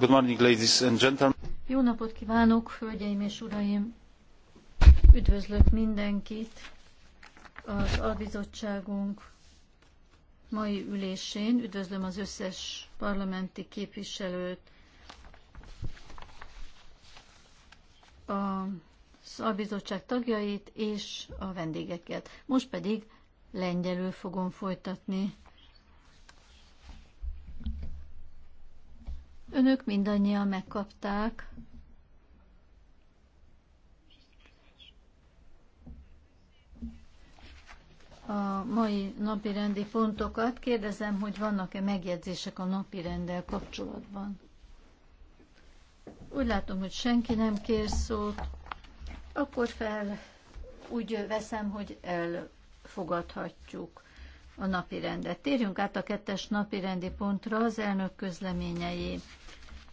Good morning, ladies and gentlemen. Jó napot kívánok, hölgyeim és uraim! Üdvözlök mindenkit az albizottságunk mai ülésén. Üdvözlöm az összes parlamenti képviselőt, a bizottság tagjait és a vendégeket. Most pedig lengyelül fogom folytatni. Önök mindannyian megkapták a mai napi rendi pontokat. Kérdezem, hogy vannak-e megjegyzések a napi rendel kapcsolatban. Úgy látom, hogy senki nem kér szót akkor fel úgy veszem, hogy elfogadhatjuk a napi rendet. Térjünk át a kettes napi rendi pontra az elnök közleményei.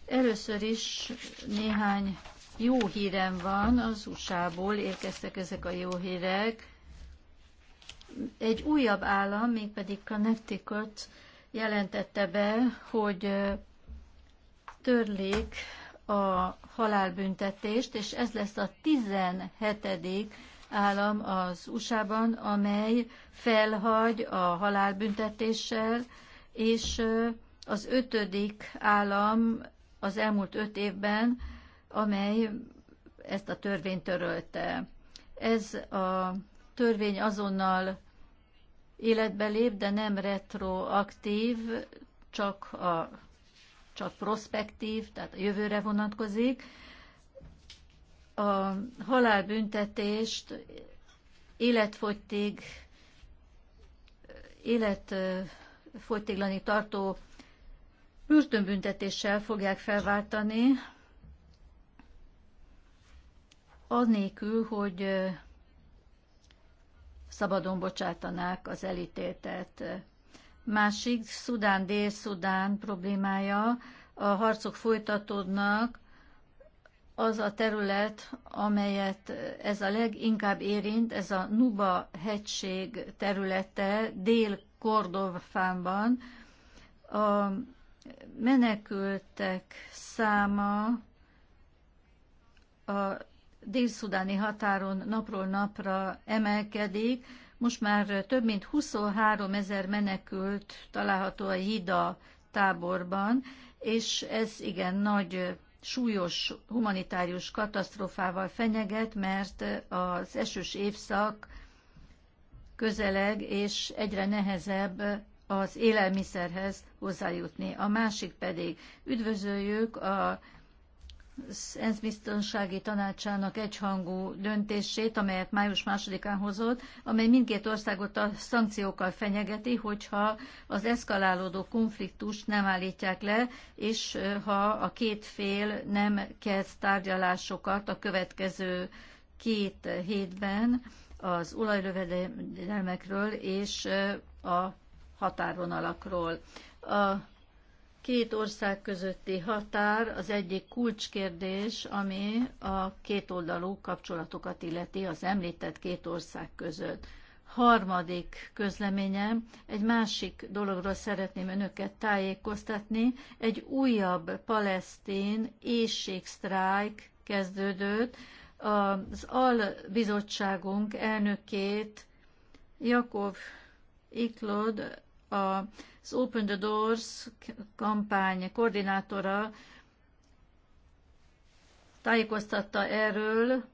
Először is néhány jó hírem van, az USA-ból érkeztek ezek a jó hírek. Egy újabb állam, mégpedig Connecticut jelentette be, hogy törlik a halálbüntetést, és ez lesz a 17. állam az USA-ban, amely felhagy a halálbüntetéssel, és az ötödik állam az elmúlt öt évben, amely ezt a törvényt törölte. Ez a törvény azonnal életbe lép, de nem retroaktív, csak a csak prospektív, tehát a jövőre vonatkozik. A halálbüntetést életfogytig, életfogytiglani tartó börtönbüntetéssel fogják felváltani, annélkül, hogy szabadon bocsátanák az elítéltet másik Szudán, Dél-Szudán problémája. A harcok folytatódnak, az a terület, amelyet ez a leginkább érint, ez a Nuba hegység területe Dél-Kordofánban. A menekültek száma a dél-szudáni határon napról napra emelkedik, most már több mint 23 ezer menekült található a Hida táborban, és ez igen nagy súlyos humanitárius katasztrófával fenyeget, mert az esős évszak közeleg, és egyre nehezebb az élelmiszerhez hozzájutni. A másik pedig üdvözöljük a ENSZ biztonsági tanácsának egyhangú döntését, amelyet május másodikán hozott, amely mindkét országot a szankciókkal fenyegeti, hogyha az eszkalálódó konfliktust nem állítják le, és ha a két fél nem kezd tárgyalásokat a következő két hétben az olajlövedelmekről és a határvonalakról. A két ország közötti határ az egyik kulcskérdés, ami a kétoldalú kapcsolatokat illeti az említett két ország között. Harmadik közleményem, egy másik dologról szeretném önöket tájékoztatni. Egy újabb palesztin éjségsztrájk kezdődött. Az albizottságunk elnökét, Jakov Iklod az Open the Doors kampány koordinátora tájékoztatta erről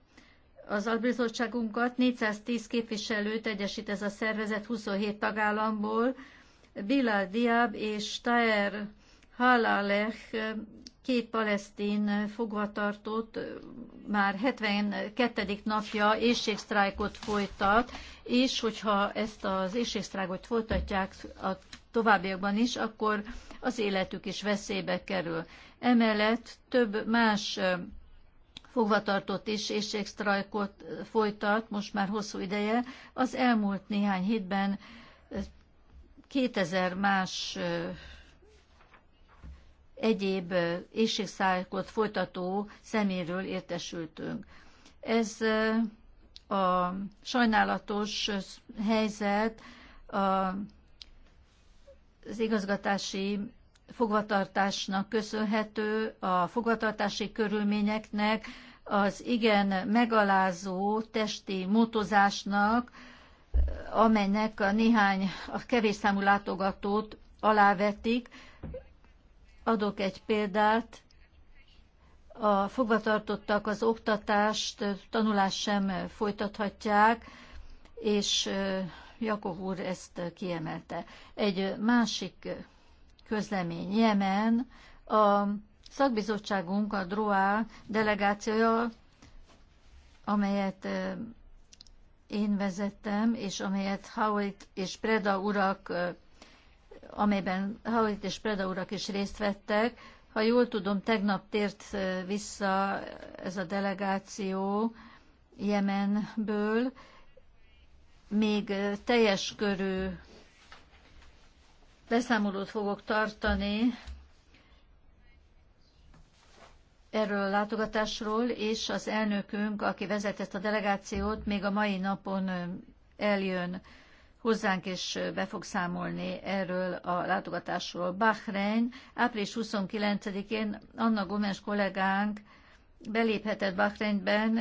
az albizottságunkat. 410 képviselőt egyesít ez a szervezet 27 tagállamból. Bilal Diab és Taer Halalech két palesztin fogvatartott már 72. napja éjségsztrájkot folytat, és hogyha ezt az éjségsztrájkot folytatják a továbbiakban is, akkor az életük is veszélybe kerül. Emellett több más fogvatartott is éjségsztrájkot folytat, most már hosszú ideje. Az elmúlt néhány hétben 2000 más egyéb éjségszállkot folytató szeméről értesültünk. Ez a sajnálatos helyzet az igazgatási fogvatartásnak köszönhető, a fogvatartási körülményeknek, az igen megalázó testi motozásnak, amelynek a néhány, a kevés számú látogatót alávetik, Adok egy példát. A fogvatartottak az oktatást, tanulást sem folytathatják, és Jakob úr ezt kiemelte. Egy másik közlemény Jemen, a szakbizottságunk, a DROA delegációja, amelyet én vezettem, és amelyet Howitt és Preda urak amelyben Howitt és Preda urak is részt vettek. Ha jól tudom, tegnap tért vissza ez a delegáció Jemenből. Még teljes körű beszámolót fogok tartani erről a látogatásról, és az elnökünk, aki vezet ezt a delegációt, még a mai napon eljön hozzánk, és be fog számolni erről a látogatásról. Bahrein április 29-én Anna Gomes kollégánk beléphetett Bahreinben,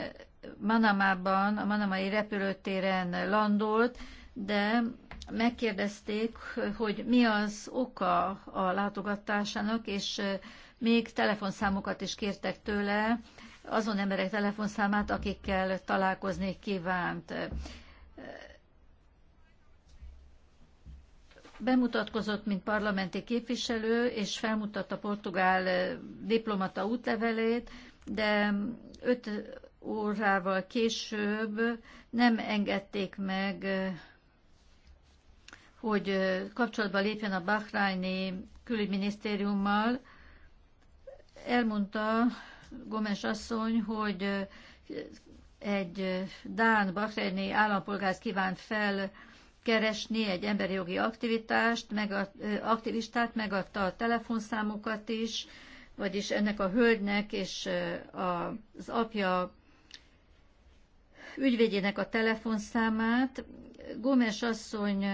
Manamában, a manamai repülőtéren landolt, de megkérdezték, hogy mi az oka a látogatásának, és még telefonszámokat is kértek tőle, azon emberek telefonszámát, akikkel találkozni kívánt. bemutatkozott, mint parlamenti képviselő, és felmutatta portugál eh, diplomata útlevelét, de öt órával később nem engedték meg, eh, hogy eh, kapcsolatba lépjen a Bahrajni külügyminisztériummal. Elmondta Gomes asszony, hogy egy Dán Bahreini állampolgárt kíván fel keresni egy emberi jogi aktivitást, meg a, aktivistát, megadta a telefonszámokat is, vagyis ennek a hölgynek és az apja ügyvédjének a telefonszámát. Gómez asszony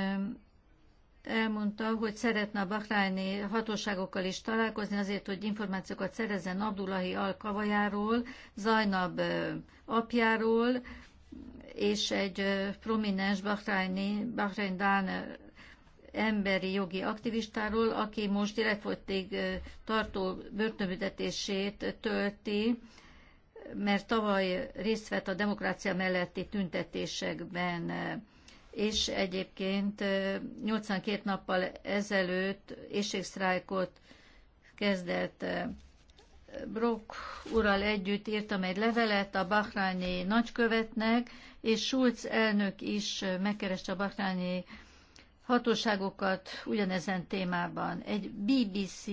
elmondta, hogy szeretne a bahrájni hatóságokkal is találkozni azért, hogy információkat szerezzen Abdullahi Al-Kavajáról, Zajnab apjáról, és egy prominens bahreini, bahreindán emberi jogi aktivistáról, aki most életfogytig tartó börtönbüntetését tölti, mert tavaly részt vett a demokrácia melletti tüntetésekben, és egyébként 82 nappal ezelőtt éjségsztrájkot kezdett Brock ural együtt írtam egy levelet a Bahrányi nagykövetnek, és Schulz elnök is megkereste a bakrányi hatóságokat ugyanezen témában. Egy BBC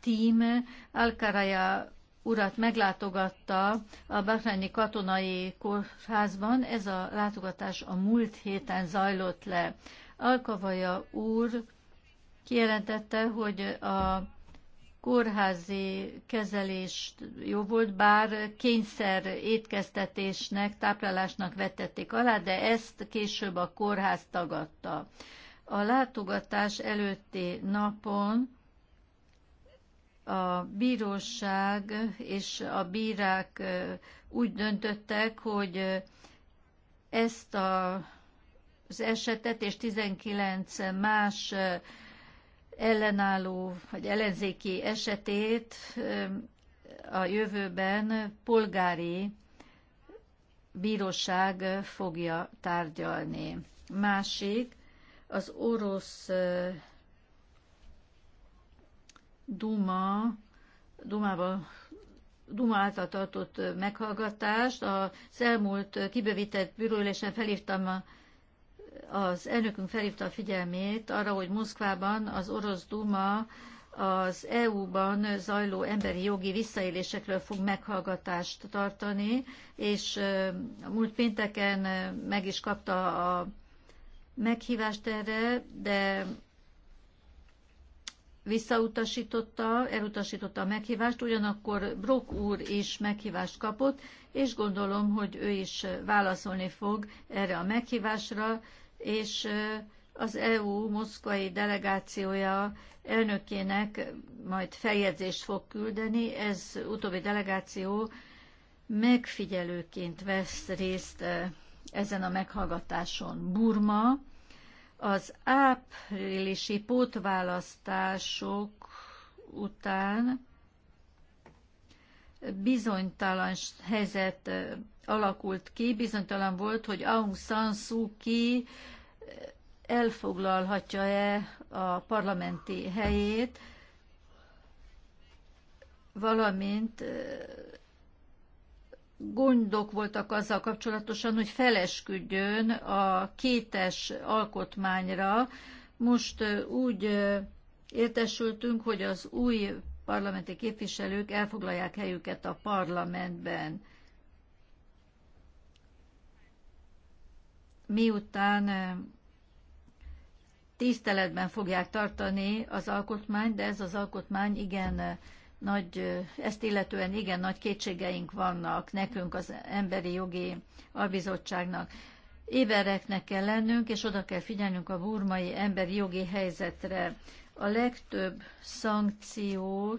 team Alkaraja urat meglátogatta a bakrányi Katonai Kórházban. Ez a látogatás a múlt héten zajlott le. Alkavaja úr kijelentette, hogy a kórházi kezelés jó volt, bár kényszer étkeztetésnek, táplálásnak vetették alá, de ezt később a kórház tagadta. A látogatás előtti napon a bíróság és a bírák úgy döntöttek, hogy ezt a, az esetet és 19 más ellenálló vagy ellenzéki esetét a jövőben polgári bíróság fogja tárgyalni. Másik az orosz Duma, Dumával Duma által tartott meghallgatást. Az elmúlt kibővített bűrőülésen felhívtam a az elnökünk felhívta a figyelmét arra, hogy Moszkvában az orosz Duma az EU-ban zajló emberi jogi visszaélésekről fog meghallgatást tartani, és múlt pénteken meg is kapta a meghívást erre, de visszautasította, elutasította a meghívást, ugyanakkor Brock úr is meghívást kapott, és gondolom, hogy ő is válaszolni fog erre a meghívásra, és az EU moszkvai delegációja elnökének majd feljegyzést fog küldeni. Ez utóbbi delegáció megfigyelőként vesz részt ezen a meghallgatáson. Burma az áprilisi pótválasztások után bizonytalan helyzet alakult ki, bizonytalan volt, hogy Aung San Suu Kyi elfoglalhatja-e a parlamenti helyét, valamint gondok voltak azzal kapcsolatosan, hogy felesküdjön a kétes alkotmányra. Most úgy értesültünk, hogy az új parlamenti képviselők elfoglalják helyüket a parlamentben. Miután tiszteletben fogják tartani az alkotmányt, de ez az alkotmány igen nagy, ezt illetően igen nagy kétségeink vannak nekünk az Emberi Jogi Albizottságnak. Ébereknek kell lennünk, és oda kell figyelnünk a burmai emberi jogi helyzetre. A legtöbb szankció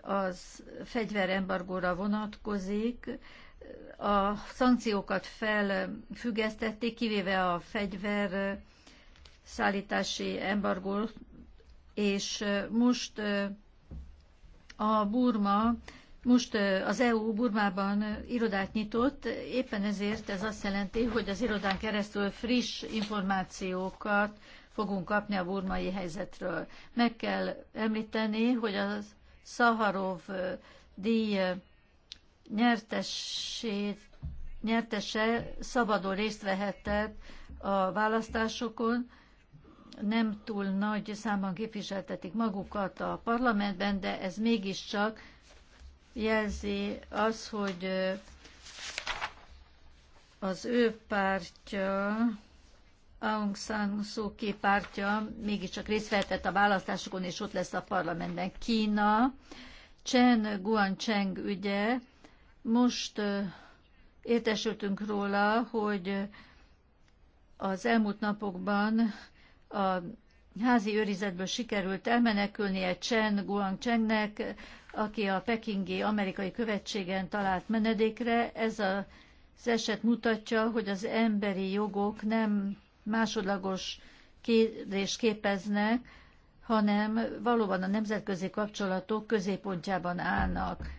az fegyverembargóra vonatkozik, a szankciókat felfüggesztették, kivéve a fegyver szállítási embargót, és most a Burma, most az EU Burmában irodát nyitott, éppen ezért ez azt jelenti, hogy az irodán keresztül friss információkat fogunk kapni a burmai helyzetről. Meg kell említeni, hogy a Szaharov díj nyertesét, nyertese szabadon részt vehetett a választásokon, nem túl nagy számban képviseltetik magukat a parlamentben, de ez mégiscsak jelzi az, hogy az ő pártja Aung San Suu Kyi pártja mégiscsak részt vehetett a választásokon, és ott lesz a parlamentben. Kína, Chen Guangcheng ügye, most értesültünk róla, hogy az elmúlt napokban a házi őrizetből sikerült elmenekülnie Chen Guangchengnek, aki a pekingi amerikai követségen talált menedékre. Ez az eset mutatja, hogy az emberi jogok nem másodlagos kérdés képeznek, hanem valóban a nemzetközi kapcsolatok középpontjában állnak.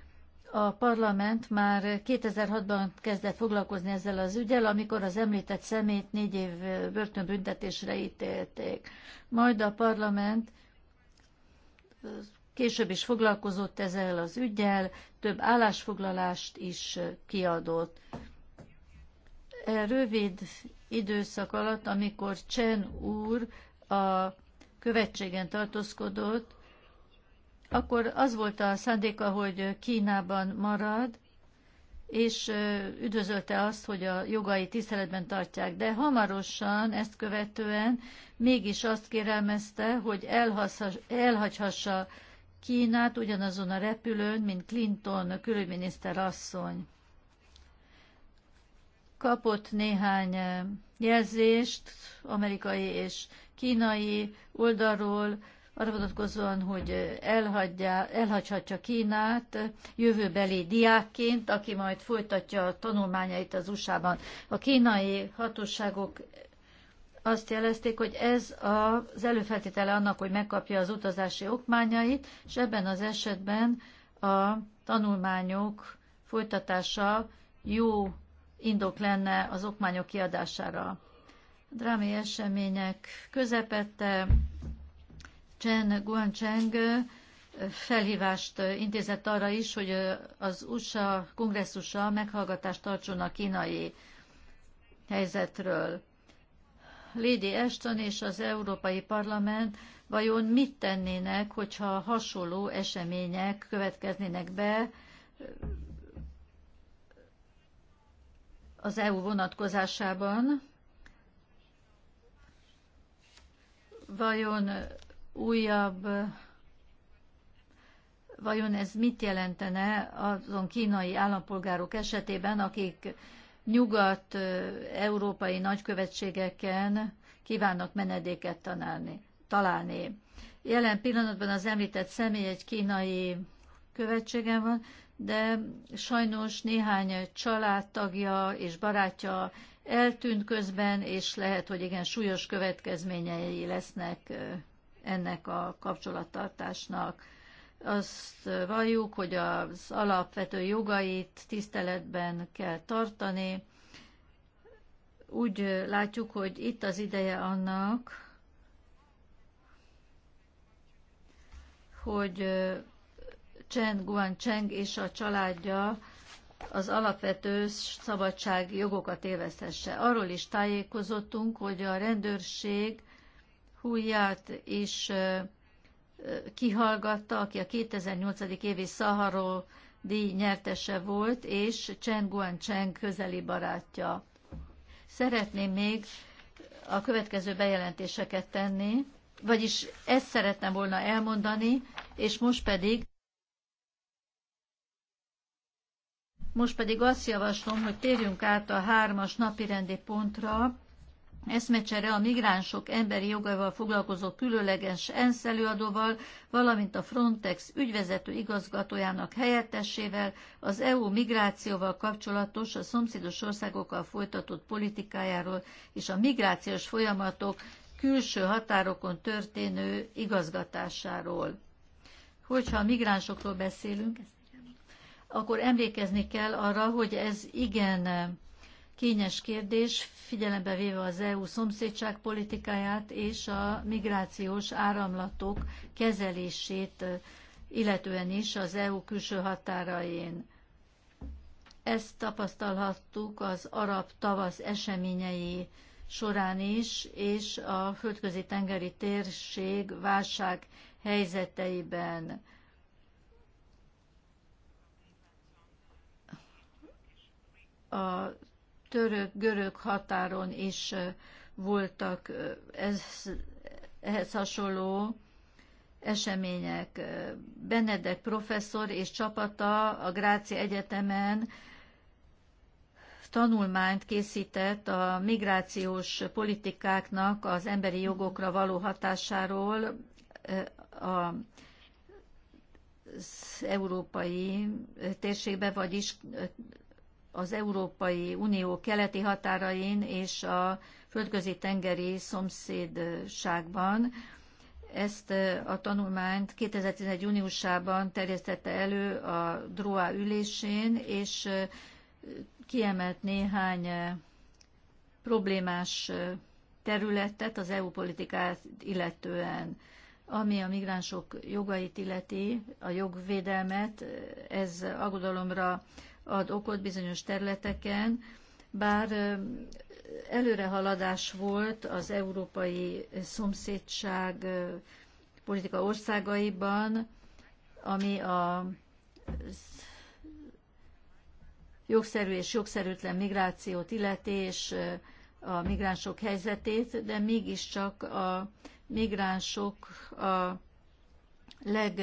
A parlament már 2006-ban kezdett foglalkozni ezzel az ügyel, amikor az említett szemét négy év börtönbüntetésre ítélték. Majd a parlament később is foglalkozott ezzel az ügyel, több állásfoglalást is kiadott. E, rövid időszak alatt, amikor Chen úr a követségen tartózkodott, akkor az volt a szándéka, hogy Kínában marad, és e, üdvözölte azt, hogy a jogai tiszteletben tartják. De hamarosan ezt követően mégis azt kérelmezte, hogy elhagyhassa Kínát ugyanazon a repülőn, mint Clinton külügyminiszter asszony kapott néhány eh, jelzést amerikai és kínai oldalról, arra vonatkozóan, hogy eh, elhagyja, elhagyhatja Kínát eh, jövőbeli diákként, aki majd folytatja a tanulmányait az USA-ban. A kínai hatóságok azt jelezték, hogy ez az előfeltétele annak, hogy megkapja az utazási okmányait, és ebben az esetben a tanulmányok folytatása jó indok lenne az okmányok kiadására. Drámai események közepette Chen Guangcheng felhívást intézett arra is, hogy az USA kongresszusa meghallgatást tartson a kínai helyzetről. Lady Ashton és az Európai Parlament vajon mit tennének, hogyha hasonló események következnének be az EU vonatkozásában. Vajon újabb, vajon ez mit jelentene azon kínai állampolgárok esetében, akik nyugat-európai nagykövetségeken kívánnak menedéket tanálni, találni. Jelen pillanatban az említett személy egy kínai követségen van, de sajnos néhány családtagja és barátja eltűnt közben, és lehet, hogy igen súlyos következményei lesznek ennek a kapcsolattartásnak. Azt valljuk, hogy az alapvető jogait tiszteletben kell tartani. Úgy látjuk, hogy itt az ideje annak, hogy Chen Guangcheng és a családja az alapvető szabadság jogokat élvezhesse. Arról is tájékozottunk, hogy a rendőrség Húját is kihallgatta, aki a 2008. évi Szaharó díj nyertese volt, és Chen Guangcheng közeli barátja. Szeretném még a következő bejelentéseket tenni, vagyis ezt szeretném volna elmondani, és most pedig Most pedig azt javaslom, hogy térjünk át a hármas napirendi pontra, eszmecsere a migránsok emberi jogaival foglalkozó különleges ENSZ előadóval, valamint a Frontex ügyvezető igazgatójának helyettesével, az EU migrációval kapcsolatos a szomszédos országokkal folytatott politikájáról és a migrációs folyamatok külső határokon történő igazgatásáról. Hogyha a migránsokról beszélünk, ezt akkor emlékezni kell arra, hogy ez igen kényes kérdés, figyelembe véve az EU szomszédságpolitikáját és a migrációs áramlatok kezelését, illetően is az EU külső határain. Ezt tapasztalhattuk az arab tavasz eseményei során is, és a földközi tengeri térség válság helyzeteiben a török-görög határon is voltak ez, ehhez hasonló események. Benedek professzor és csapata a Gráci Egyetemen tanulmányt készített a migrációs politikáknak az emberi jogokra való hatásáról a az európai térségbe, vagyis az Európai Unió keleti határain és a földközi tengeri szomszédságban. Ezt a tanulmányt 2011. júniusában terjesztette elő a DROA ülésén, és kiemelt néhány problémás területet az EU politikát illetően. Ami a migránsok jogait illeti, a jogvédelmet, ez aggodalomra ad okot bizonyos területeken, bár előrehaladás volt az európai szomszédság politika országaiban, ami a jogszerű és jogszerűtlen migrációt illeti, és a migránsok helyzetét, de mégiscsak a migránsok a leg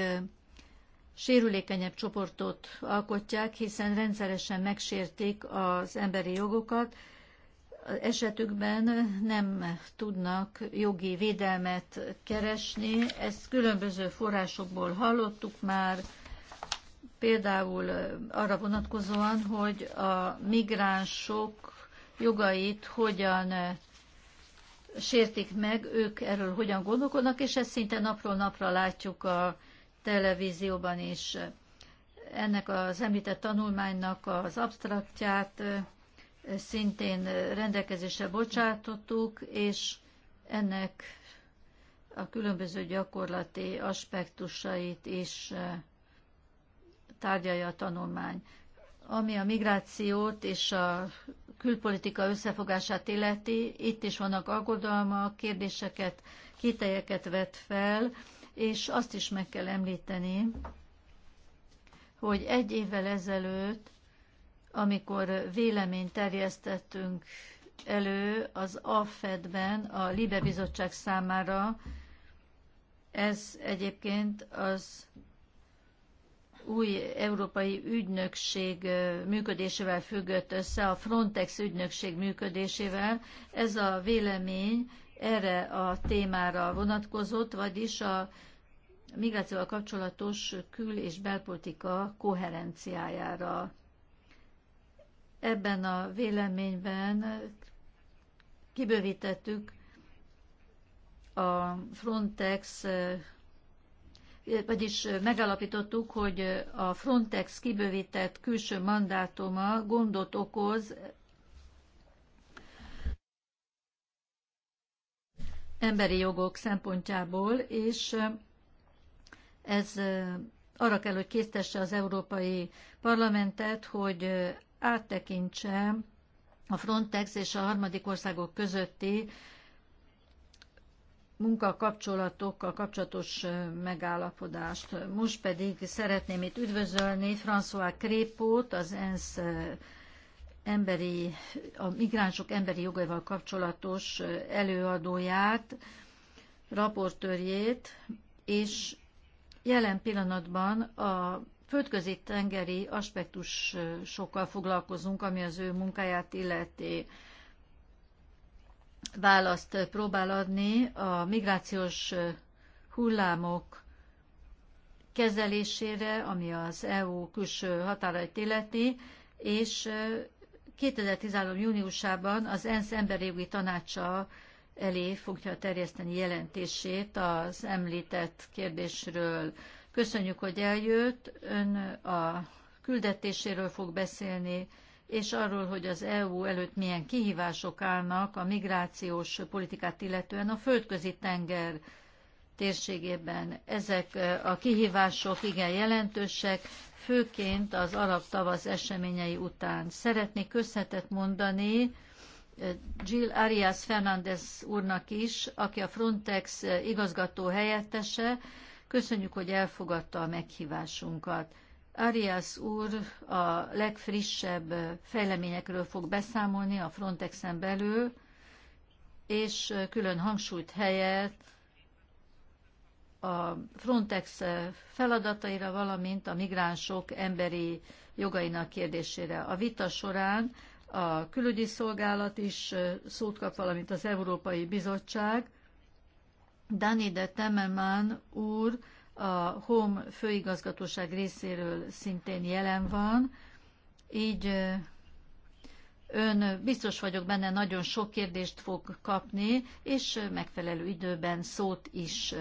sérülékenyebb csoportot alkotják, hiszen rendszeresen megsértik az emberi jogokat, esetükben nem tudnak jogi védelmet keresni. Ezt különböző forrásokból hallottuk már, például arra vonatkozóan, hogy a migránsok jogait hogyan sértik meg, ők erről hogyan gondolkodnak, és ezt szinte napról napra látjuk a televízióban is. Ennek az említett tanulmánynak az absztraktját szintén rendelkezésre bocsátottuk, és ennek a különböző gyakorlati aspektusait is tárgyalja a tanulmány. Ami a migrációt és a külpolitika összefogását illeti, itt is vannak aggodalmak, kérdéseket, kitejeket vet fel, és azt is meg kell említeni, hogy egy évvel ezelőtt, amikor véleményt terjesztettünk elő az AFED-ben a Libe Bizottság számára, ez egyébként az új európai ügynökség működésével függött össze, a Frontex ügynökség működésével. Ez a vélemény erre a témára vonatkozott, vagyis a migrációval kapcsolatos kül- és belpolitika koherenciájára. Ebben a véleményben kibővítettük a Frontex, vagyis megalapítottuk, hogy a Frontex kibővített külső mandátuma gondot okoz emberi jogok szempontjából, és ez arra kell, hogy késztesse az Európai Parlamentet, hogy áttekintse a Frontex és a harmadik országok közötti munkakapcsolatokkal kapcsolatos megállapodást. Most pedig szeretném itt üdvözölni François Crépót, az ENSZ emberi, a migránsok emberi jogaival kapcsolatos előadóját, raportőrjét, és jelen pillanatban a földközi tengeri aspektusokkal foglalkozunk, ami az ő munkáját illeti választ próbál adni a migrációs hullámok kezelésére, ami az EU külső határait illeti, és 2013. júniusában az ENSZ emberjogi tanácsa elé fogja terjeszteni jelentését az említett kérdésről. Köszönjük, hogy eljött. Ön a küldetéséről fog beszélni, és arról, hogy az EU előtt milyen kihívások állnak a migrációs politikát illetően a földközi tenger térségében. Ezek a kihívások igen jelentősek, főként az arab tavasz eseményei után. Szeretnék köszönetet mondani Jill Arias Fernández úrnak is, aki a Frontex igazgató helyettese. Köszönjük, hogy elfogadta a meghívásunkat. Arias úr a legfrissebb fejleményekről fog beszámolni a Frontexen belül, és külön hangsúlyt helyett a Frontex feladataira, valamint a migránsok emberi jogainak kérdésére. A vita során a külügyi szolgálat is szót kap, valamint az Európai Bizottság. Dani de Temmerman úr a Home főigazgatóság részéről szintén jelen van, így ön biztos vagyok benne, nagyon sok kérdést fog kapni, és megfelelő időben szót is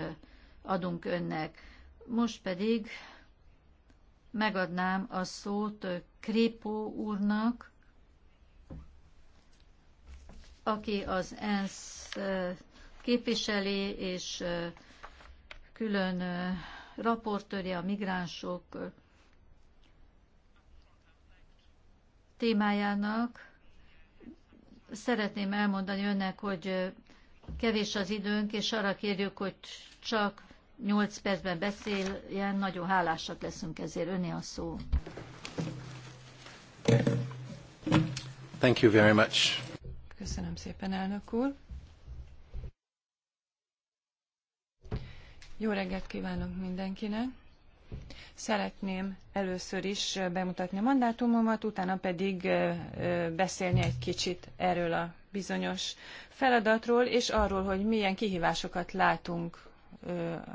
adunk önnek. Most pedig megadnám a szót Krépó úrnak, aki az ENSZ képviseli, és külön raportőrje a migránsok témájának. Szeretném elmondani önnek, hogy kevés az időnk, és arra kérjük, hogy csak 8 percben beszéljen, nagyon hálásak leszünk ezért. Öné a szó. Thank you very much. Köszönöm szépen, elnök úr. Jó reggelt kívánok mindenkinek! Szeretném először is bemutatni a mandátumomat, utána pedig beszélni egy kicsit erről a bizonyos feladatról, és arról, hogy milyen kihívásokat látunk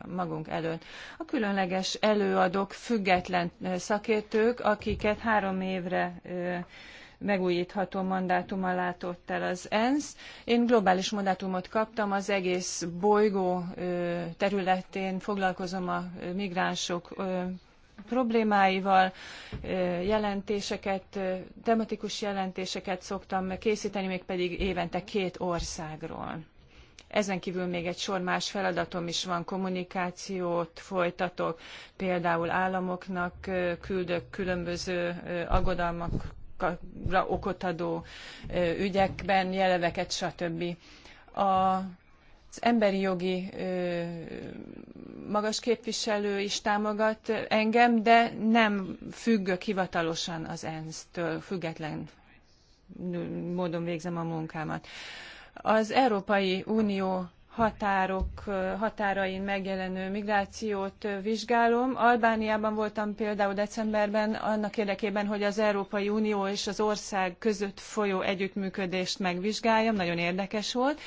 magunk előtt. A különleges előadók független szakértők, akiket három évre megújítható mandátum látott el az ENSZ. Én globális mandátumot kaptam, az egész bolygó területén foglalkozom a migránsok problémáival, jelentéseket, tematikus jelentéseket szoktam készíteni, mégpedig évente két országról. Ezen kívül még egy sor más feladatom is van, kommunikációt folytatok, például államoknak küldök különböző aggodalmakra okot adó ügyekben jeleveket, stb. A az emberi jogi ö, magas képviselő is támogat engem, de nem függök hivatalosan az ENSZ-től, független módon végzem a munkámat. Az Európai Unió határok, határain megjelenő migrációt vizsgálom. Albániában voltam például decemberben annak érdekében, hogy az Európai Unió és az ország között folyó együttműködést megvizsgáljam, nagyon érdekes volt.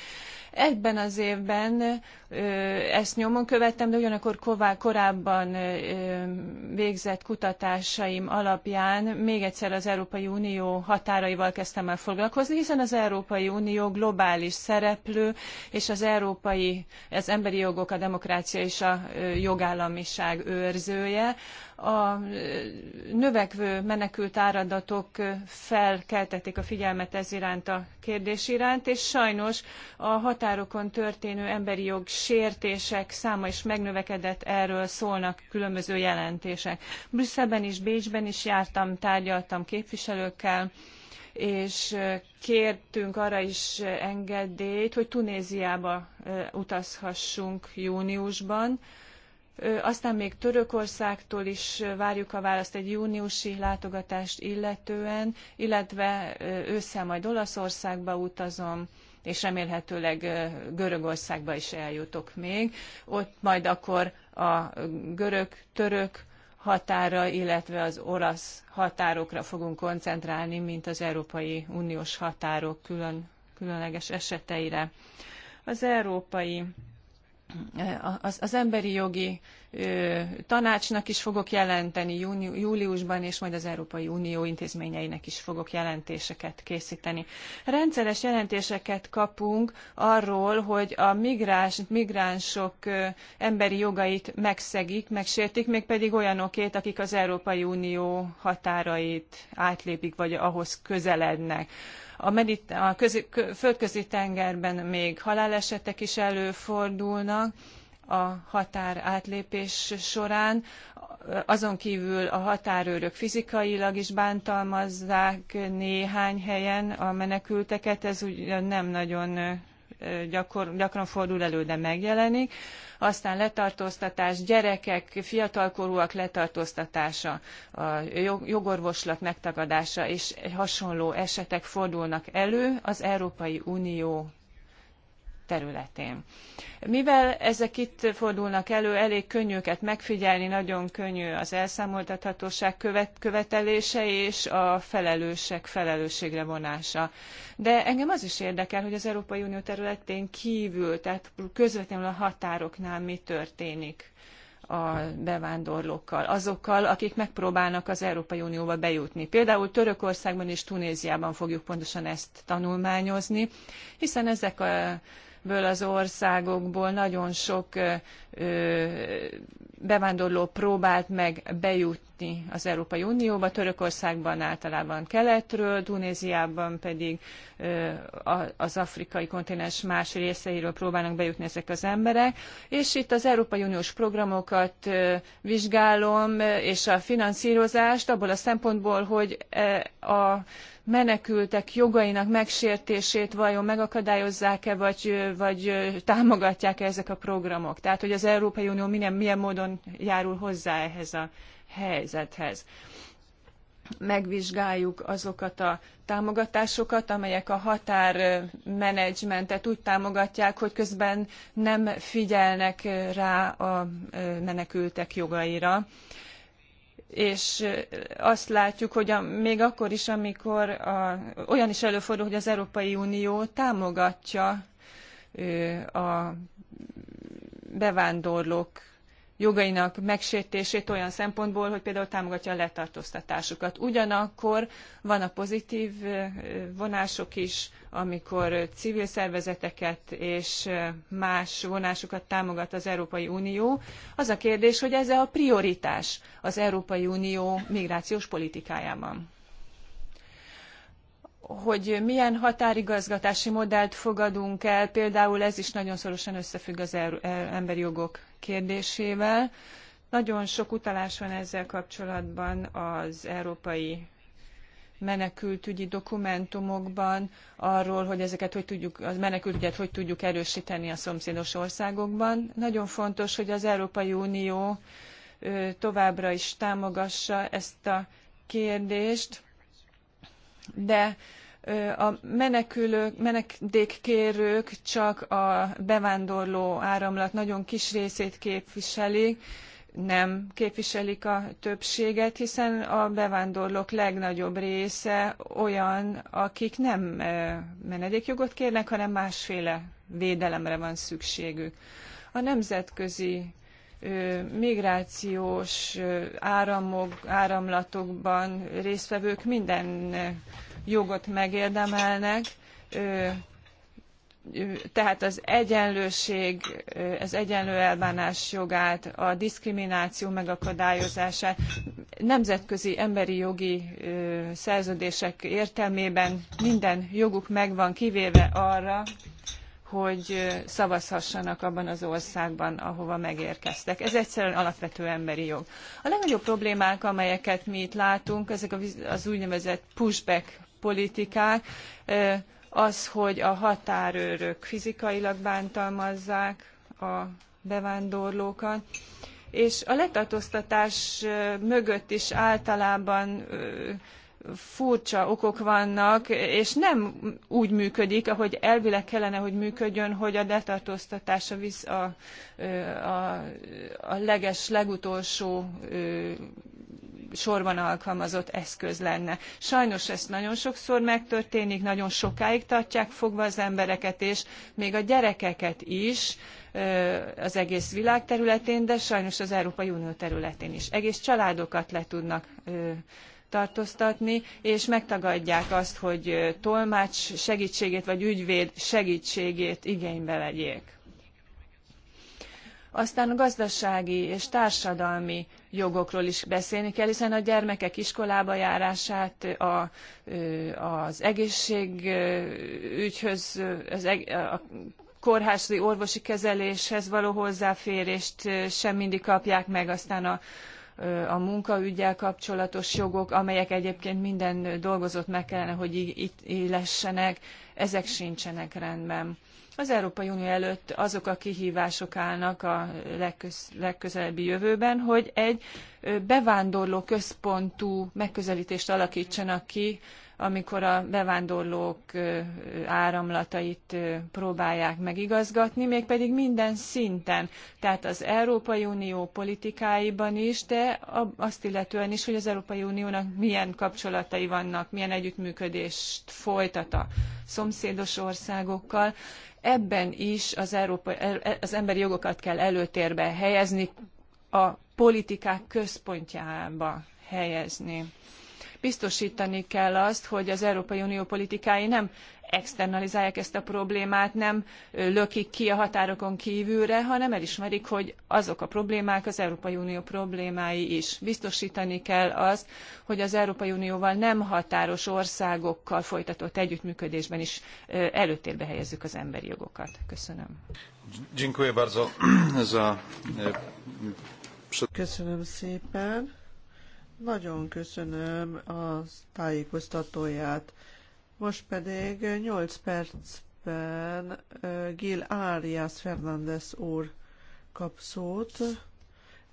Ebben az évben ezt nyomon követtem, de ugyanakkor korábban végzett kutatásaim alapján még egyszer az Európai Unió határaival kezdtem el foglalkozni, hiszen az Európai Unió globális szereplő, és az európai, az emberi jogok, a demokrácia és a jogállamiság őrzője a növekvő menekült áradatok felkeltették a figyelmet ez iránt a kérdés iránt, és sajnos a határokon történő emberi jog sértések száma is megnövekedett, erről szólnak különböző jelentések. Brüsszelben is, Bécsben is jártam, tárgyaltam képviselőkkel, és kértünk arra is engedélyt, hogy Tunéziába utazhassunk júniusban aztán még Törökországtól is várjuk a választ egy júniusi látogatást illetően, illetve ősszel majd Olaszországba utazom, és remélhetőleg Görögországba is eljutok még. Ott majd akkor a görög-török határa, illetve az olasz határokra fogunk koncentrálni, mint az Európai Uniós határok külön, különleges eseteire. Az Európai az, az emberi jogi ö, tanácsnak is fogok jelenteni júni, júliusban, és majd az Európai Unió intézményeinek is fogok jelentéseket készíteni. Rendszeres jelentéseket kapunk arról, hogy a migráns, migránsok ö, emberi jogait megszegik, megsértik, mégpedig olyanokét, akik az Európai Unió határait átlépik, vagy ahhoz közelednek a, medit- a közi- földközi tengerben még halálesetek is előfordulnak a határ átlépés során. Azon kívül a határőrök fizikailag is bántalmazzák néhány helyen a menekülteket, ez ugye nem nagyon gyakor, gyakran fordul elő, de megjelenik. Aztán letartóztatás, gyerekek, fiatalkorúak letartóztatása, a jogorvoslat megtagadása és hasonló esetek fordulnak elő az Európai Unió területén. Mivel ezek itt fordulnak elő, elég könnyű őket megfigyelni, nagyon könnyű az elszámoltathatóság követ, követelése és a felelősek felelősségre vonása. De engem az is érdekel, hogy az Európai Unió területén kívül, tehát közvetlenül a határoknál mi történik a bevándorlókkal, azokkal, akik megpróbálnak az Európai Unióba bejutni. Például Törökországban és Tunéziában fogjuk pontosan ezt tanulmányozni, hiszen ezek a ezekből az országokból nagyon sok bevándorló próbált meg bejutni az Európai Unióba, Törökországban általában keletről, Tunéziában pedig az afrikai kontinens más részeiről próbálnak bejutni ezek az emberek. És itt az Európai Uniós programokat vizsgálom, és a finanszírozást abból a szempontból, hogy a menekültek jogainak megsértését vajon megakadályozzák-e, vagy, támogatják-e ezek a programok? Tehát, hogy az Európai Unió milyen, milyen módon járul hozzá ehhez a helyzethez megvizsgáljuk azokat a támogatásokat, amelyek a határmenedzsmentet úgy támogatják, hogy közben nem figyelnek rá a menekültek jogaira és azt látjuk, hogy a, még akkor is, amikor a, olyan is előfordul, hogy az Európai Unió támogatja a bevándorlók jogainak megsértését olyan szempontból, hogy például támogatja a letartóztatásukat. Ugyanakkor van a pozitív vonások is, amikor civil szervezeteket és más vonásokat támogat az Európai Unió. Az a kérdés, hogy ez a prioritás az Európai Unió migrációs politikájában hogy milyen határigazgatási modellt fogadunk el, például ez is nagyon szorosan összefügg az er- er- emberi jogok kérdésével. Nagyon sok utalás van ezzel kapcsolatban az európai menekültügyi dokumentumokban arról, hogy ezeket hogy tudjuk, az menekültügyet hogy tudjuk erősíteni a szomszédos országokban. Nagyon fontos, hogy az Európai Unió továbbra is támogassa ezt a kérdést de a menekülők, menekdékkérők csak a bevándorló áramlat nagyon kis részét képviselik, nem képviselik a többséget, hiszen a bevándorlók legnagyobb része olyan, akik nem menedékjogot kérnek, hanem másféle védelemre van szükségük. A nemzetközi migrációs áramok, áramlatokban résztvevők minden jogot megérdemelnek, tehát az egyenlőség, az egyenlő elbánás jogát, a diszkrimináció megakadályozását nemzetközi emberi jogi szerződések értelmében minden joguk megvan, kivéve arra, hogy szavazhassanak abban az országban, ahova megérkeztek. Ez egyszerűen alapvető emberi jog. A legnagyobb problémák, amelyeket mi itt látunk, ezek az úgynevezett pushback politikák, az, hogy a határőrök fizikailag bántalmazzák a bevándorlókat, és a letartóztatás mögött is általában furcsa okok vannak, és nem úgy működik, ahogy elvileg kellene, hogy működjön, hogy a letartóztatása a, visz, a, a, a leges, legutolsó sorban alkalmazott eszköz lenne. Sajnos ez nagyon sokszor megtörténik, nagyon sokáig tartják fogva az embereket, és még a gyerekeket is az egész világ területén, de sajnos az Európai Unió területén is. Egész családokat le tudnak tartóztatni, és megtagadják azt, hogy tolmács segítségét vagy ügyvéd segítségét igénybe vegyék. Aztán a gazdasági és társadalmi jogokról is beszélni kell, hiszen a gyermekek iskolába járását, a, az egészségügyhöz, az, a kórházi orvosi kezeléshez való hozzáférést sem mindig kapják meg, aztán a a munkaügyel kapcsolatos jogok, amelyek egyébként minden dolgozót meg kellene, hogy itt illessenek, ezek sincsenek rendben. Az Európai Unió előtt azok a kihívások állnak a legköz, legközelebbi jövőben, hogy egy bevándorló központú megközelítést alakítsanak ki amikor a bevándorlók áramlatait próbálják megigazgatni, mégpedig minden szinten, tehát az Európai Unió politikáiban is, de azt illetően is, hogy az Európai Uniónak milyen kapcsolatai vannak, milyen együttműködést folytat a szomszédos országokkal. Ebben is az, Európa, e, e, az emberi jogokat kell előtérbe helyezni, a politikák központjába helyezni biztostani kell azt, hogy az Európai Unió politikái nem externalizálják ezt a problémát, nem lökik ki a határokon kívülre, hanem elismerik, hogy azok a problémák az Európai Unió problémái is. Biztosítani kell azt, hogy az Európai Unióval nem határos országokkal folytatott együttműködésben is előtérbe helyezzük az emberi jogokat. Köszönöm. E, Köszönöm szépen. Nagyon köszönöm a tájékoztatóját. Most pedig 8 percben Gil Arias Fernández úr kap szót.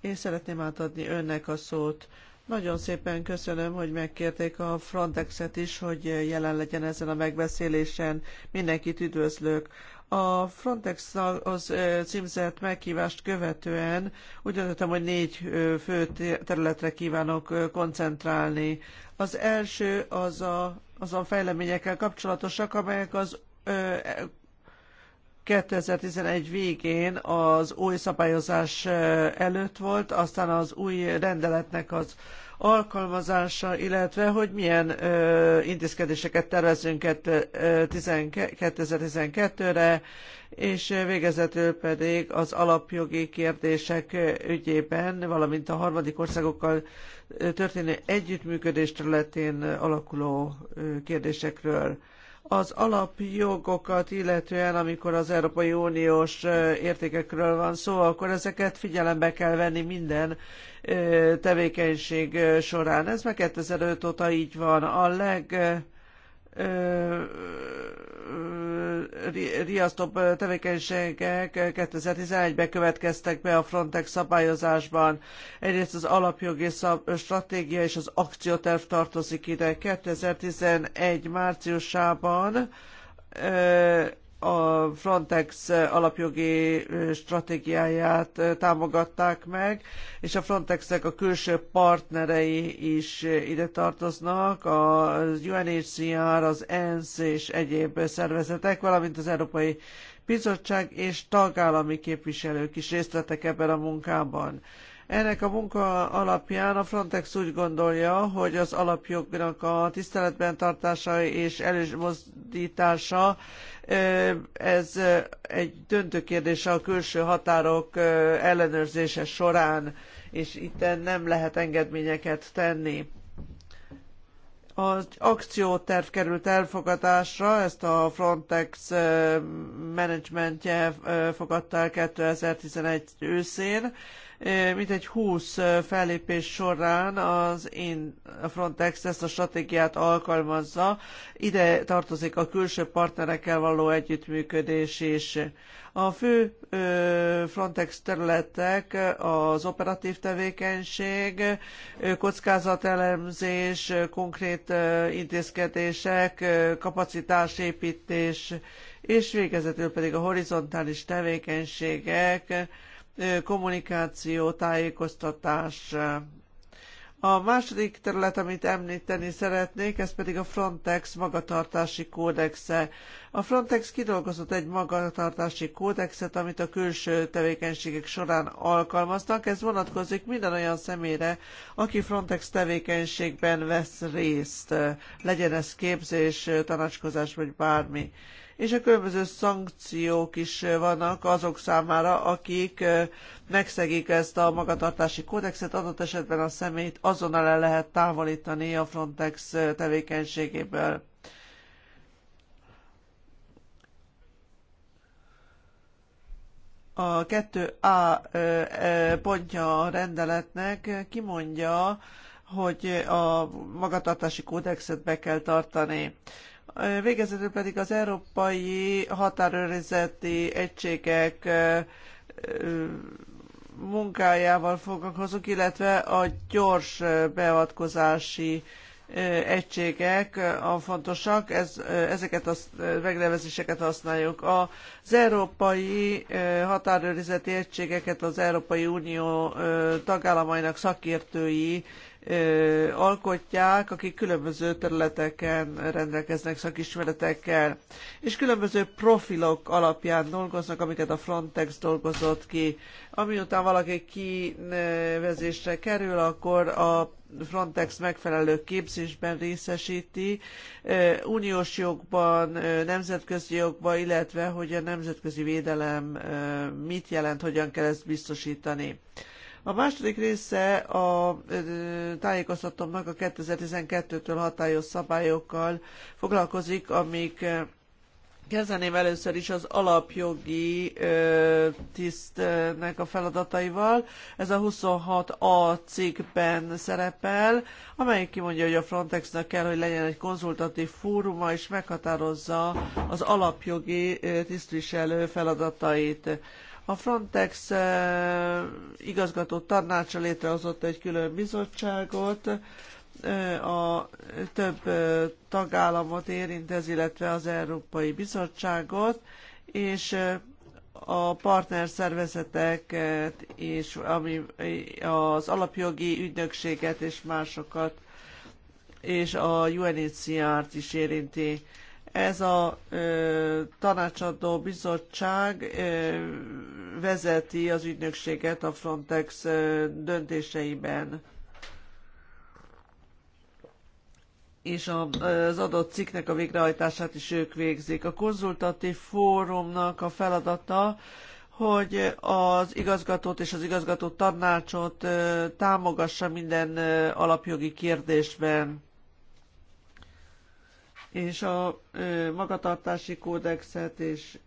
Én szeretném átadni önnek a szót. Nagyon szépen köszönöm, hogy megkérték a Frontexet is, hogy jelen legyen ezen a megbeszélésen. Mindenkit üdvözlök. A frontex az címzett meghívást követően úgy döntöttem, hogy négy fő területre kívánok koncentrálni. Az első az a, az a fejleményekkel kapcsolatosak, amelyek az 2011 végén az új szabályozás előtt volt, aztán az új rendeletnek az alkalmazása, illetve hogy milyen ö, intézkedéseket tervezünk 2012-re, és végezetül pedig az alapjogi kérdések ügyében, valamint a harmadik országokkal történő együttműködés területén alakuló kérdésekről az alapjogokat illetően, amikor az Európai Uniós értékekről van szó, akkor ezeket figyelembe kell venni minden tevékenység során. Ez meg 2005 óta így van. A leg riasztóbb tevékenységek 2011-ben következtek be a Frontex szabályozásban. Egyrészt az alapjogi szab- stratégia és az akcióterv tartozik ide. 2011 márciusában a Frontex alapjogi stratégiáját támogatták meg, és a Frontexnek a külső partnerei is ide tartoznak, az UNHCR, az ENSZ és egyéb szervezetek, valamint az Európai Bizottság és tagállami képviselők is részt vettek ebben a munkában. Ennek a munka alapján a Frontex úgy gondolja, hogy az alapjognak a tiszteletben tartása és előmozdítása ez egy döntő kérdése a külső határok ellenőrzése során, és itt nem lehet engedményeket tenni. Az akcióterv került elfogadásra, ezt a Frontex menedzsmentje fogadta el 2011 őszén mintegy 20 fellépés során az én a Frontex ezt a stratégiát alkalmazza. Ide tartozik a külső partnerekkel való együttműködés is. A fő Frontex területek az operatív tevékenység, kockázatelemzés, konkrét intézkedések, kapacitásépítés, és végezetül pedig a horizontális tevékenységek, kommunikáció, tájékoztatás. A második terület, amit említeni szeretnék, ez pedig a Frontex magatartási kódexe. A Frontex kidolgozott egy magatartási kódexet, amit a külső tevékenységek során alkalmaznak. Ez vonatkozik minden olyan személyre, aki Frontex tevékenységben vesz részt, legyen ez képzés, tanácskozás vagy bármi és a különböző szankciók is vannak azok számára, akik megszegik ezt a magatartási kódexet, adott esetben a személyt azonnal el lehet távolítani a Frontex tevékenységéből. a 2A pontja a rendeletnek kimondja, hogy a magatartási kódexet be kell tartani. Végezetül pedig az európai határőrizeti egységek munkájával foglalkozunk, illetve a gyors beavatkozási egységek a fontosak, ez, ezeket a megnevezéseket használjuk. Az európai határőrizeti egységeket az Európai Unió tagállamainak szakértői alkotják, akik különböző területeken rendelkeznek szakismeretekkel, és különböző profilok alapján dolgoznak, amiket a Frontex dolgozott ki. Amiután valaki kinevezésre kerül, akkor a Frontex megfelelő képzésben részesíti, uniós jogban, nemzetközi jogban, illetve hogy a nemzetközi védelem mit jelent, hogyan kell ezt biztosítani. A második része a tájékoztatomnak a 2012-től hatályos szabályokkal foglalkozik, amik Kezdeném először is az alapjogi tisztnek a feladataival. Ez a 26A cikkben szerepel, amelyik kimondja, hogy a Frontexnek kell, hogy legyen egy konzultatív fóruma, és meghatározza az alapjogi tisztviselő feladatait. A Frontex eh, igazgató tanácsa létrehozott egy külön bizottságot, eh, a több eh, tagállamot érint ez, illetve az Európai Bizottságot, és a partnerszervezeteket és ami az alapjogi ügynökséget és másokat, és a UNHCR-t is érinti ez a ö, tanácsadó bizottság ö, vezeti az ügynökséget a Frontex ö, döntéseiben. és a, az adott cikknek a végrehajtását is ők végzik. A konzultatív fórumnak a feladata, hogy az igazgatót és az igazgató tanácsot támogassa minden alapjogi kérdésben és a magatartási kódexet és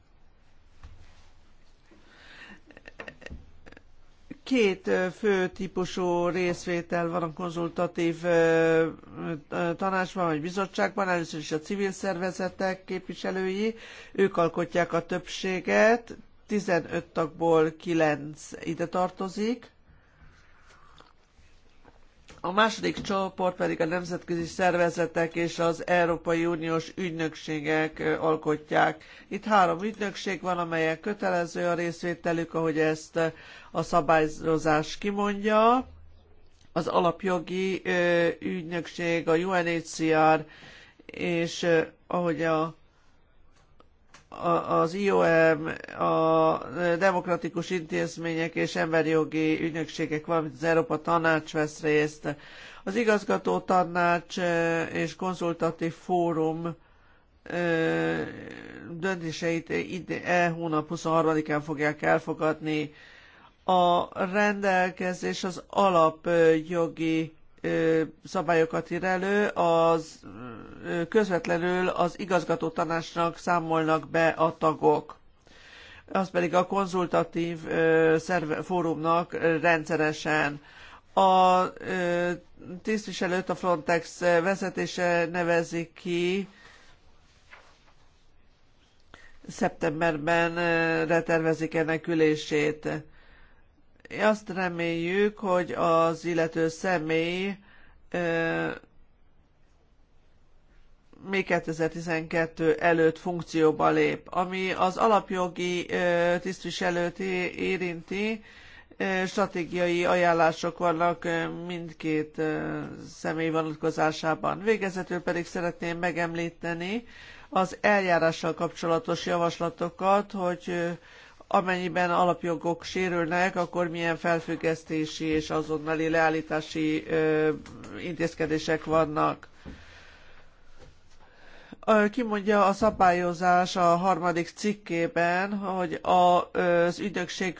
két fő típusú részvétel van a konzultatív tanácsban vagy bizottságban, először is a civil szervezetek képviselői, ők alkotják a többséget, 15 tagból 9 ide tartozik, a második csoport pedig a nemzetközi szervezetek és az Európai Uniós ügynökségek alkotják. Itt három ügynökség van, amelyek kötelező a részvételük, ahogy ezt a szabályozás kimondja. Az alapjogi ügynökség, a UNHCR, és ahogy a az IOM, a demokratikus intézmények és emberi jogi ügynökségek, valamint az Európa Tanács vesz részt. Az igazgató tanács és konzultatív fórum döntéseit e hónap 23-án fogják elfogadni. A rendelkezés az alapjogi szabályokat ír elő, az közvetlenül az igazgató tanácsnak számolnak be a tagok az pedig a konzultatív szerve, fórumnak rendszeresen. A tisztviselőt a Frontex vezetése nevezi ki, szeptemberben retervezik ennek ülését azt reméljük, hogy az illető személy még 2012 előtt funkcióba lép. Ami az alapjogi tisztviselőt érinti, stratégiai ajánlások vannak mindkét személy vonatkozásában. Végezetül pedig szeretném megemlíteni az eljárással kapcsolatos javaslatokat, hogy amennyiben alapjogok sérülnek, akkor milyen felfüggesztési és azonnali leállítási intézkedések vannak. Kimondja a szabályozás a harmadik cikkében, hogy az ügynökség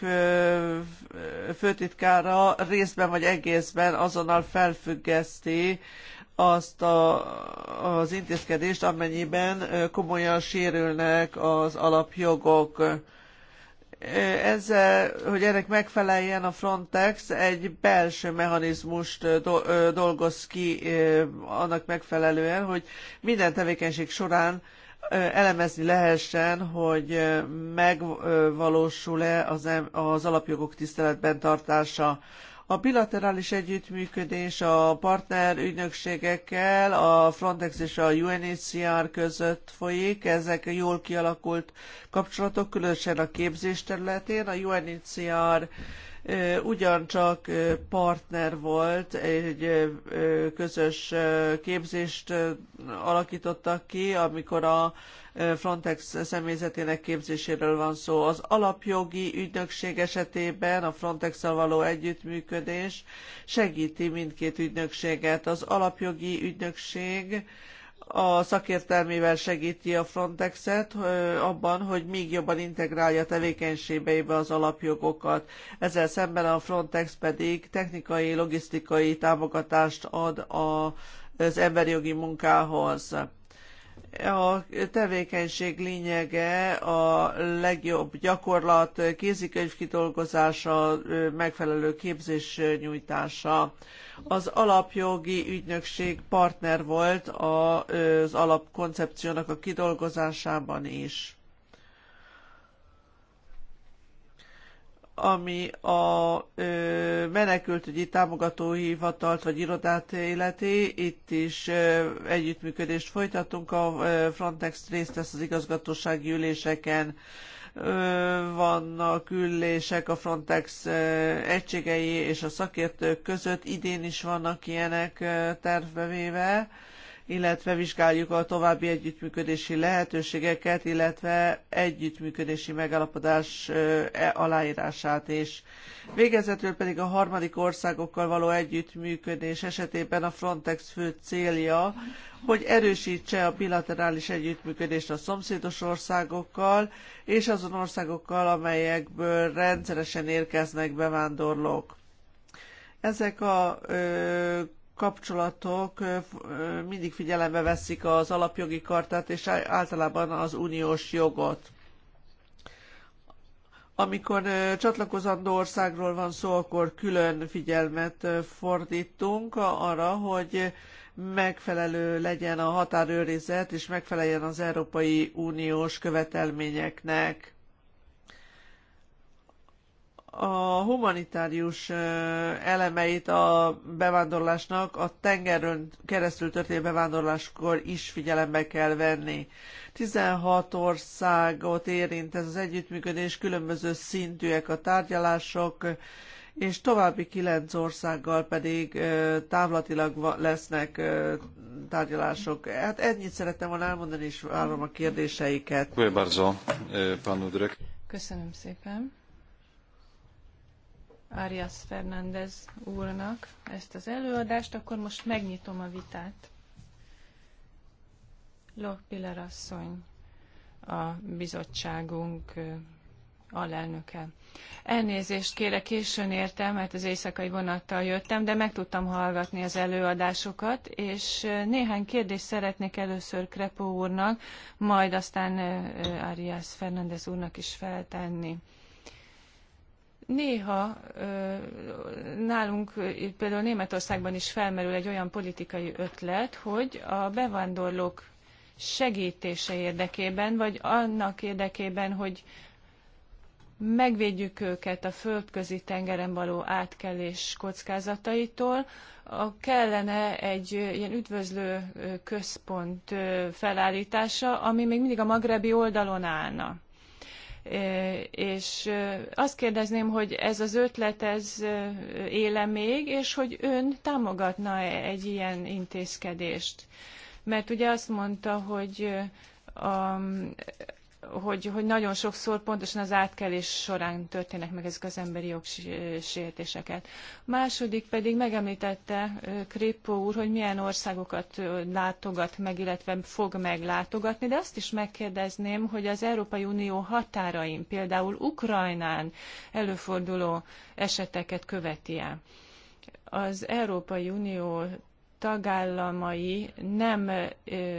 főtitkára részben vagy egészben azonnal felfüggeszti azt a, az intézkedést, amennyiben komolyan sérülnek az alapjogok ezzel, hogy ennek megfeleljen a Frontex, egy belső mechanizmust dolgoz ki annak megfelelően, hogy minden tevékenység során elemezni lehessen, hogy megvalósul-e az, az alapjogok tiszteletben tartása. A bilaterális együttműködés a partner ügynökségekkel, a Frontex és a UNHCR között folyik, ezek jól kialakult kapcsolatok, különösen a képzés területén. A UNHCR ugyancsak partner volt, egy közös képzést alakítottak ki, amikor a Frontex személyzetének képzéséről van szó. Az alapjogi ügynökség esetében a frontex való együttműködés segíti mindkét ügynökséget. Az alapjogi ügynökség a szakértelmével segíti a Frontexet abban, hogy még jobban integrálja tevékenységeibe az alapjogokat. Ezzel szemben a Frontex pedig technikai, logisztikai támogatást ad az emberi jogi munkához a tevékenység lényege a legjobb gyakorlat, kézikönyv kidolgozása, megfelelő képzés nyújtása. Az alapjogi ügynökség partner volt az alapkoncepciónak a kidolgozásában is. ami a ö, menekültügyi támogatóhivatalt vagy irodát életi, itt is ö, együttműködést folytatunk, a ö, Frontex részt vesz az igazgatósági üléseken, ö, vannak ülések a Frontex ö, egységei és a szakértők között, idén is vannak ilyenek ö, tervbevéve, illetve vizsgáljuk a további együttműködési lehetőségeket, illetve együttműködési megállapodás e aláírását is. Végezetül pedig a harmadik országokkal való együttműködés esetében a Frontex fő célja, hogy erősítse a bilaterális együttműködést a szomszédos országokkal és azon országokkal, amelyekből rendszeresen érkeznek bevándorlók. Ezek a ö, kapcsolatok mindig figyelembe veszik az alapjogi kartát és általában az uniós jogot. Amikor csatlakozandó országról van szó, akkor külön figyelmet fordítunk arra, hogy megfelelő legyen a határőrizet, és megfeleljen az Európai Uniós követelményeknek a humanitárius elemeit a bevándorlásnak a tengerön keresztül történő bevándorláskor is figyelembe kell venni. 16 országot érint ez az együttműködés, különböző szintűek a tárgyalások, és további kilenc országgal pedig távlatilag lesznek tárgyalások. Hát ennyit szerettem volna elmondani, és várom a kérdéseiket. E, Köszönöm szépen. Arias Fernández úrnak ezt az előadást, akkor most megnyitom a vitát. Lokpiller asszony, a bizottságunk alelnöke. Elnézést kérek, későn értem, mert az éjszakai vonattal jöttem, de meg tudtam hallgatni az előadásokat, és néhány kérdést szeretnék először Krepó úrnak, majd aztán Arias Fernández úrnak is feltenni. Néha nálunk, például Németországban is felmerül egy olyan politikai ötlet, hogy a bevándorlók segítése érdekében, vagy annak érdekében, hogy megvédjük őket a földközi tengeren való átkelés kockázataitól, a kellene egy ilyen üdvözlő központ felállítása, ami még mindig a magrebi oldalon állna. És azt kérdezném, hogy ez az ötlet, ez éle még, és hogy ön támogatna -e egy ilyen intézkedést? Mert ugye azt mondta, hogy a, hogy, hogy nagyon sokszor pontosan az átkelés során történnek meg ezek az emberi jogsértéseket. Második pedig megemlítette Krippó úr, hogy milyen országokat látogat meg, illetve fog meglátogatni, de azt is megkérdezném, hogy az Európai Unió határain, például Ukrajnán előforduló eseteket követi-e? Az Európai Unió tagállamai nem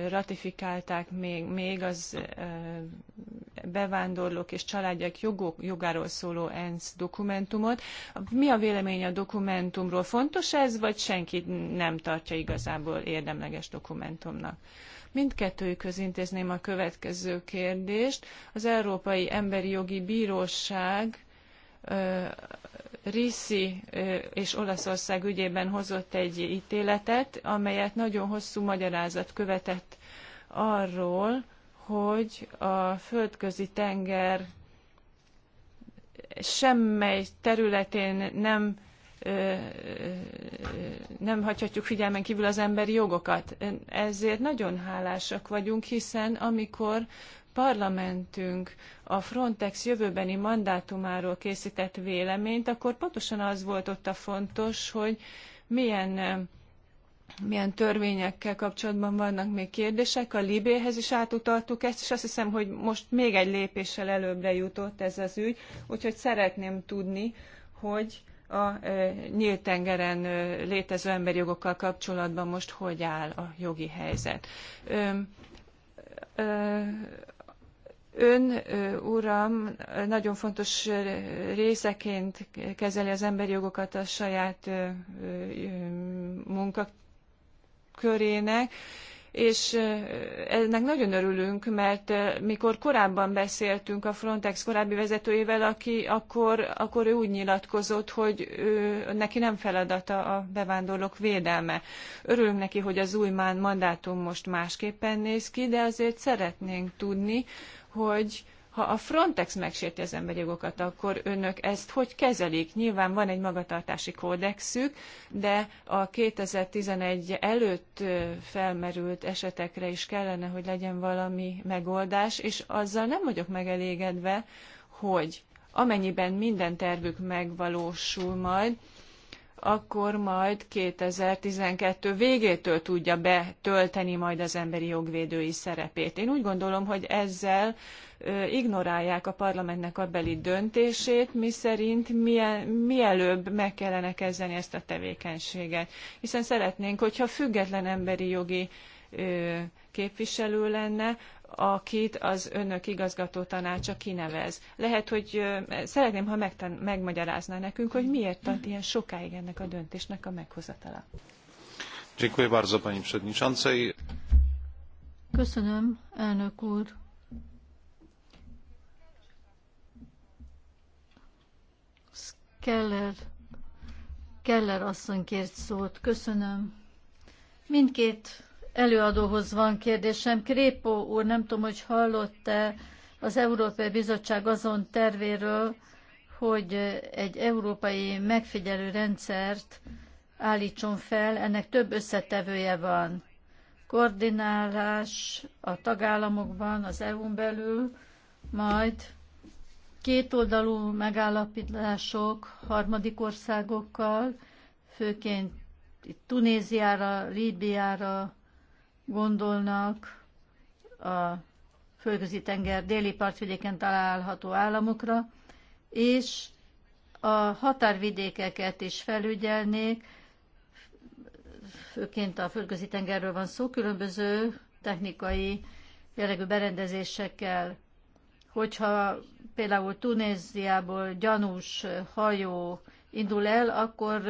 ratifikálták még, még az bevándorlók és családják jogok, jogáról szóló ENSZ dokumentumot. Mi a vélemény a dokumentumról? Fontos ez, vagy senki nem tartja igazából érdemleges dokumentumnak? Mindkettőjükhöz intézném a következő kérdést. Az Európai Emberi Jogi Bíróság Risi és Olaszország ügyében hozott egy ítéletet, amelyet nagyon hosszú magyarázat követett arról, hogy a földközi tenger semmely területén nem nem hagyhatjuk figyelmen kívül az emberi jogokat. Ezért nagyon hálásak vagyunk, hiszen amikor parlamentünk a Frontex jövőbeni mandátumáról készített véleményt, akkor pontosan az volt ott a fontos, hogy milyen eh, milyen törvényekkel kapcsolatban vannak még kérdések. A Libéhez is átutaltuk ezt, és azt hiszem, hogy most még egy lépéssel előbbre jutott ez az ügy, úgyhogy szeretném tudni, hogy a e, nyílt tengeren e, létező emberi jogokkal kapcsolatban most hogy áll a jogi helyzet. Ö, ö, Ön, uram, nagyon fontos részeként kezeli az emberi jogokat a saját munkakörének, és ennek nagyon örülünk, mert mikor korábban beszéltünk a Frontex korábbi vezetőjével, aki akkor, akkor ő úgy nyilatkozott, hogy ő, neki nem feladata a bevándorlók védelme. Örülünk neki, hogy az új mandátum most másképpen néz ki, de azért szeretnénk tudni, hogy ha a Frontex megsérti az emberi jogokat, akkor önök ezt hogy kezelik? Nyilván van egy magatartási kódexük, de a 2011 előtt felmerült esetekre is kellene, hogy legyen valami megoldás, és azzal nem vagyok megelégedve, hogy amennyiben minden tervük megvalósul majd, akkor majd 2012 végétől tudja betölteni majd az emberi jogvédői szerepét. Én úgy gondolom, hogy ezzel ignorálják a parlamentnek a beli döntését, miszerint mielőbb meg kellene kezdeni ezt a tevékenységet. Hiszen szeretnénk, hogyha független emberi jogi képviselő lenne, akit az önök igazgató tanácsa kinevez. Lehet, hogy szeretném, ha megtan- megmagyarázná nekünk, hogy miért tart ilyen sokáig ennek a döntésnek a meghozatala. Köszönöm, elnök úr. Keller, Keller asszony kért szót. Köszönöm. Mindkét előadóhoz van kérdésem. Krépó úr, nem tudom, hogy hallott-e az Európai Bizottság azon tervéről, hogy egy európai megfigyelő rendszert állítson fel, ennek több összetevője van. Koordinálás a tagállamokban, az EU-n belül, majd kétoldalú megállapítások harmadik országokkal, főként itt Tunéziára, Líbiára gondolnak a földközi tenger déli partvidéken található államokra, és a határvidékeket is felügyelnék, főként a földközi tengerről van szó, különböző technikai jellegű berendezésekkel. Hogyha például Tunéziából gyanús hajó indul el, akkor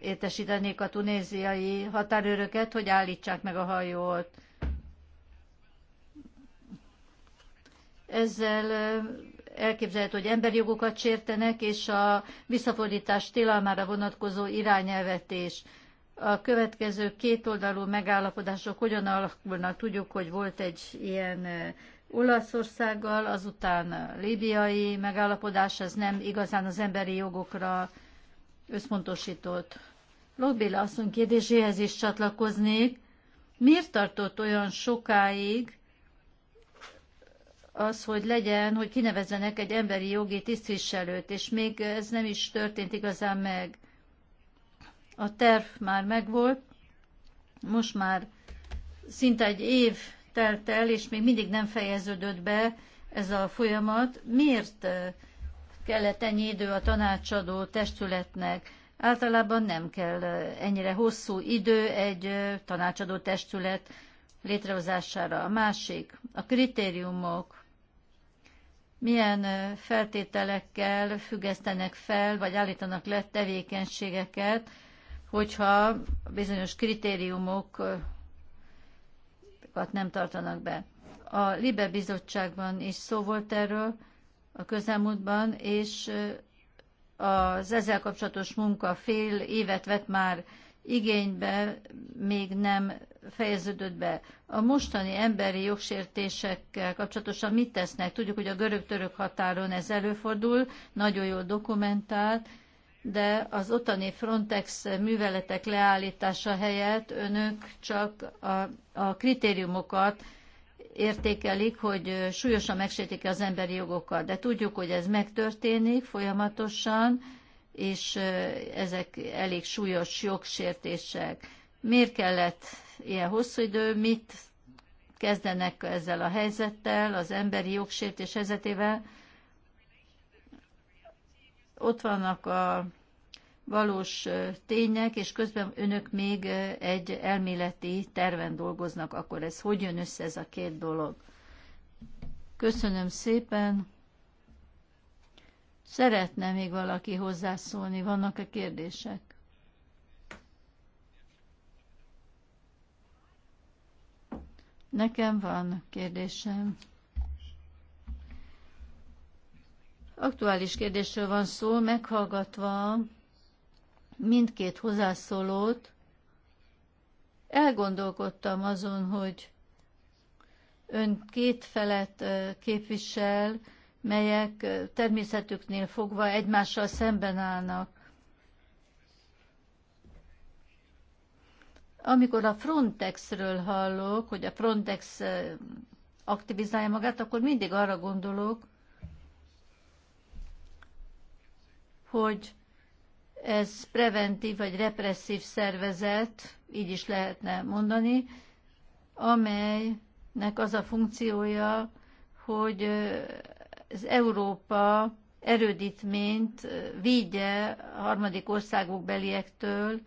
értesítenék a tunéziai határőröket, hogy állítsák meg a hajót. Ezzel elképzelhető, hogy emberjogokat sértenek, és a visszafordítás tilalmára vonatkozó irányelvetés. A következő kétoldalú megállapodások hogyan alakulnak? Tudjuk, hogy volt egy ilyen Olaszországgal, azután a libiai megállapodás, ez nem igazán az emberi jogokra összpontosított. Lobbéla asszony kérdéséhez is csatlakoznék. Miért tartott olyan sokáig az, hogy legyen, hogy kinevezzenek egy emberi jogi tisztviselőt, és még ez nem is történt igazán meg. A terv már megvolt, most már szinte egy év telt el, és még mindig nem fejeződött be ez a folyamat. Miért kellett ennyi idő a tanácsadó testületnek. Általában nem kell ennyire hosszú idő egy tanácsadó testület létrehozására. A másik, a kritériumok, milyen feltételekkel függesztenek fel, vagy állítanak le tevékenységeket, hogyha bizonyos kritériumokat nem tartanak be. A Libe bizottságban is szó volt erről, a közelmúltban, és az ezzel kapcsolatos munka fél évet vett már igénybe, még nem fejeződött be. A mostani emberi jogsértésekkel kapcsolatosan mit tesznek? Tudjuk, hogy a görög-török határon ez előfordul, nagyon jól dokumentált, de az ottani Frontex műveletek leállítása helyett önök csak a, a kritériumokat értékelik, hogy súlyosan megsértik az emberi jogokat, de tudjuk, hogy ez megtörténik folyamatosan, és ezek elég súlyos jogsértések. Miért kellett ilyen hosszú idő, mit kezdenek ezzel a helyzettel, az emberi jogsértés helyzetével? Ott vannak a valós tények, és közben önök még egy elméleti terven dolgoznak, akkor ez hogy jön össze ez a két dolog? Köszönöm szépen. Szeretne még valaki hozzászólni? Vannak-e kérdések? Nekem van kérdésem. Aktuális kérdésről van szó, meghallgatva mindkét hozzászólót, elgondolkodtam azon, hogy ön két felet képvisel, melyek természetüknél fogva egymással szemben állnak. Amikor a Frontexről hallok, hogy a Frontex aktivizálja magát, akkor mindig arra gondolok, hogy ez preventív vagy represszív szervezet, így is lehetne mondani, amelynek az a funkciója, hogy az Európa erődítményt vigye a harmadik országok beliektől,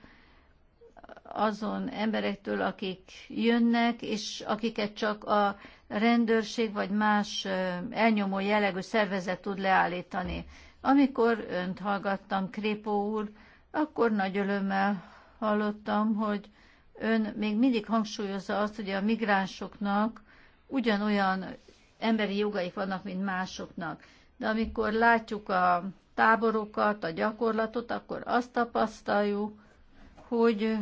azon emberektől, akik jönnek, és akiket csak a rendőrség vagy más elnyomó jellegű szervezet tud leállítani. Amikor önt hallgattam, Krépó úr, akkor nagy örömmel hallottam, hogy ön még mindig hangsúlyozza azt, hogy a migránsoknak ugyanolyan emberi jogaik vannak, mint másoknak. De amikor látjuk a táborokat, a gyakorlatot, akkor azt tapasztaljuk, hogy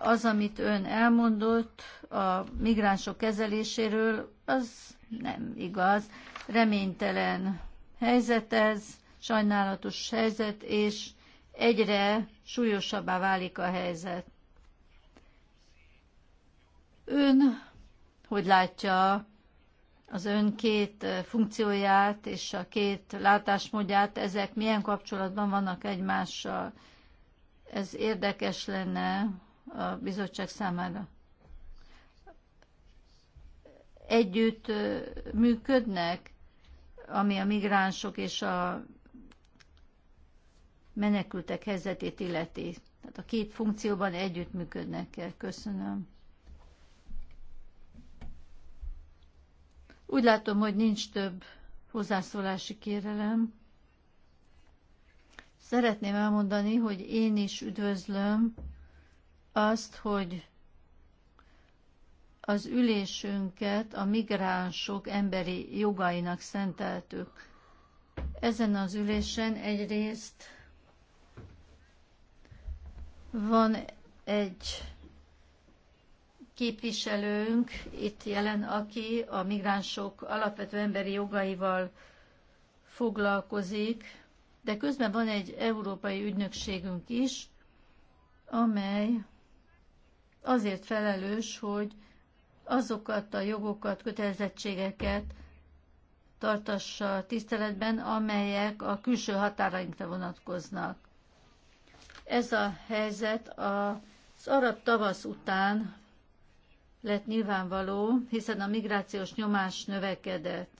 az, amit ön elmondott a migránsok kezeléséről, az nem igaz, reménytelen helyzet ez, sajnálatos helyzet, és egyre súlyosabbá válik a helyzet. Ön hogy látja az ön két funkcióját és a két látásmódját, ezek milyen kapcsolatban vannak egymással? Ez érdekes lenne a bizottság számára. Együtt működnek? ami a migránsok és a menekültek helyzetét illeti. Tehát a két funkcióban együttműködnek kell. Köszönöm. Úgy látom, hogy nincs több hozzászólási kérelem. Szeretném elmondani, hogy én is üdvözlöm azt, hogy az ülésünket a migránsok emberi jogainak szenteltük. Ezen az ülésen egyrészt van egy képviselőnk itt jelen, aki a migránsok alapvető emberi jogaival foglalkozik, de közben van egy európai ügynökségünk is, amely azért felelős, hogy azokat a jogokat, kötelezettségeket tartassa tiszteletben, amelyek a külső határainkra vonatkoznak. Ez a helyzet az arab tavasz után lett nyilvánvaló, hiszen a migrációs nyomás növekedett.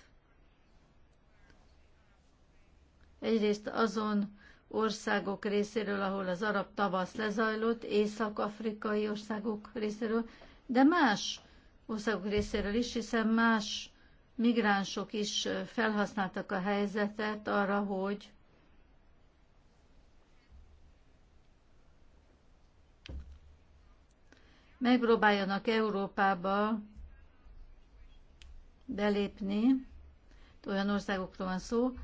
Egyrészt azon országok részéről, ahol az arab tavasz lezajlott, észak-afrikai országok részéről, de más országok részéről is, hiszen más migránsok is felhasználtak a helyzetet arra, hogy megpróbáljanak Európába belépni, olyan országokról van szó,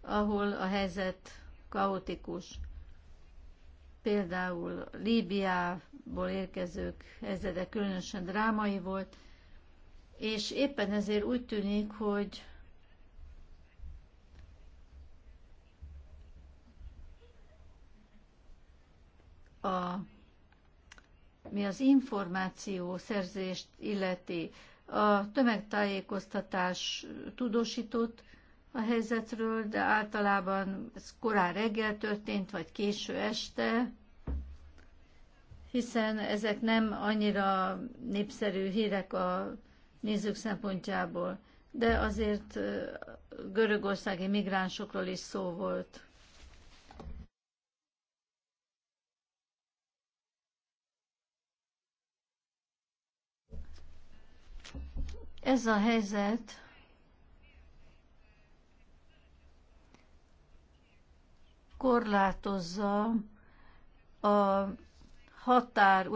ahol a helyzet kaotikus például Líbiából érkezők ezrede különösen drámai volt, és éppen ezért úgy tűnik, hogy a, mi az információ szerzést illeti, a tömegtájékoztatás tudósított a helyzetről, de általában ez korán reggel történt, vagy késő este, hiszen ezek nem annyira népszerű hírek a nézők szempontjából, de azért görögországi migránsokról is szó volt. Ez a helyzet korlátozza a határ,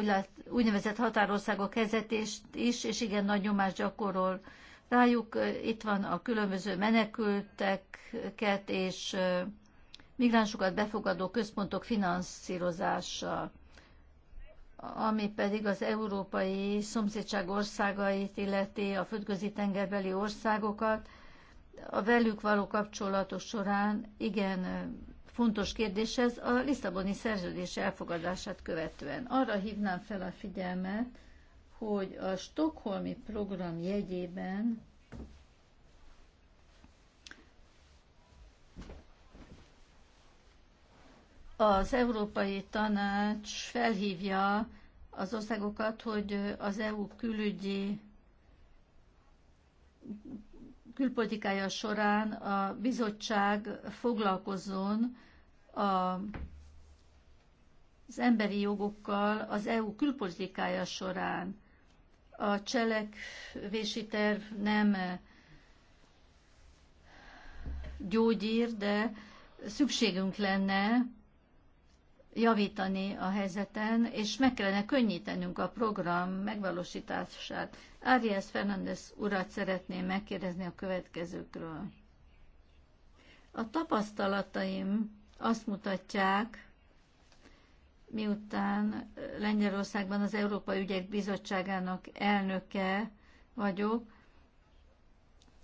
úgynevezett határországok kezetést is, és igen nagy nyomást gyakorol rájuk. Itt van a különböző menekülteket és migránsokat befogadó központok finanszírozása, ami pedig az európai szomszédság országait illeti, a földközi tengerbeli országokat. A velük való kapcsolatok során igen fontos kérdés ez a Lisszaboni szerződés elfogadását követően. Arra hívnám fel a figyelmet, hogy a Stockholmi program jegyében az Európai Tanács felhívja az országokat, hogy az EU külügyi külpolitikája során a bizottság foglalkozzon a, az emberi jogokkal az EU külpolitikája során. A cselekvési terv nem e, gyógyír, de szükségünk lenne javítani a helyzeten, és meg kellene könnyítenünk a program megvalósítását. Arias Fernández urat szeretném megkérdezni a következőkről. A tapasztalataim azt mutatják, miután Lengyelországban az Európai Ügyek Bizottságának elnöke vagyok,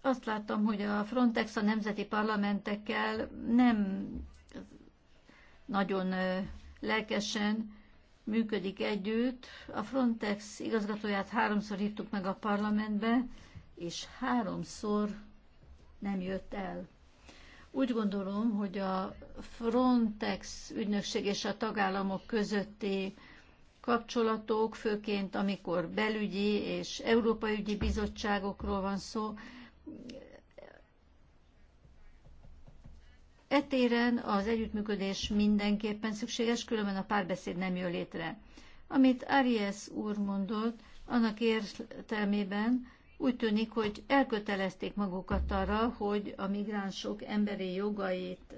azt látom, hogy a Frontex a nemzeti parlamentekkel nem nagyon lelkesen működik együtt. A Frontex igazgatóját háromszor hívtuk meg a parlamentbe, és háromszor nem jött el. Úgy gondolom, hogy a Frontex ügynökség és a tagállamok közötti kapcsolatok, főként amikor belügyi és európai ügyi bizottságokról van szó, Etéren az együttműködés mindenképpen szükséges, különben a párbeszéd nem jön létre. Amit Arias úr mondott, annak értelmében úgy tűnik, hogy elkötelezték magukat arra, hogy a migránsok emberi jogait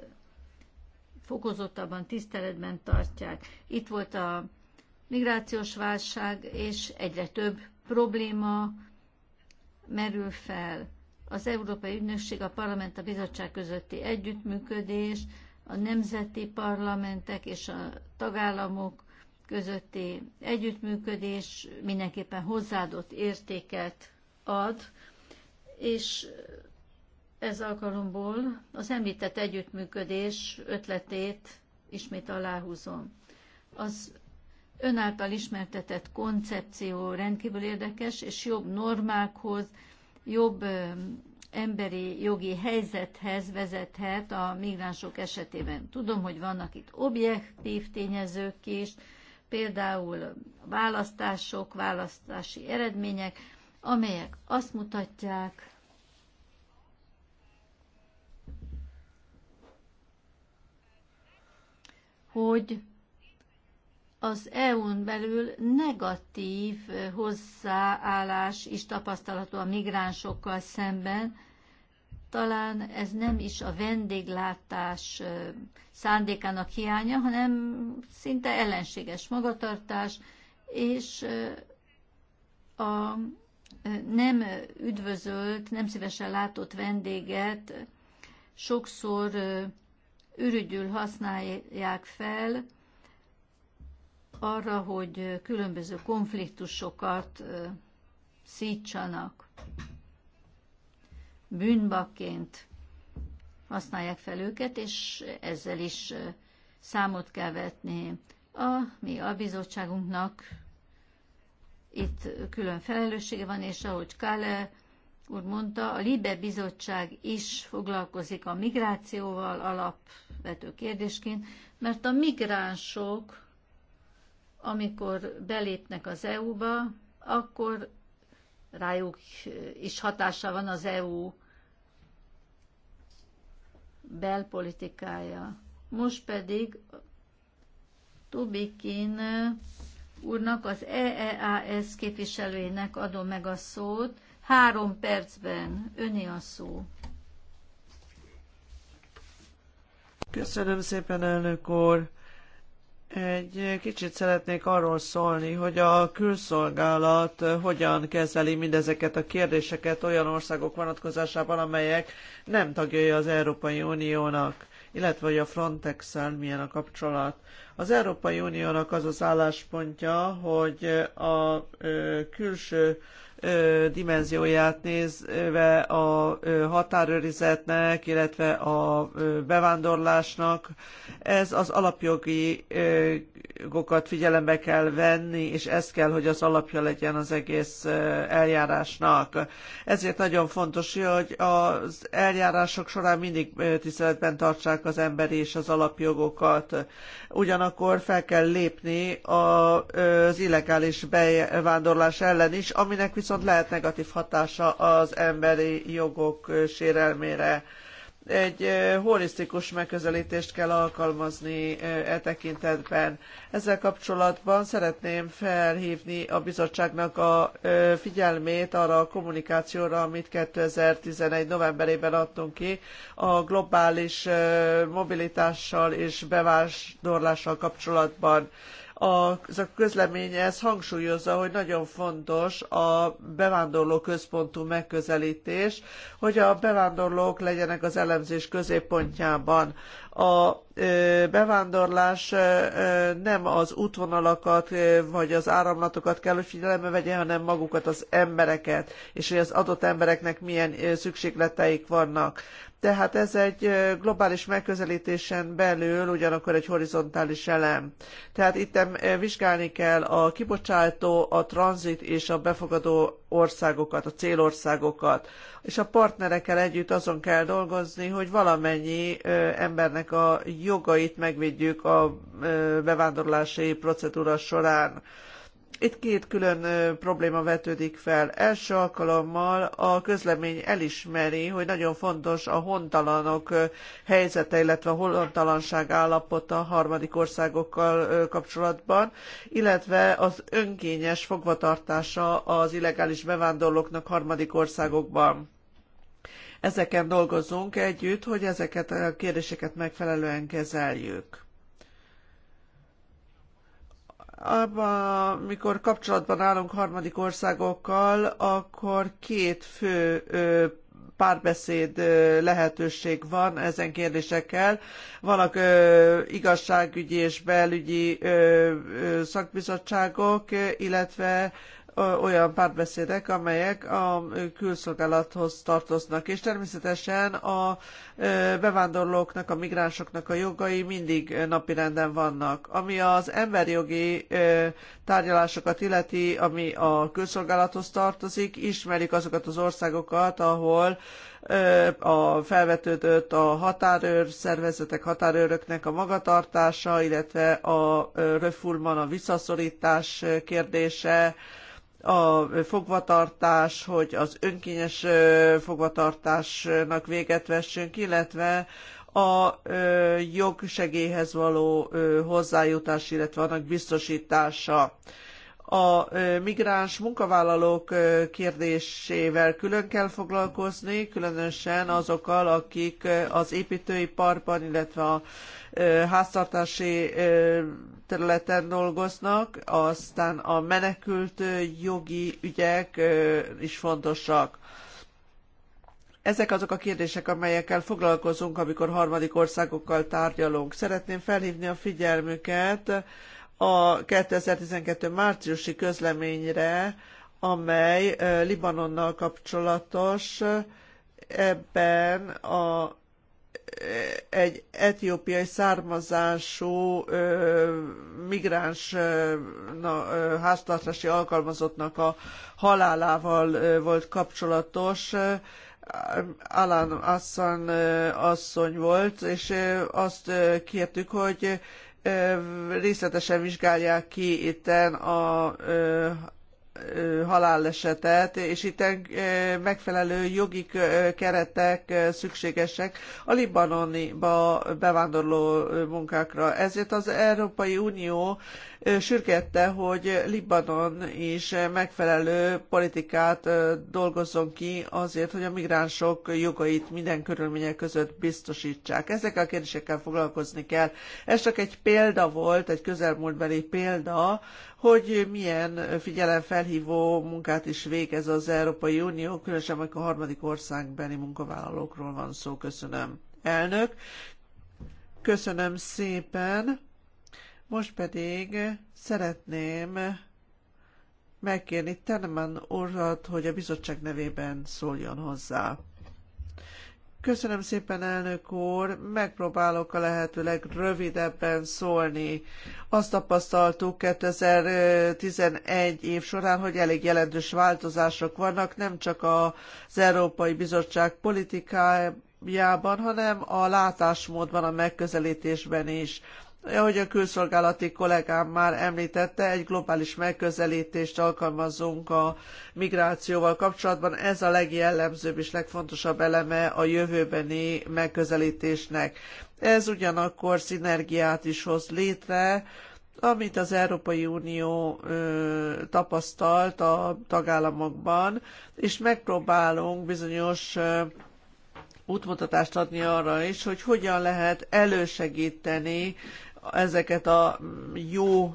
fokozottabban tiszteletben tartják. Itt volt a migrációs válság, és egyre több probléma merül fel az Európai Ügynökség, a Parlament, a Bizottság közötti együttműködés, a nemzeti parlamentek és a tagállamok közötti együttműködés mindenképpen hozzáadott értéket ad, és ez alkalomból az említett együttműködés ötletét ismét aláhúzom. Az önáltal ismertetett koncepció rendkívül érdekes, és jobb normákhoz, jobb emberi jogi helyzethez vezethet a migránsok esetében. Tudom, hogy vannak itt objektív tényezők is, például választások, választási eredmények, amelyek azt mutatják, hogy az EU-n belül negatív hozzáállás is tapasztalható a migránsokkal szemben. Talán ez nem is a vendéglátás szándékának hiánya, hanem szinte ellenséges magatartás, és a nem üdvözölt, nem szívesen látott vendéget sokszor ürügyül használják fel, arra, hogy különböző konfliktusokat szítsanak. Bűnbakként használják fel őket, és ezzel is számot kell vetni. A mi a bizottságunknak itt külön felelőssége van, és ahogy Kale úr mondta, a Libe bizottság is foglalkozik a migrációval alapvető kérdésként, mert a migránsok amikor belépnek az EU-ba, akkor rájuk is hatása van az EU belpolitikája. Most pedig Tubikin úrnak, az EEAS képviselőjének adom meg a szót. Három percben öné a szó. Köszönöm szépen, elnök úr! Egy kicsit szeretnék arról szólni, hogy a külszolgálat hogyan kezeli mindezeket a kérdéseket olyan országok vonatkozásában, amelyek nem tagjai az Európai Uniónak, illetve hogy a Frontex-el milyen a kapcsolat. Az Európai Uniónak az az álláspontja, hogy a külső dimenzióját nézve a határőrizetnek, illetve a bevándorlásnak. Ez az alapjogi gokat figyelembe kell venni, és ez kell, hogy az alapja legyen az egész eljárásnak. Ezért nagyon fontos, hogy az eljárások során mindig tiszteletben tartsák az emberi és az alapjogokat. Ugyan ugyanakkor fel kell lépni az illegális bevándorlás ellen is, aminek viszont lehet negatív hatása az emberi jogok sérelmére egy holisztikus megközelítést kell alkalmazni e tekintetben. Ezzel kapcsolatban szeretném felhívni a bizottságnak a figyelmét arra a kommunikációra, amit 2011. novemberében adtunk ki a globális mobilitással és bevándorlással kapcsolatban az a közleménye ez hangsúlyozza, hogy nagyon fontos a bevándorló központú megközelítés, hogy a bevándorlók legyenek az elemzés középpontjában. A bevándorlás nem az útvonalakat vagy az áramlatokat kell, hogy figyelembe vegye, hanem magukat az embereket, és hogy az adott embereknek milyen szükségleteik vannak. Tehát ez egy globális megközelítésen belül ugyanakkor egy horizontális elem. Tehát itt vizsgálni kell a kibocsátó, a tranzit és a befogadó országokat, a célországokat. És a partnerekkel együtt azon kell dolgozni, hogy valamennyi embernek a jogait megvédjük a bevándorlási procedúra során itt két külön probléma vetődik fel. Első alkalommal a közlemény elismeri, hogy nagyon fontos a hontalanok helyzete, illetve a hontalanság állapota harmadik országokkal kapcsolatban, illetve az önkényes fogvatartása az illegális bevándorlóknak harmadik országokban ezeken dolgozunk együtt, hogy ezeket a kérdéseket megfelelően kezeljük. Abba, amikor kapcsolatban állunk harmadik országokkal, akkor két fő párbeszéd lehetőség van ezen kérdésekkel. Vannak igazságügyi és belügyi szakbizottságok, illetve olyan párbeszédek, amelyek a külszolgálathoz tartoznak, és természetesen a bevándorlóknak, a migránsoknak a jogai mindig napirenden vannak. Ami az emberjogi tárgyalásokat illeti, ami a külszolgálathoz tartozik, ismerik azokat az országokat, ahol a felvetődött a határőr szervezetek, határőröknek a magatartása, illetve a refulman, a visszaszorítás kérdése, a fogvatartás, hogy az önkényes fogvatartásnak véget vessünk, illetve a ö, jogsegélyhez való hozzájutás, illetve annak biztosítása a migráns munkavállalók kérdésével külön kell foglalkozni, különösen azokkal, akik az építőiparban, illetve a háztartási területen dolgoznak, aztán a menekült jogi ügyek is fontosak. Ezek azok a kérdések, amelyekkel foglalkozunk, amikor harmadik országokkal tárgyalunk. Szeretném felhívni a figyelmüket a 2012 márciusi közleményre, amely Libanonnal kapcsolatos, ebben a egy etiópiai származású migráns háztartási alkalmazottnak a halálával volt kapcsolatos. Alan Assan asszony volt, és azt kértük, hogy részletesen vizsgálják ki itten a halálesetet, és itt megfelelő jogi keretek szükségesek a libanoni bevándorló munkákra. Ezért az Európai Unió sürgette, hogy Libanon is megfelelő politikát dolgozzon ki azért, hogy a migránsok jogait minden körülmények között biztosítsák. Ezekkel a kérdésekkel foglalkozni kell. Ez csak egy példa volt, egy közelmúltbeli példa hogy milyen figyelemfelhívó munkát is végez az Európai Unió, különösen amikor a harmadik országbeli munkavállalókról van szó. Köszönöm. Elnök, köszönöm szépen. Most pedig szeretném megkérni Teneman urat, hogy a bizottság nevében szóljon hozzá. Köszönöm szépen, elnök úr. Megpróbálok a lehető legrövidebben szólni. Azt tapasztaltuk 2011 év során, hogy elég jelentős változások vannak, nem csak az Európai Bizottság politikájában, hanem a látásmódban, a megközelítésben is ahogy a külszolgálati kollégám már említette, egy globális megközelítést alkalmazunk a migrációval kapcsolatban. Ez a legjellemzőbb és legfontosabb eleme a jövőbeni megközelítésnek. Ez ugyanakkor szinergiát is hoz létre, amit az Európai Unió ö, tapasztalt a tagállamokban, és megpróbálunk bizonyos ö, útmutatást adni arra is, hogy hogyan lehet elősegíteni ezeket a jó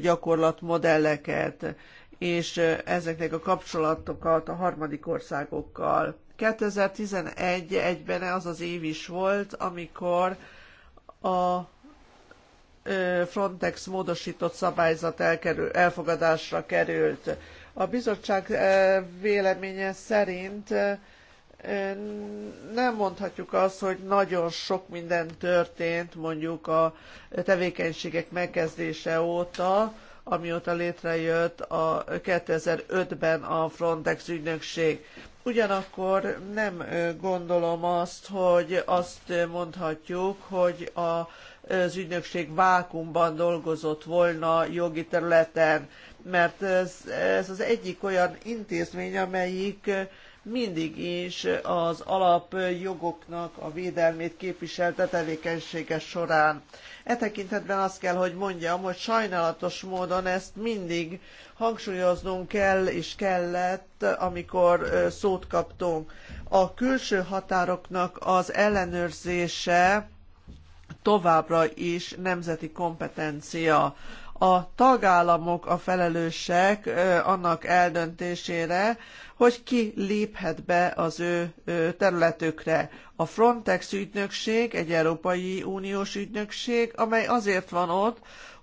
gyakorlatmodelleket, és ezeknek a kapcsolatokat a harmadik országokkal. 2011 egyben az az év is volt, amikor a Frontex módosított szabályzat elkerül, elfogadásra került. A bizottság véleménye szerint nem mondhatjuk azt, hogy nagyon sok minden történt mondjuk a tevékenységek megkezdése óta, amióta létrejött a 2005-ben a Frontex ügynökség. Ugyanakkor nem gondolom azt, hogy azt mondhatjuk, hogy a, az ügynökség vákumban dolgozott volna jogi területen, mert ez, ez az egyik olyan intézmény, amelyik mindig is az alapjogoknak a védelmét képviselte tevékenysége során. E tekintetben azt kell, hogy mondjam, hogy sajnálatos módon ezt mindig hangsúlyoznunk kell és kellett, amikor szót kaptunk. A külső határoknak az ellenőrzése továbbra is nemzeti kompetencia a tagállamok a felelősek annak eldöntésére, hogy ki léphet be az ő területükre. A Frontex ügynökség egy Európai Uniós ügynökség, amely azért van ott,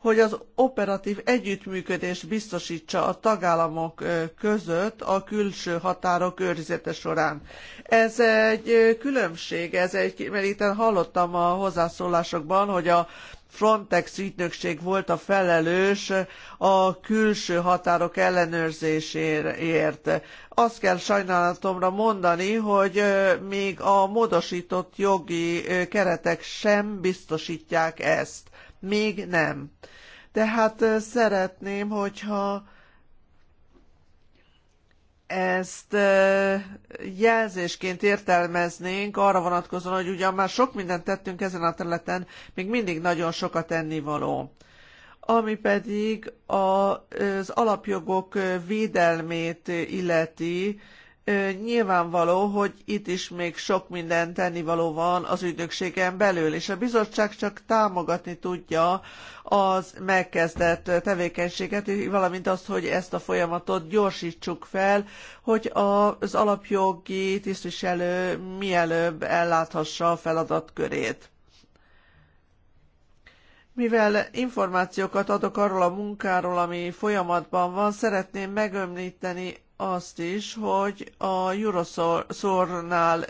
hogy az operatív együttműködést biztosítsa a tagállamok között a külső határok őrizete során. Ez egy különbség, ez egy, mert itt hallottam a hozzászólásokban, hogy a Frontex ügynökség volt a felelős a külső határok ellenőrzéséért. Azt kell sajnálatomra mondani, hogy még a módosított jogi keretek sem biztosítják ezt. Még nem. De hát szeretném, hogyha ezt jelzésként értelmeznénk arra vonatkozóan, hogy ugyan már sok mindent tettünk ezen a területen, még mindig nagyon sokat ennivaló. Ami pedig az alapjogok védelmét illeti, nyilvánvaló, hogy itt is még sok minden tennivaló van az ügynökségen belül, és a bizottság csak támogatni tudja az megkezdett tevékenységet, valamint azt, hogy ezt a folyamatot gyorsítsuk fel, hogy az alapjogi tisztviselő mielőbb elláthassa a feladatkörét. Mivel információkat adok arról a munkáról, ami folyamatban van, szeretném megömlíteni azt is, hogy a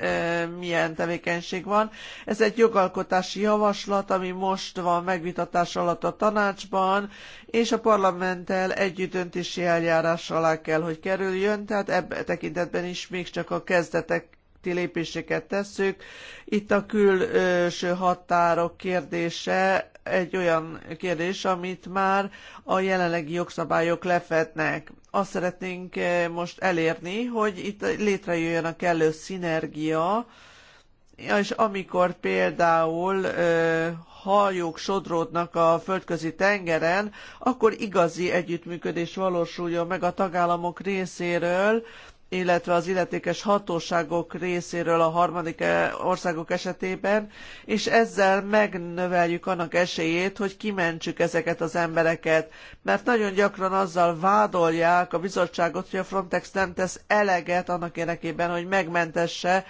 e, milyen tevékenység van. Ez egy jogalkotási javaslat, ami most van megvitatás alatt a tanácsban, és a parlamenttel döntési eljárás alá kell, hogy kerüljön, tehát ebben tekintetben is még csak a kezdetek lépéseket tesszük. Itt a külső határok kérdése egy olyan kérdés, amit már a jelenlegi jogszabályok lefetnek. Azt szeretnénk eh, most elérni, hogy itt létrejöjjön a kellő szinergia, és amikor például eh, hajók sodródnak a földközi tengeren, akkor igazi együttműködés valósuljon meg a tagállamok részéről, illetve az illetékes hatóságok részéről a harmadik eh, országok esetében, és ezzel megnöveljük annak esélyét, hogy kimentsük ezeket az embereket. Mert nagyon gyakran azzal vádolják a bizottságot, hogy a Frontex nem tesz eleget annak érdekében, hogy megmentesse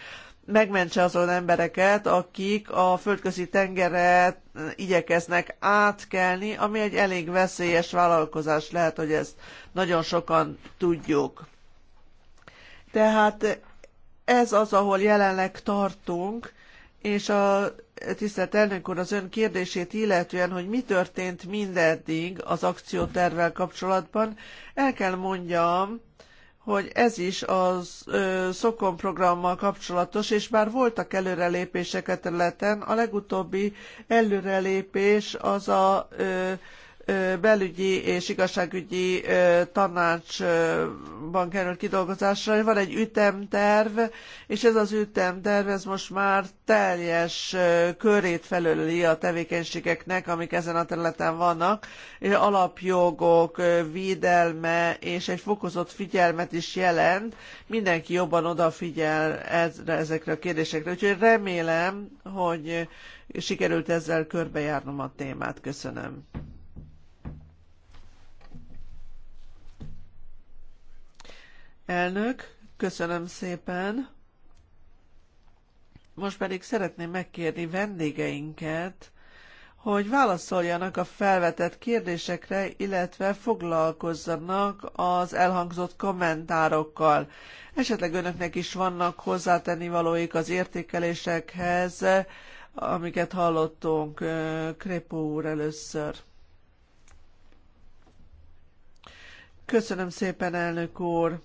megmentse azon embereket, akik a földközi tengeret eh, igyekeznek átkelni, ami egy elég veszélyes vállalkozás lehet, hogy ezt nagyon sokan tudjuk. Tehát ez az, ahol jelenleg tartunk, és a tisztelt elnök úr az ön kérdését illetően, hogy mi történt mindeddig az akciótervvel kapcsolatban, el kell mondjam, hogy ez is az ö, Szokon programmal kapcsolatos, és bár voltak előrelépések a területen, a legutóbbi előrelépés az a ö, belügyi és igazságügyi tanácsban került kidolgozásra. Van egy ütemterv, és ez az ütemterv ez most már teljes körét felöli a tevékenységeknek, amik ezen a területen vannak, és alapjogok védelme és egy fokozott figyelmet is jelent. Mindenki jobban odafigyel ezekre a kérdésekre, úgyhogy remélem, hogy sikerült ezzel körbejárnom a témát. Köszönöm. Elnök, köszönöm szépen. Most pedig szeretném megkérni vendégeinket, hogy válaszoljanak a felvetett kérdésekre, illetve foglalkozzanak az elhangzott kommentárokkal. Esetleg önöknek is vannak hozzátennivalóik az értékelésekhez, amiket hallottunk Krépó úr először. Köszönöm szépen, elnök úr!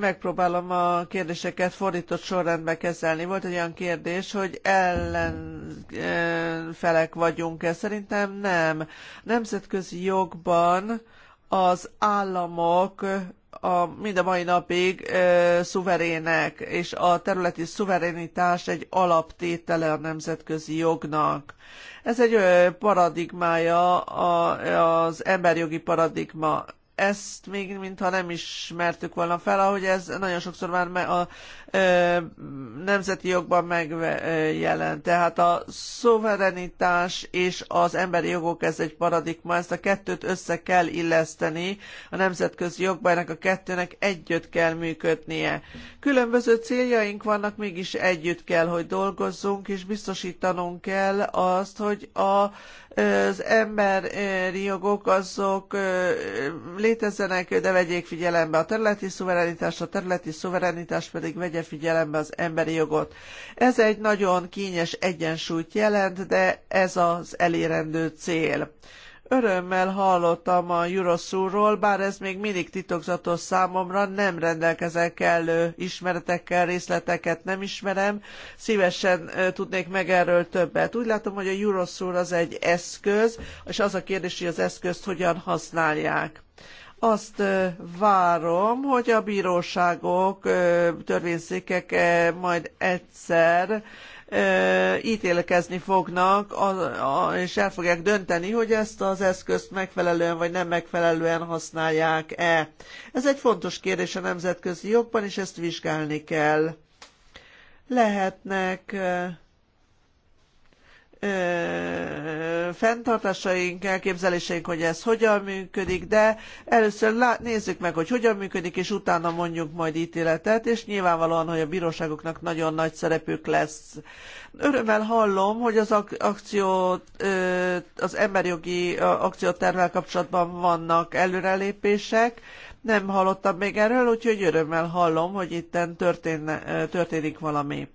Megpróbálom a kérdéseket fordított sorrendbe kezelni. Volt egy olyan kérdés, hogy ellenfelek vagyunk-e? Szerintem nem. Nemzetközi jogban az államok a, mind a mai napig ö, szuverének, és a területi szuverenitás egy alaptétele a nemzetközi jognak. Ez egy ö, paradigmája, a, az emberjogi paradigma ezt még mintha nem ismertük volna fel, ahogy ez nagyon sokszor már a a nemzeti jogban megjelent. Tehát a szuverenitás és az emberi jogok, ez egy paradigma, ezt a kettőt össze kell illeszteni a nemzetközi jogban, ennek a kettőnek együtt kell működnie. Különböző céljaink vannak, mégis együtt kell, hogy dolgozzunk, és biztosítanunk kell azt, hogy a az emberi jogok azok létezzenek, de vegyék figyelembe a területi szuverenitást, a területi szuverenitás pedig vegye figyelembe az emberi jogot. Ez egy nagyon kényes egyensúlyt jelent, de ez az elérendő cél. Örömmel hallottam a Euroszúról, bár ez még mindig titokzatos számomra, nem rendelkezek kellő ismeretekkel, részleteket nem ismerem. Szívesen tudnék meg erről többet. Úgy látom, hogy a Euroszúr az egy eszköz, és az a kérdés, hogy az eszközt hogyan használják azt várom, hogy a bíróságok, törvényszékek majd egyszer ítélkezni fognak, és el fogják dönteni, hogy ezt az eszközt megfelelően vagy nem megfelelően használják-e. Ez egy fontos kérdés a nemzetközi jogban, és ezt vizsgálni kell. Lehetnek ö, fenntartásaink, elképzeléseink, hogy ez hogyan működik, de először lá- nézzük meg, hogy hogyan működik, és utána mondjuk majd ítéletet, és nyilvánvalóan, hogy a bíróságoknak nagyon nagy szerepük lesz. Örömmel hallom, hogy az ak- akció, ö, az emberjogi akciótervel kapcsolatban vannak előrelépések, nem hallottam még erről, úgyhogy örömmel hallom, hogy itten történ- történik valami.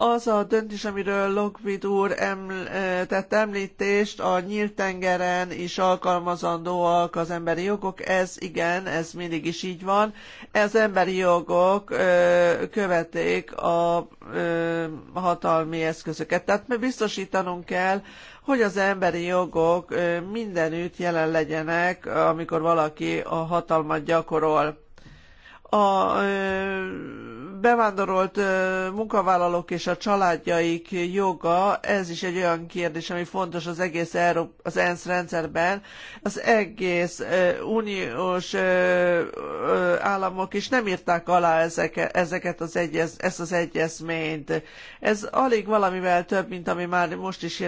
Az a döntés, amiről Lockwood úr eml- tett említést, a nyílt tengeren is alkalmazandóak az emberi jogok, ez igen, ez mindig is így van. Ez emberi jogok ö, követék a ö, hatalmi eszközöket. Tehát mi biztosítanunk kell, hogy az emberi jogok ö, mindenütt jelen legyenek, amikor valaki a hatalmat gyakorol a bevándorolt munkavállalók és a családjaik joga, ez is egy olyan kérdés, ami fontos az egész Európ- az ENSZ rendszerben. Az egész uniós államok is nem írták alá ezeket, ezeket az egyez, ezt az egyezményt. Ez alig valamivel több, mint ami már most is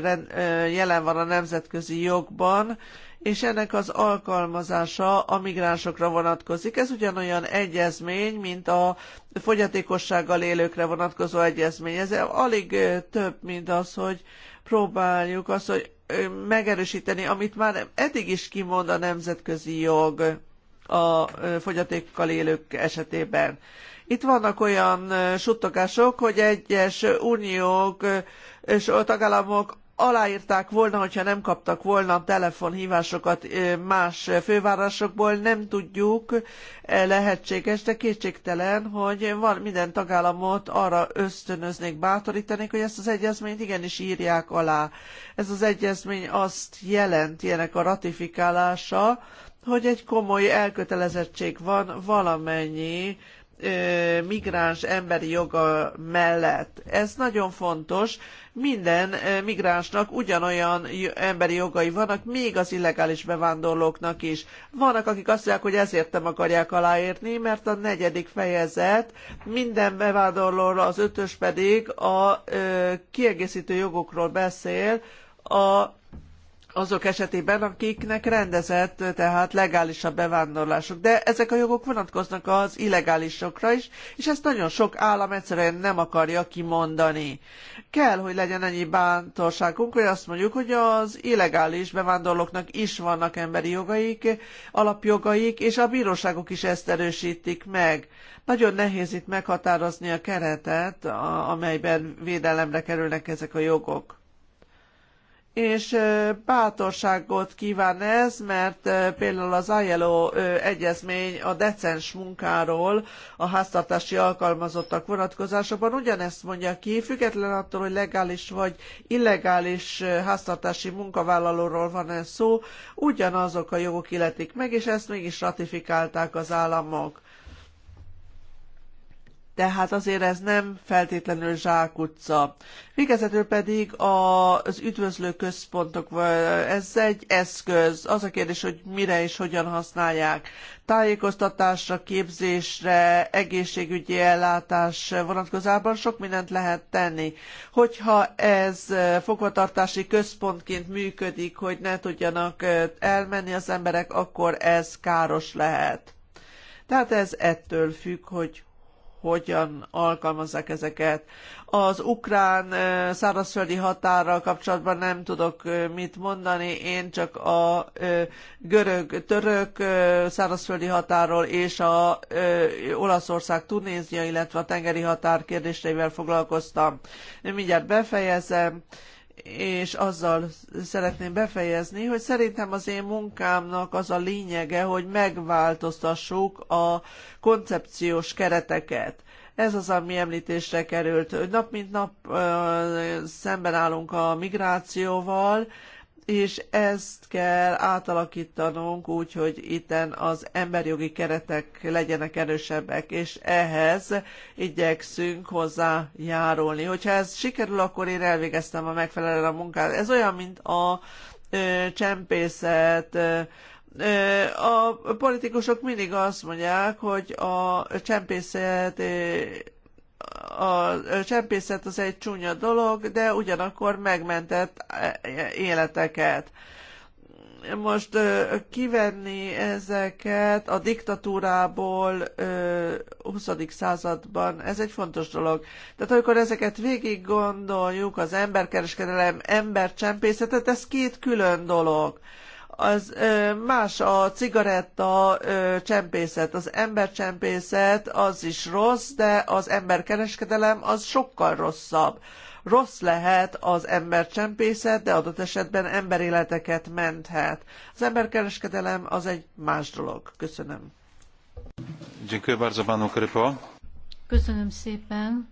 jelen van a nemzetközi jogban, és ennek az alkalmazása a migránsokra vonatkozik. Ez ugyanolyan egyezmény, mint a fogyatékossággal élőkre vonatkozó egyezmény. Ez alig több, mint az, hogy próbáljuk azt, hogy megerősíteni, amit már eddig is kimond a nemzetközi jog a fogyatékkal élők esetében. Itt vannak olyan suttogások, hogy egyes uniók és tagállamok aláírták volna, hogyha nem kaptak volna telefonhívásokat más fővárosokból, nem tudjuk, lehetséges, de kétségtelen, hogy van minden tagállamot arra ösztönöznék, bátorítanék, hogy ezt az egyezményt igenis írják alá. Ez az egyezmény azt jelenti, ennek a ratifikálása, hogy egy komoly elkötelezettség van valamennyi migráns emberi joga mellett. Ez nagyon fontos. Minden migránsnak ugyanolyan emberi jogai vannak, még az illegális bevándorlóknak is. Vannak, akik azt mondják, hogy ezért nem akarják aláírni, mert a negyedik fejezet minden bevándorlóra, az ötös pedig a kiegészítő jogokról beszél, a azok esetében, akiknek rendezett, tehát legális a bevándorlásuk. De ezek a jogok vonatkoznak az illegálisokra is, és ezt nagyon sok állam egyszerűen nem akarja kimondani. Kell, hogy legyen ennyi bántorságunk, hogy azt mondjuk, hogy az illegális bevándorlóknak is vannak emberi jogaik, alapjogaik, és a bíróságok is ezt erősítik meg. Nagyon nehéz itt meghatározni a keretet, amelyben védelemre kerülnek ezek a jogok és bátorságot kíván ez, mert például az ILO egyezmény a decens munkáról a háztartási alkalmazottak vonatkozásában ugyanezt mondja ki, független attól, hogy legális vagy illegális háztartási munkavállalóról van ez szó, ugyanazok a jogok illetik meg, és ezt mégis ratifikálták az államok tehát azért ez nem feltétlenül zsákutca. Végezetül pedig a, az üdvözlő központok, ez egy eszköz, az a kérdés, hogy mire és hogyan használják. Tájékoztatásra, képzésre, egészségügyi ellátás vonatkozában sok mindent lehet tenni. Hogyha ez fogvatartási központként működik, hogy ne tudjanak elmenni az emberek, akkor ez káros lehet. Tehát ez ettől függ, hogy hogyan alkalmazzák ezeket. Az ukrán szárazföldi határral kapcsolatban nem tudok mit mondani, én csak a görög-török szárazföldi határól és a Olaszország Tunézia, illetve a tengeri határ kérdéseivel foglalkoztam. Mindjárt befejezem és azzal szeretném befejezni, hogy szerintem az én munkámnak az a lényege, hogy megváltoztassuk a koncepciós kereteket. Ez az, ami említésre került, hogy nap mint nap ö, szemben állunk a migrációval, és ezt kell átalakítanunk úgy, hogy itten az emberjogi keretek legyenek erősebbek, és ehhez igyekszünk hozzájárulni. Hogyha ez sikerül, akkor én elvégeztem a megfelelően a munkát. Ez olyan, mint a ö, csempészet, ö, a politikusok mindig azt mondják, hogy a csempészet a csempészet az egy csúnya dolog, de ugyanakkor megmentett e, e, életeket. Most kivenni ezeket a diktatúrából 20. században, ez egy fontos dolog. Tehát amikor ezeket végig gondoljuk, az emberkereskedelem, embercsempészetet, ez két külön dolog az más a cigaretta csempészet, az embercsempészet az is rossz, de az emberkereskedelem az sokkal rosszabb. Rossz lehet az embercsempészet, de adott esetben emberéleteket menthet. Az emberkereskedelem az egy más dolog. Köszönöm. Köszönöm szépen.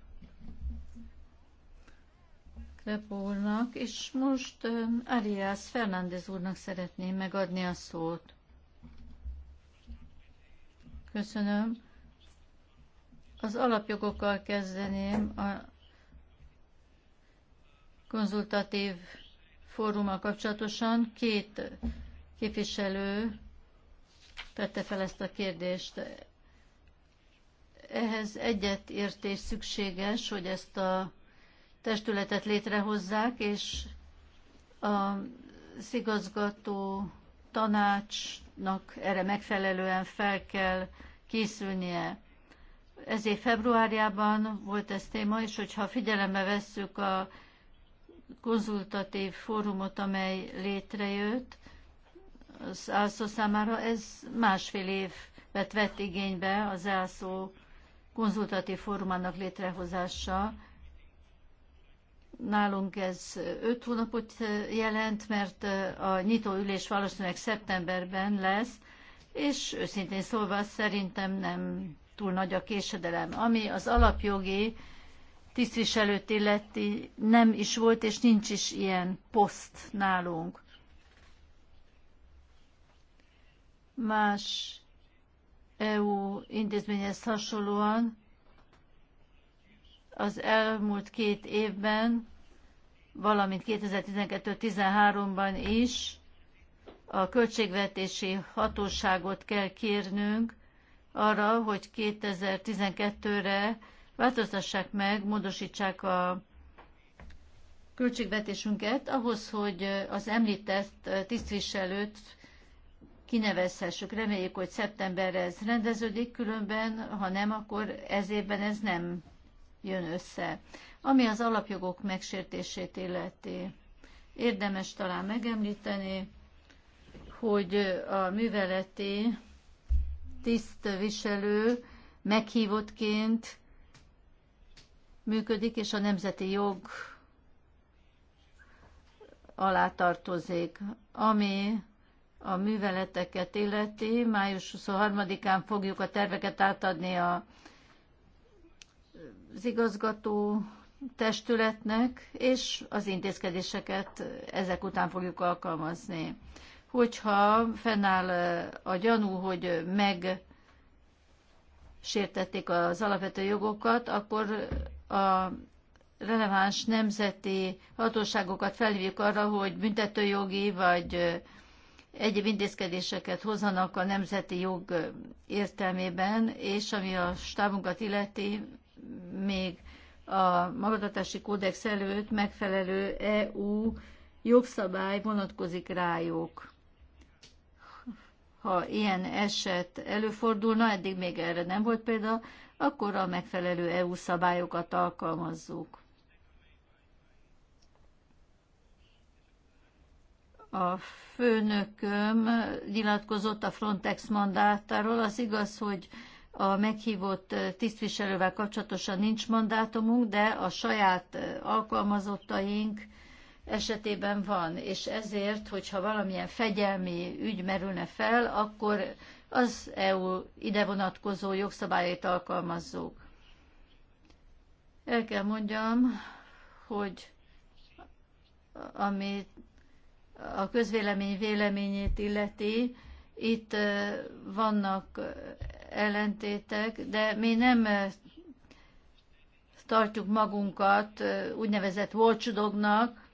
Webb és most Arias Fernández úrnak szeretném megadni a szót. Köszönöm. Az alapjogokkal kezdeném a konzultatív fórummal kapcsolatosan. Két képviselő tette fel ezt a kérdést. Ehhez egyetértés szükséges, hogy ezt a testületet létrehozzák, és a szigazgató tanácsnak erre megfelelően fel kell készülnie. Ez év februárjában volt ez téma, és hogyha figyelembe vesszük a konzultatív fórumot, amely létrejött az elszó számára, ez másfél évet vett igénybe az elszó konzultatív fórumának létrehozása, Nálunk ez öt hónapot jelent, mert a nyitó ülés valószínűleg szeptemberben lesz, és őszintén szólva szerintem nem túl nagy a késedelem. Ami az alapjogi tisztviselőt illeti nem is volt, és nincs is ilyen poszt nálunk. Más EU intézményhez hasonlóan az elmúlt két évben, valamint 2012-13-ban is a költségvetési hatóságot kell kérnünk arra, hogy 2012-re változtassák meg, módosítsák a költségvetésünket ahhoz, hogy az említett tisztviselőt kinevezhessük. Reméljük, hogy szeptemberre ez rendeződik, különben, ha nem, akkor ez évben ez nem jön össze. Ami az alapjogok megsértését illeti, érdemes talán megemlíteni, hogy a műveleti tisztviselő meghívottként működik, és a nemzeti jog alá tartozik. Ami a műveleteket illeti, május 23-án fogjuk a terveket átadni a az igazgató testületnek, és az intézkedéseket ezek után fogjuk alkalmazni. Hogyha fennáll a gyanú, hogy meg sértették az alapvető jogokat, akkor a releváns nemzeti hatóságokat felhívjuk arra, hogy büntetőjogi vagy egyéb intézkedéseket hozzanak a nemzeti jog értelmében, és ami a stábunkat illeti, még a magatartási kódex előtt megfelelő EU jogszabály vonatkozik rájuk. Ha ilyen eset előfordulna, eddig még erre nem volt példa, akkor a megfelelő EU szabályokat alkalmazzuk. A főnököm nyilatkozott a Frontex mandátáról. Az igaz, hogy a meghívott tisztviselővel kapcsolatosan nincs mandátumunk, de a saját alkalmazottaink esetében van, és ezért, hogyha valamilyen fegyelmi ügy merülne fel, akkor az EU ide vonatkozó jogszabályait alkalmazzuk. El kell mondjam, hogy amit a közvélemény véleményét illeti, itt vannak ellentétek, de mi nem eh, tartjuk magunkat eh, úgynevezett watchdognak.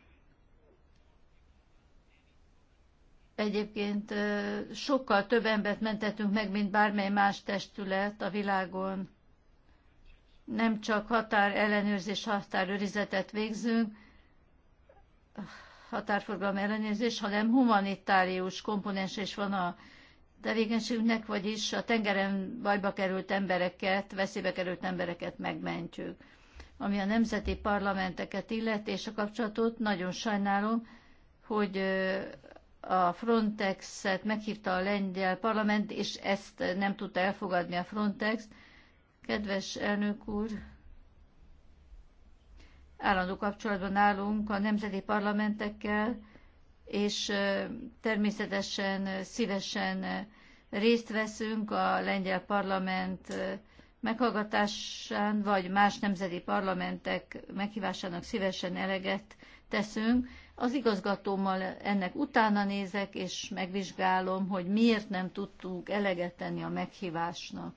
Egyébként eh, sokkal több embert mentettünk meg, mint bármely más testület a világon. Nem csak határ ellenőrzés, határőrizetet végzünk, határforgalom ellenőrzés, hanem humanitárius komponens is van a tevékenységünknek, vagyis a tengeren bajba került embereket, veszélybe került embereket megmentjük. Ami a nemzeti parlamenteket illeti és a kapcsolatot, nagyon sajnálom, hogy a Frontex-et meghívta a lengyel parlament, és ezt nem tudta elfogadni a Frontex. Kedves elnök úr, állandó kapcsolatban állunk a nemzeti parlamentekkel, és természetesen szívesen részt veszünk a lengyel parlament meghallgatásán, vagy más nemzeti parlamentek meghívásának szívesen eleget teszünk. Az igazgatómmal ennek utána nézek, és megvizsgálom, hogy miért nem tudtunk eleget tenni a meghívásnak.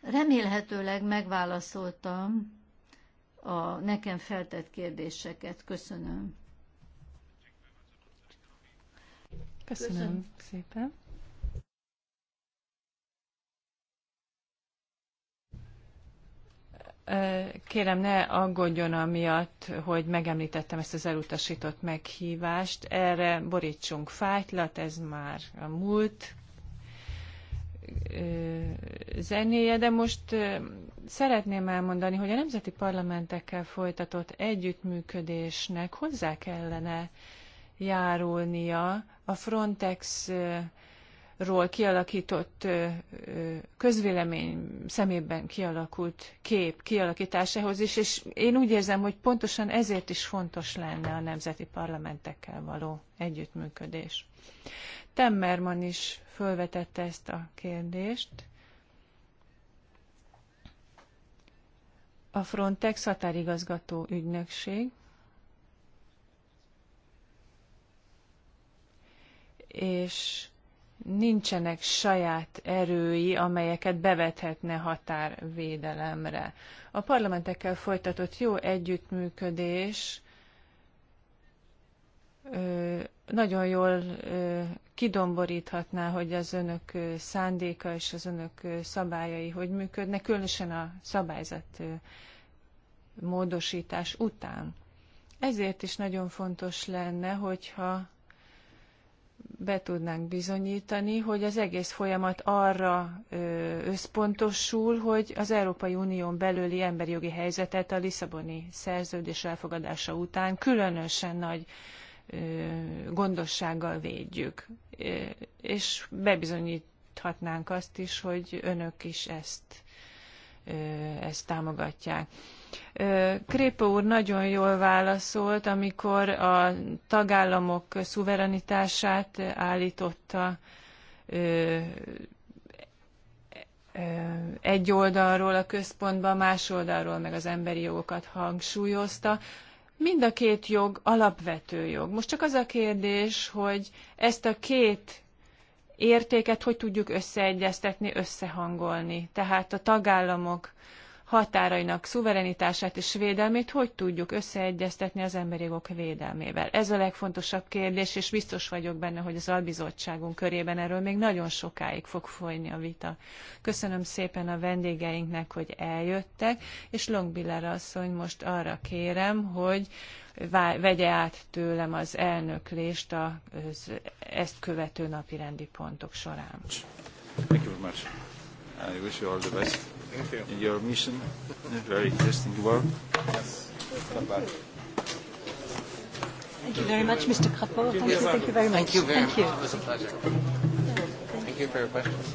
Remélhetőleg megválaszoltam a nekem feltett kérdéseket. Köszönöm. Köszönöm, Köszönöm. szépen. Kérem, ne aggódjon amiatt, hogy megemlítettem ezt az elutasított meghívást. Erre borítsunk fájtlat, ez már a múlt zenéje, de most szeretném elmondani, hogy a nemzeti parlamentekkel folytatott együttműködésnek hozzá kellene járulnia a Frontexről kialakított közvélemény szemében kialakult kép kialakításához is, és én úgy érzem, hogy pontosan ezért is fontos lenne a nemzeti parlamentekkel való együttműködés. Temmerman is fölvetette ezt a kérdést. A Frontex határigazgató ügynökség és nincsenek saját erői, amelyeket bevethetne határvédelemre. A parlamentekkel folytatott jó együttműködés nagyon jól kidomboríthatná, hogy az önök szándéka és az önök szabályai hogy működnek, különösen a szabályzat módosítás után. Ezért is nagyon fontos lenne, hogyha be tudnánk bizonyítani, hogy az egész folyamat arra összpontosul, hogy az Európai Unión belüli emberi jogi helyzetet a Lisszaboni szerződés elfogadása után különösen nagy gondossággal védjük. És bebizonyíthatnánk azt is, hogy önök is ezt ezt támogatják. Krépa úr nagyon jól válaszolt, amikor a tagállamok szuverenitását állította egy oldalról a központba, más oldalról meg az emberi jogokat hangsúlyozta. Mind a két jog alapvető jog. Most csak az a kérdés, hogy ezt a két értéket hogy tudjuk összeegyeztetni, összehangolni. Tehát a tagállamok határainak szuverenitását és védelmét hogy tudjuk összeegyeztetni az emberi jogok védelmével. Ez a legfontosabb kérdés, és biztos vagyok benne, hogy az albizottságunk körében erről még nagyon sokáig fog folyni a vita. Köszönöm szépen a vendégeinknek, hogy eljöttek, és Longbiller asszony most arra kérem, hogy vegye át tőlem az elnöklést az ezt követő napirendi pontok során. Thank you very much. I wish you all the best Thank you. in your mission. Very interesting work. Yes. Bye-bye. Thank you very much, Mr. Crapo. Thank you, thank you very much. Thank you very thank much. You. It was a pleasure. Thank you for your questions.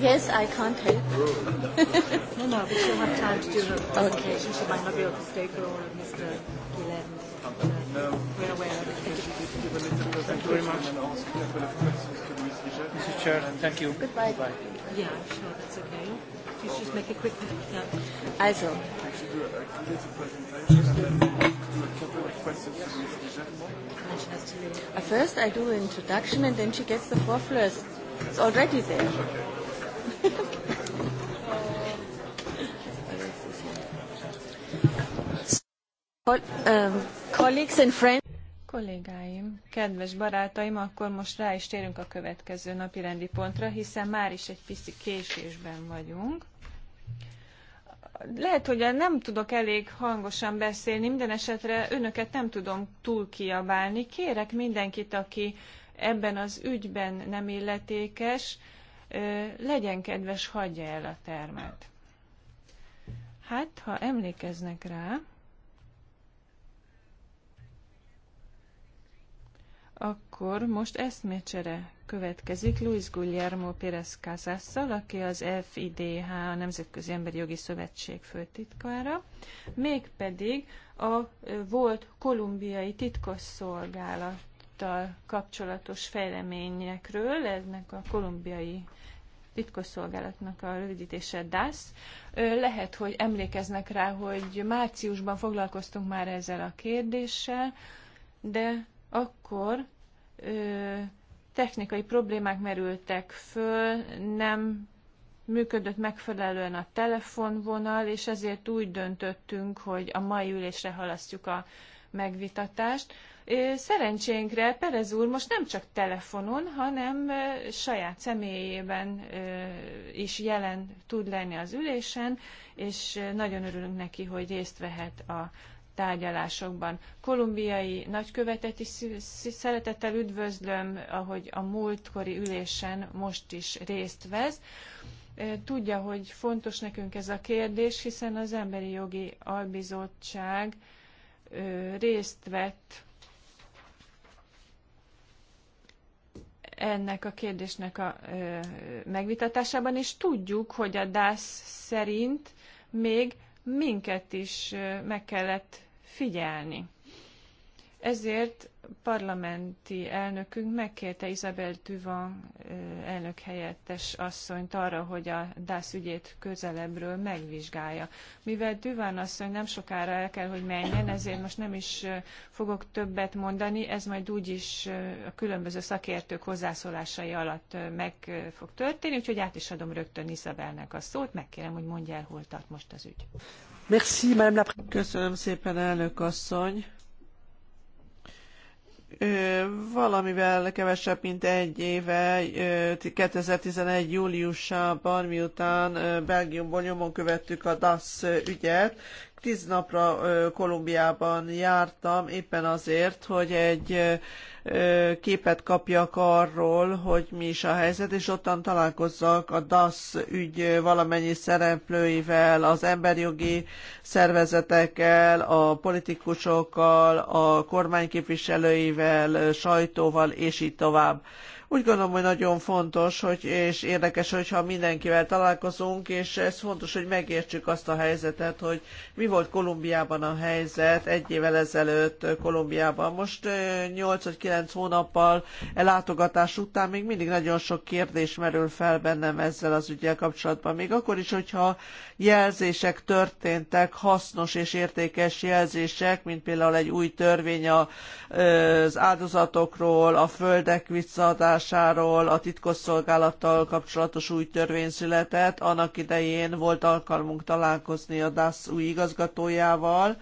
Yes, I can't help. no, no, we still have time to do the presentation. She might not be able to stay for all of Mr. Gillen. No. We're aware of it. Thank you very much. Mr. Chair, thank you. Goodbye. Goodbye. Yeah, sure, that's okay. Please just make a quick note. Also. First, I do introduction, and then she gets the floor first. It's already there. Okay. Kollégáim, kedves barátaim, akkor most rá is térünk a következő napi rendi pontra, hiszen már is egy pici késésben vagyunk. Lehet, hogy nem tudok elég hangosan beszélni, minden esetre önöket nem tudom túl kiabálni. Kérek mindenkit, aki ebben az ügyben nem illetékes, legyen kedves, hagyja el a termet. Hát, ha emlékeznek rá, akkor most eszmécsere következik Luis Guillermo Pérez Casasszal, aki az FIDH, a Nemzetközi Emberi Jogi Szövetség főtitkára, mégpedig a volt kolumbiai titkosszolgálat Egyiptal kapcsolatos fejleményekről, ennek a kolumbiai titkosszolgálatnak a rövidítése DAS. Lehet, hogy emlékeznek rá, hogy márciusban foglalkoztunk már ezzel a kérdéssel, de akkor ö, technikai problémák merültek föl, nem működött megfelelően a telefonvonal, és ezért úgy döntöttünk, hogy a mai ülésre halasztjuk a megvitatást. Szerencsénkre Perez úr most nem csak telefonon, hanem saját személyében is jelen tud lenni az ülésen, és nagyon örülünk neki, hogy részt vehet a tárgyalásokban. Kolumbiai nagykövetet is szeretettel üdvözlöm, ahogy a múltkori ülésen most is részt vesz. Tudja, hogy fontos nekünk ez a kérdés, hiszen az Emberi Jogi Albizottság részt vett ennek a kérdésnek a ö, megvitatásában, és tudjuk, hogy a DASZ szerint még minket is meg kellett figyelni. Ezért parlamenti elnökünk megkérte Isabel Duvan elnök helyettes asszonyt arra, hogy a DASZ ügyét közelebbről megvizsgálja. Mivel Duvan asszony nem sokára el kell, hogy menjen, ezért most nem is fogok többet mondani, ez majd úgyis a különböző szakértők hozzászólásai alatt meg fog történni, úgyhogy át is adom rögtön Isabelnek a szót, megkérem, hogy mondja el, hol tart most az ügy. Merci, Köszönöm szépen, elnök asszony! Valamivel kevesebb, mint egy éve, 2011. júliusában, miután Belgiumból nyomon követtük a DASZ ügyet, tíz napra Kolumbiában jártam, éppen azért, hogy egy képet kapjak arról, hogy mi is a helyzet, és ottan találkozzak a DASZ ügy valamennyi szereplőivel, az emberjogi szervezetekkel, a politikusokkal, a kormányképviselőivel, sajtóval, és így tovább. Úgy gondolom, hogy nagyon fontos, hogy, és érdekes, hogyha mindenkivel találkozunk, és ez fontos, hogy megértsük azt a helyzetet, hogy mi volt Kolumbiában a helyzet egy évvel ezelőtt Kolumbiában. Most 8 vagy 9 hónappal látogatás után még mindig nagyon sok kérdés merül fel bennem ezzel az ügyel kapcsolatban. Még akkor is, hogyha jelzések történtek, hasznos és értékes jelzések, mint például egy új törvény az áldozatokról, a földek visszaadásáról, hatásáról a titkosszolgálattal kapcsolatos új törvény született. Annak idején volt alkalmunk találkozni a DASZ új igazgatójával,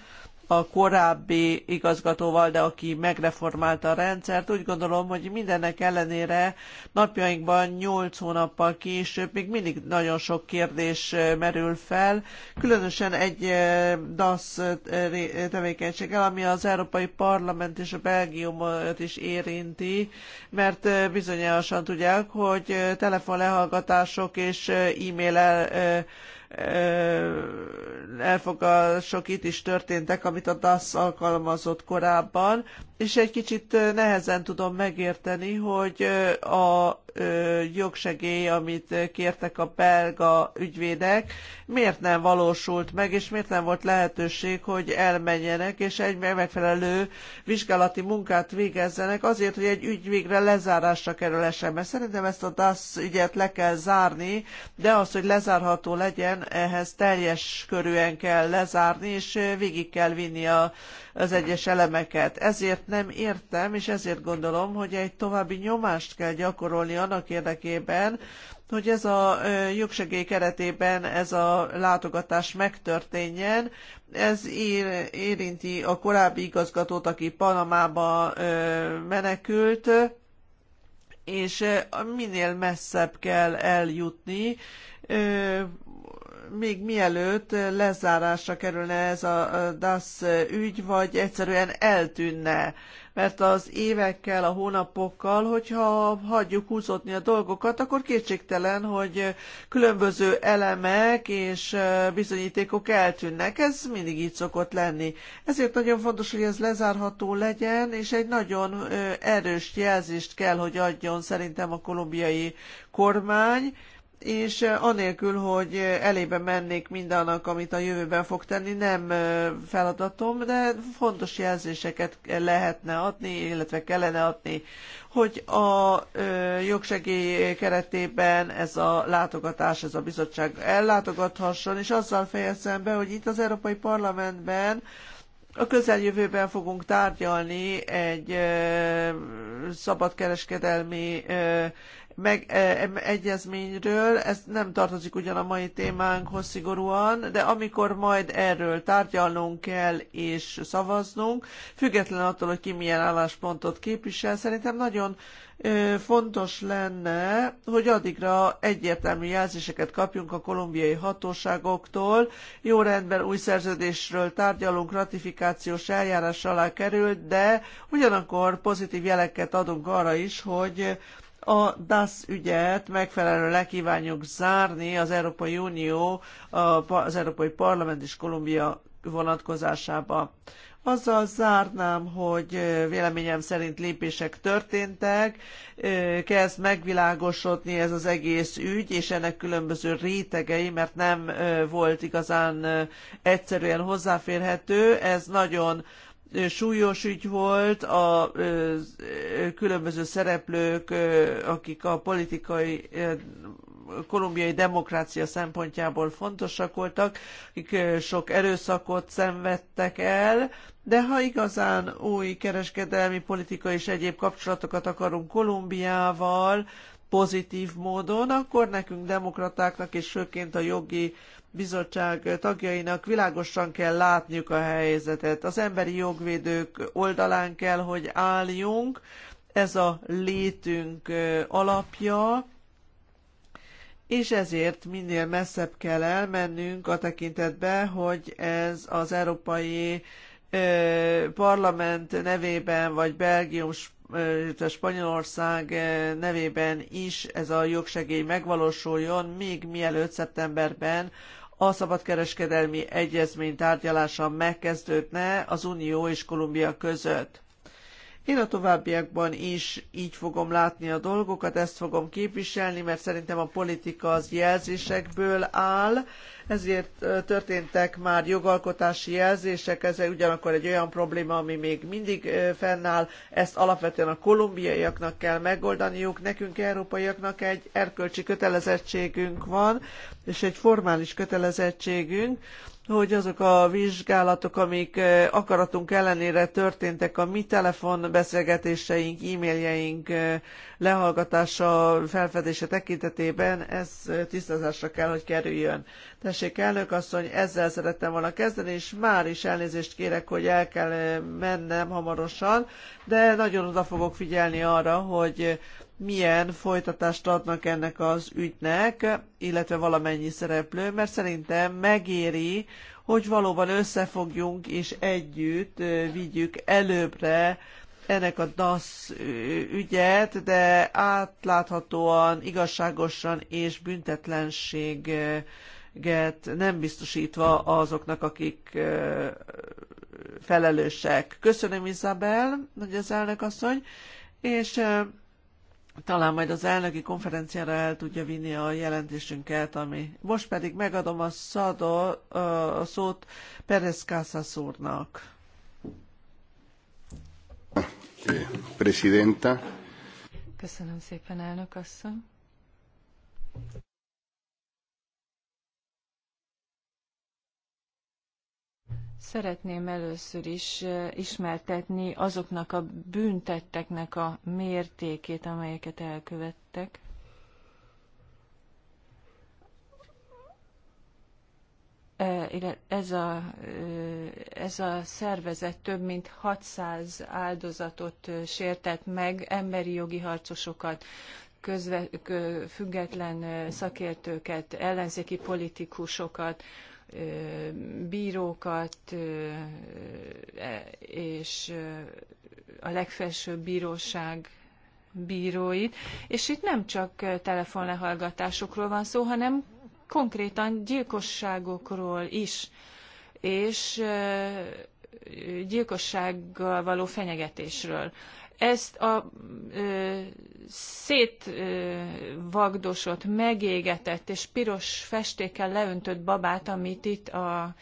a korábbi igazgatóval, de aki megreformálta a rendszert. Úgy gondolom, hogy mindennek ellenére napjainkban 8 hónappal később még mindig nagyon sok kérdés merül fel, különösen egy DASZ tevékenységgel, ami az Európai Parlament és a Belgiumot is érinti, mert bizonyosan tudják, hogy telefonlehallgatások és e-mail elfogások itt is történtek, amit a DASZ alkalmazott korábban, és egy kicsit nehezen tudom megérteni, hogy a jogsegély, amit kértek a belga ügyvédek, miért nem valósult meg, és miért nem volt lehetőség, hogy elmenjenek, és egy megfelelő vizsgálati munkát végezzenek azért, hogy egy ügy végre lezárásra kerülhessen. Mert szerintem ezt a DASZ ügyet le kell zárni, de az, hogy lezárható legyen, ehhez teljes körűen kell lezárni, és végig kell vinni a, az egyes elemeket. Ezért nem értem, és ezért gondolom, hogy egy további nyomást kell gyakorolni annak érdekében, hogy ez a jogsegély keretében ez a látogatás megtörténjen. Ez ír érinti a korábbi igazgatót, aki Panamába menekült, és minél messzebb kell eljutni, még mielőtt lezárásra kerülne ez a DASZ ügy, vagy egyszerűen eltűnne. Mert az évekkel, a hónapokkal, hogyha hagyjuk húzódni a dolgokat, akkor kétségtelen, hogy különböző elemek és bizonyítékok eltűnnek. Ez mindig így szokott lenni. Ezért nagyon fontos, hogy ez lezárható legyen, és egy nagyon erős jelzést kell, hogy adjon szerintem a kolumbiai kormány, és eh, anélkül, hogy eh, elébe mennék mindannak, amit a jövőben fog tenni, nem eh, feladatom, de fontos jelzéseket lehetne adni, illetve kellene adni, hogy a jogsegély keretében ez a látogatás, ez a bizottság ellátogathasson, és azzal fejezem be, hogy itt az Európai Parlamentben a közeljövőben fogunk tárgyalni egy szabadkereskedelmi meg, e, egyezményről, ez nem tartozik ugyan a mai témánkhoz szigorúan, de amikor majd erről tárgyalnunk kell és szavaznunk, független attól, hogy ki milyen álláspontot képvisel, szerintem nagyon fontos lenne, hogy addigra egyértelmű jelzéseket kapjunk a kolumbiai hatóságoktól. Jó rendben új szerződésről tárgyalunk, ratifikációs eljárás alá került, de ugyanakkor pozitív jeleket adunk arra is, hogy a DASZ ügyet megfelelően lekívánjuk zárni az Európai Unió, az Európai Parlament és Kolumbia vonatkozásába. Azzal zárnám, hogy véleményem szerint lépések történtek, kezd megvilágosodni ez az egész ügy, és ennek különböző rétegei, mert nem volt igazán egyszerűen hozzáférhető. Ez nagyon súlyos ügy volt, a különböző szereplők, akik a politikai kolumbiai demokrácia szempontjából fontosak voltak, akik sok erőszakot szenvedtek el, de ha igazán új kereskedelmi, politikai és egyéb kapcsolatokat akarunk Kolumbiával, pozitív módon, akkor nekünk demokratáknak és főként a jogi bizottság tagjainak világosan kell látniuk a helyzetet. Az emberi jogvédők oldalán kell, hogy álljunk, ez a létünk alapja, és ezért minél messzebb kell elmennünk a tekintetbe, hogy ez az európai parlament nevében, vagy Belgium, Spanyolország nevében is ez a jogsegély megvalósuljon, még mielőtt szeptemberben a szabadkereskedelmi egyezmény tárgyalása megkezdődne az Unió és Kolumbia között. Én a továbbiakban is így fogom látni a dolgokat, ezt fogom képviselni, mert szerintem a politika az jelzésekből áll, ezért történtek már jogalkotási jelzések, ez ugyanakkor egy olyan probléma, ami még mindig fennáll, ezt alapvetően a kolumbiaiaknak kell megoldaniuk, nekünk európaiaknak egy erkölcsi kötelezettségünk van, és egy formális kötelezettségünk, hogy azok a vizsgálatok, amik akaratunk ellenére történtek, a mi telefonbeszélgetéseink, e-mailjeink lehallgatása, felfedése tekintetében, ez tisztázásra kell, hogy kerüljön. Tessék, elnök asszony, ezzel szerettem volna kezdeni, és már is elnézést kérek, hogy el kell mennem hamarosan, de nagyon oda fogok figyelni arra, hogy milyen folytatást adnak ennek az ügynek, illetve valamennyi szereplő, mert szerintem megéri, hogy valóban összefogjunk és együtt vigyük előbbre ennek a DASZ ügyet, de átláthatóan, igazságosan és büntetlenséget nem biztosítva azoknak, akik felelősek. Köszönöm, Izabel, nagy az elnök asszony, és talán majd az elnöki konferenciára el tudja vinni a jelentésünket, ami... Most pedig megadom a, szado, a szót Perez Casas úrnak. Presidenta. Köszönöm szépen, elnök asszony. Szeretném először is ismertetni azoknak a büntetteknek a mértékét, amelyeket elkövettek. E, ez a, ez a szervezet több mint 600 áldozatot sértett meg, emberi jogi harcosokat, közve, független szakértőket, ellenzéki politikusokat, bírókat e, és a legfelsőbb bíróság bíróit, és itt nem csak telefonlehallgatásokról van szó, hanem konkrétan gyilkosságokról is, és gyilkossággal való fenyegetésről ezt a ö, szétvagdosott, megégetett és piros festékkel leöntött babát, amit itt a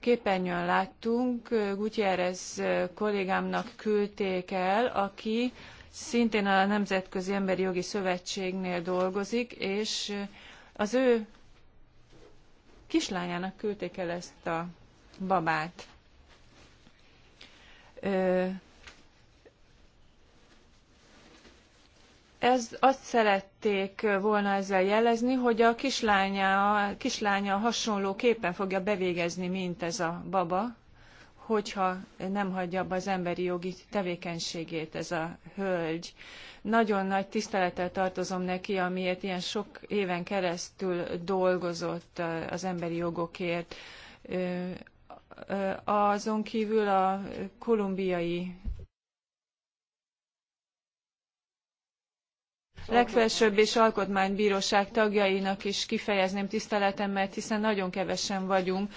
képernyőn láttunk, Gutierrez kollégámnak küldték el, aki szintén a Nemzetközi Emberi Jogi Szövetségnél dolgozik, és az ő kislányának küldték el ezt a babát. Ö, ez azt szerették volna ezzel jelezni, hogy a kislánya, a kislánya hasonlóképpen fogja bevégezni, mint ez a baba, hogyha nem hagyja abba az emberi jogi tevékenységét ez a hölgy. Nagyon nagy tisztelettel tartozom neki, amiért ilyen sok éven keresztül dolgozott az emberi jogokért. Azon kívül a kolumbiai legfelsőbb és alkotmánybíróság tagjainak is kifejezném tiszteletemet, hiszen nagyon kevesen vagyunk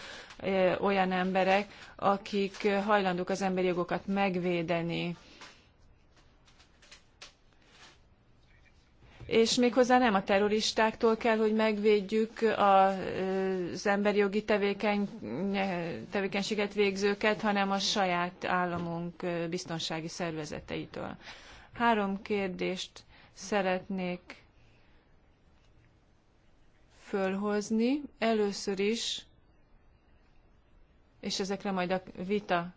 olyan emberek, akik hajlandók az emberi jogokat megvédeni. és méghozzá nem a terroristáktól kell, hogy megvédjük az emberi jogi tevékeny, tevékenységet végzőket, hanem a saját államunk biztonsági szervezeteitől. Három kérdést szeretnék fölhozni. Először is, és ezekre majd a vita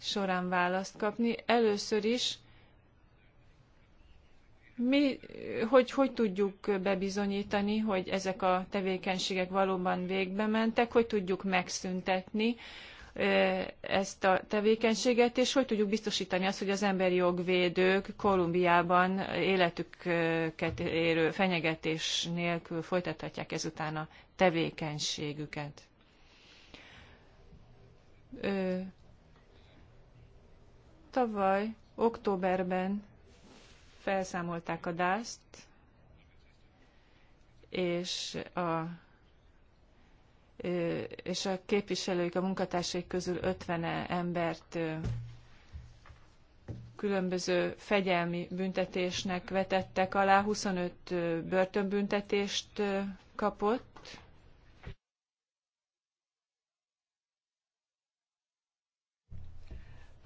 során választ kapni, először is mi, hogy, hogy tudjuk bebizonyítani, hogy ezek a tevékenységek valóban végbe mentek, hogy tudjuk megszüntetni ezt a tevékenységet, és hogy tudjuk biztosítani azt, hogy az emberi jogvédők Kolumbiában életüket érő fenyegetés nélkül folytathatják ezután a tevékenységüket. tavaly októberben felszámolták a dást, és a és a képviselőik, a munkatársaik közül 50 embert különböző fegyelmi büntetésnek vetettek alá, 25 börtönbüntetést kapott.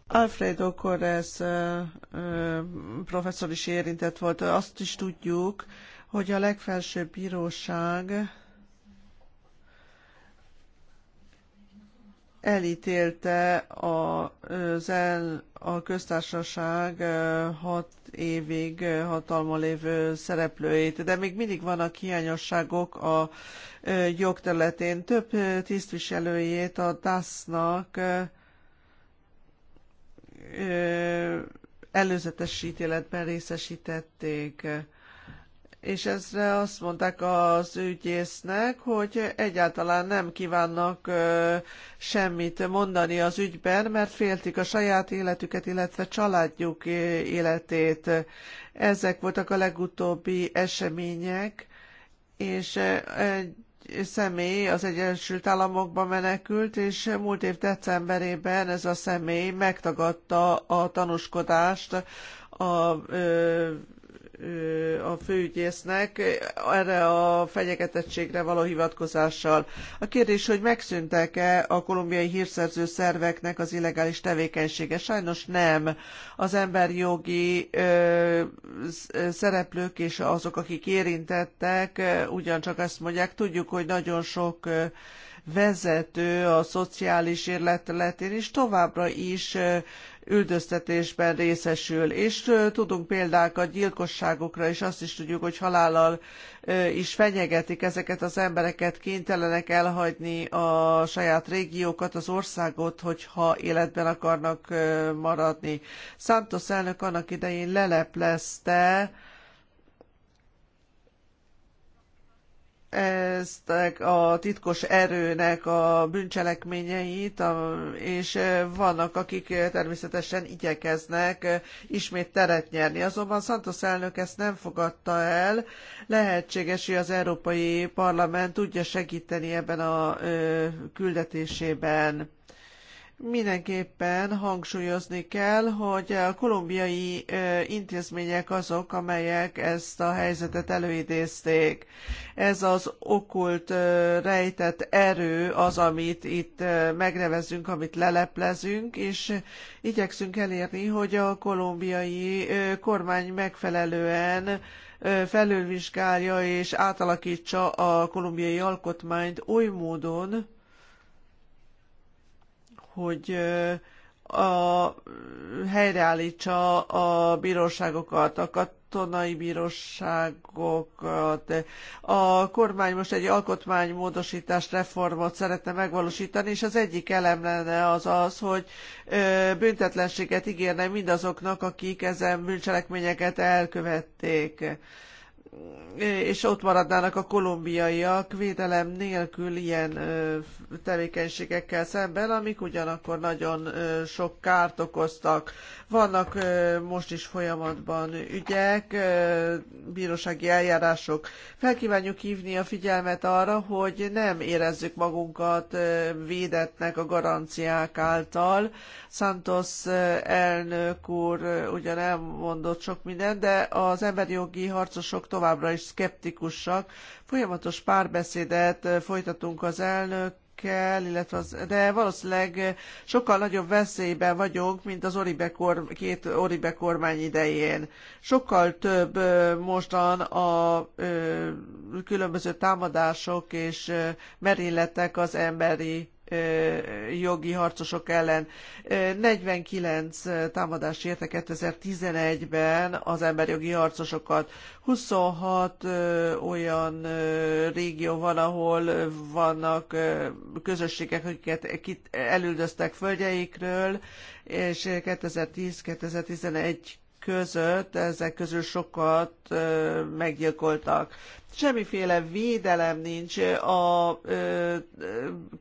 Alfredo Correz professzor is érintett volt. Azt is tudjuk, hogy a legfelsőbb bíróság elítélte a, az el, a köztársaság hat évig hatalma lévő szereplőit, de még mindig vannak hiányosságok a jogterületén. Több tisztviselőjét a tasz nak előzetes ítéletben részesítették és ezre azt mondták az ügyésznek, hogy egyáltalán nem kívánnak semmit mondani az ügyben, mert féltik a saját életüket, illetve családjuk életét. Ezek voltak a legutóbbi események, és egy személy az Egyesült Államokba menekült, és múlt év decemberében ez a személy megtagadta a tanúskodást a ö, a főügyésznek erre a fenyegetettségre való hivatkozással. A kérdés, hogy megszűntek-e a kolumbiai hírszerző szerveknek az illegális tevékenysége? Sajnos nem. Az emberjogi ö, szereplők és azok, akik érintettek, ugyancsak ezt mondják. Tudjuk, hogy nagyon sok vezető a szociális életletén is továbbra is üldöztetésben részesül. És tudunk példákat gyilkosságokra, és azt is tudjuk, hogy halállal is fenyegetik ezeket az embereket, kénytelenek elhagyni a saját régiókat, az országot, hogyha életben akarnak maradni. Santos elnök annak idején leleplezte, ezt a titkos erőnek a bűncselekményeit, és vannak, akik természetesen igyekeznek ismét teret nyerni. Azonban Santos elnök ezt nem fogadta el. Lehetséges, hogy az Európai Parlament tudja segíteni ebben a küldetésében mindenképpen hangsúlyozni kell, hogy a kolumbiai intézmények azok, amelyek ezt a helyzetet előidézték. Ez az okult rejtett erő az, amit itt megnevezünk, amit leleplezünk, és igyekszünk elérni, hogy a kolumbiai kormány megfelelően felülvizsgálja és átalakítsa a kolumbiai alkotmányt oly módon, hogy a, helyreállítsa a bíróságokat, a katonai bíróságokat. A kormány most egy alkotmánymódosítás reformot szeretne megvalósítani, és az egyik elem lenne az az, hogy büntetlenséget ígérne mindazoknak, akik ezen bűncselekményeket elkövették és ott maradnának a kolumbiaiak védelem nélkül ilyen tevékenységekkel szemben, amik ugyanakkor nagyon sok kárt okoztak. Vannak most is folyamatban ügyek, bírósági eljárások. Felkívánjuk hívni a figyelmet arra, hogy nem érezzük magunkat védetnek a garanciák által. Santos elnök úr ugyan elmondott sok mindent, de az emberi jogi harcosok tovább továbbra is szkeptikusak. Folyamatos párbeszédet folytatunk az elnök kell, illetve az, de valószínűleg sokkal nagyobb veszélyben vagyunk, mint az Oribe kor, két Oribe kormány idején. Sokkal több mostan a ö, különböző támadások és merilletek az emberi jogi harcosok ellen. 49 támadás érte 2011-ben az emberjogi harcosokat. 26 olyan régió van, ahol vannak közösségek, akiket elüldöztek földjeikről, és 2010-2011 között, ezek közül sokat meggyilkoltak. Semmiféle védelem nincs, a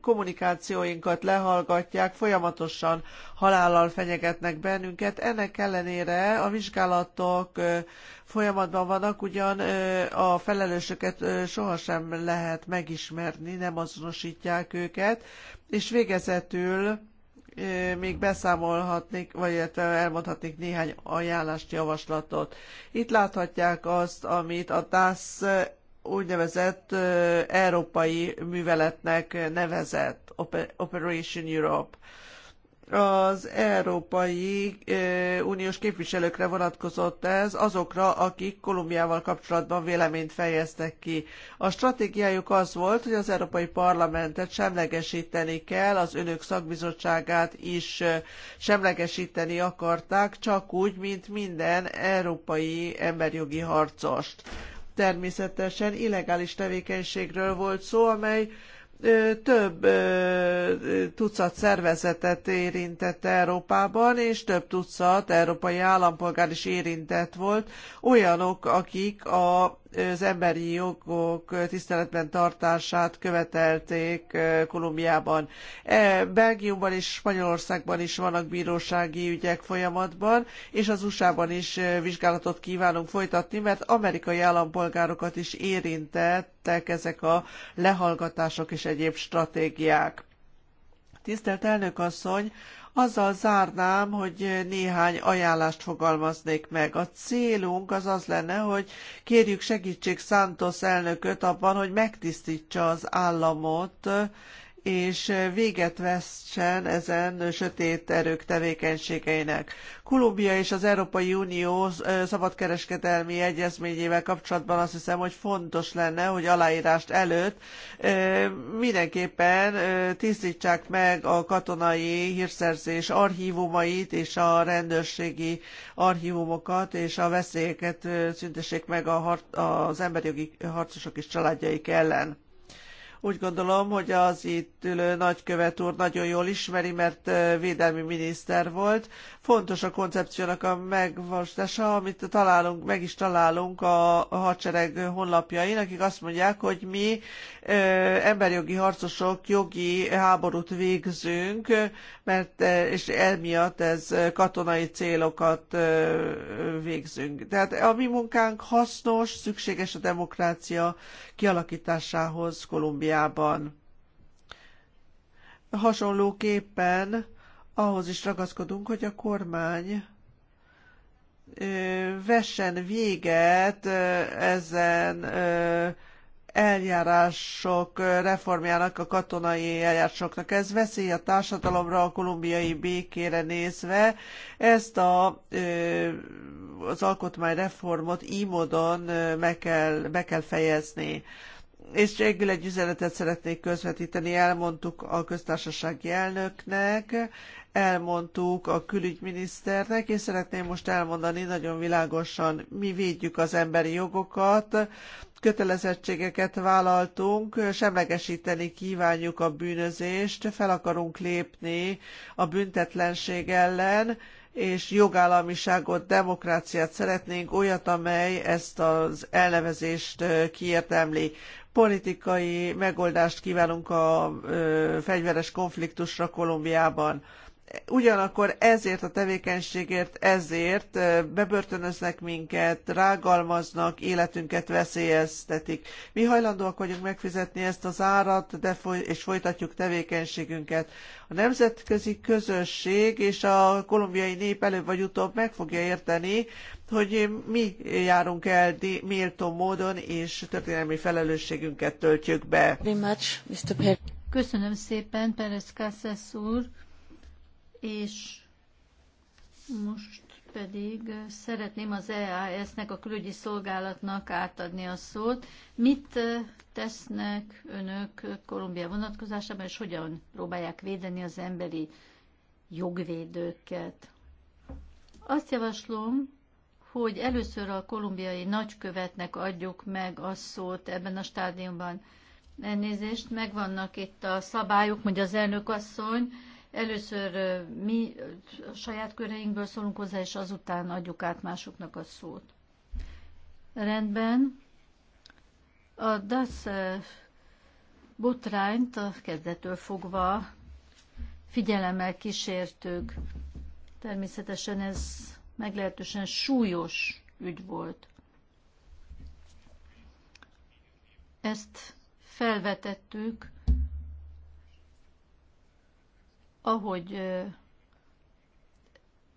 kommunikációinkat lehallgatják, folyamatosan halállal fenyegetnek bennünket. Ennek ellenére a vizsgálatok folyamatban vannak, ugyan a felelősöket sohasem lehet megismerni, nem azonosítják őket, és végezetül még beszámolhatnék, vagy illetve elmondhatnék néhány ajánlást, javaslatot. Itt láthatják azt, amit a TASZ úgynevezett európai műveletnek nevezett, Operation Europe az Európai Uniós képviselőkre vonatkozott ez, azokra, akik Kolumbiával kapcsolatban véleményt fejeztek ki. A stratégiájuk az volt, hogy az Európai Parlamentet semlegesíteni kell, az önök szakbizottságát is semlegesíteni akarták, csak úgy, mint minden európai emberjogi harcost. Természetesen illegális tevékenységről volt szó, amely több tucat szervezetet érintett Európában, és több tucat európai állampolgár is érintett volt, olyanok, akik a az emberi jogok tiszteletben tartását követelték Kolumbiában. E, Belgiumban és Spanyolországban is vannak bírósági ügyek folyamatban, és az USA-ban is vizsgálatot kívánunk folytatni, mert amerikai állampolgárokat is érintettek ezek a lehallgatások és egyéb stratégiák. Tisztelt elnök asszony, azzal zárnám, hogy néhány ajánlást fogalmaznék meg. A célunk az az lenne, hogy kérjük segítség Santos elnököt abban, hogy megtisztítsa az államot és véget vessen ezen sötét erők tevékenységeinek. Kolumbia és az Európai Unió szabadkereskedelmi egyezményével kapcsolatban azt hiszem, hogy fontos lenne, hogy aláírást előtt mindenképpen tisztítsák meg a katonai hírszerzés archívumait és a rendőrségi archívumokat, és a veszélyeket szüntessék meg az emberi jogi harcosok és családjaik ellen. Úgy gondolom, hogy az itt ülő nagykövet úr nagyon jól ismeri, mert védelmi miniszter volt. Fontos a koncepciónak a megvastása, amit találunk, meg is találunk a hadsereg honlapjain, akik azt mondják, hogy mi emberjogi harcosok jogi háborút végzünk, mert, és emiatt ez katonai célokat végzünk. Tehát a mi munkánk hasznos, szükséges a demokrácia kialakításához Kolumbiában valójában. Hasonlóképpen ahhoz is ragaszkodunk, hogy a kormány vessen véget ezen eljárások reformjának, a katonai eljárásoknak. Ez veszély a társadalomra, a kolumbiai békére nézve. Ezt a, az alkotmányreformot így módon meg kell, be kell fejezni és végül egy üzenetet szeretnék közvetíteni. Elmondtuk a köztársasági elnöknek, elmondtuk a külügyminiszternek, és szeretném most elmondani nagyon világosan, mi védjük az emberi jogokat, kötelezettségeket vállaltunk, semlegesíteni kívánjuk a bűnözést, fel akarunk lépni a büntetlenség ellen, és jogállamiságot, demokráciát szeretnénk, olyat, amely ezt az elnevezést kiértemli politikai megoldást kívánunk a ö, fegyveres konfliktusra Kolumbiában. Ugyanakkor ezért a tevékenységért, ezért bebörtönöznek minket, rágalmaznak, életünket veszélyeztetik. Mi hajlandóak vagyunk megfizetni ezt az árat, de foly- és folytatjuk tevékenységünket. A nemzetközi közösség és a kolumbiai nép előbb vagy utóbb meg fogja érteni, hogy mi járunk el méltó módon, és történelmi felelősségünket töltjük be. Köszönöm szépen, Perez Cáceres úr, és most pedig szeretném az EAS-nek, a külügyi szolgálatnak átadni a szót. Mit tesznek önök Kolumbia vonatkozásában, és hogyan próbálják védeni az emberi jogvédőket? Azt javaslom, hogy először a kolumbiai nagykövetnek adjuk meg a szót ebben a stádiumban. Elnézést, megvannak itt a szabályok, mondja az elnök asszony. Először mi a saját köreinkből szólunk hozzá, és azután adjuk át másoknak a szót. Rendben. A DASZ botrányt a kezdetől fogva figyelemmel kísértük. Természetesen ez meglehetősen súlyos ügy volt. Ezt felvetettük, ahogy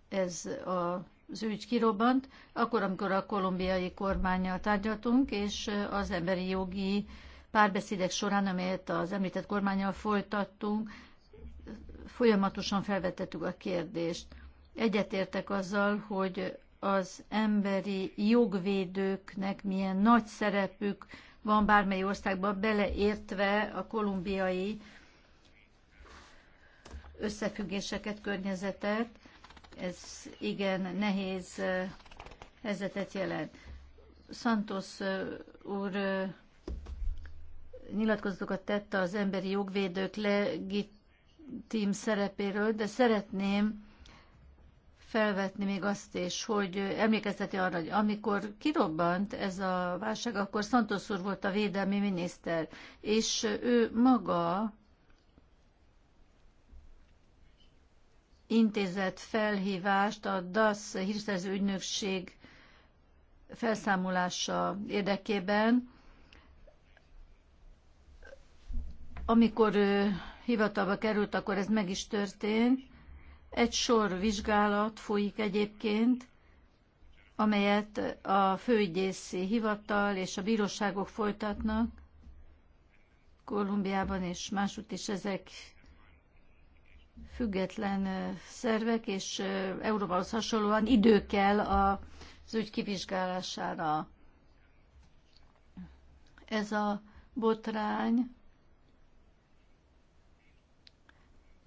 ez a az ügy kirobbant, akkor, amikor a kolumbiai kormányjal tárgyaltunk, és az emberi jogi párbeszédek során, amelyet az említett kormányjal folytattunk, folyamatosan felvetettük a kérdést. Egyetértek azzal, hogy az emberi jogvédőknek milyen nagy szerepük van bármely országban, beleértve a kolumbiai összefüggéseket, környezetet. Ez igen nehéz helyzetet jelent. Santos úr nyilatkozatokat tette az emberi jogvédők legitim szerepéről, de szeretném felvetni még azt is, hogy emlékezteti arra, hogy amikor kirobbant ez a válság, akkor Santos úr volt a védelmi miniszter, és ő maga intézett felhívást a DASZ hírszerző ügynökség felszámolása érdekében, amikor ő hivatalba került, akkor ez meg is történt, egy sor vizsgálat folyik egyébként, amelyet a főügyészi hivatal és a bíróságok folytatnak, Kolumbiában és másutt is ezek független szervek, és Európához hasonlóan idő kell az ügy kivizsgálására. Ez a botrány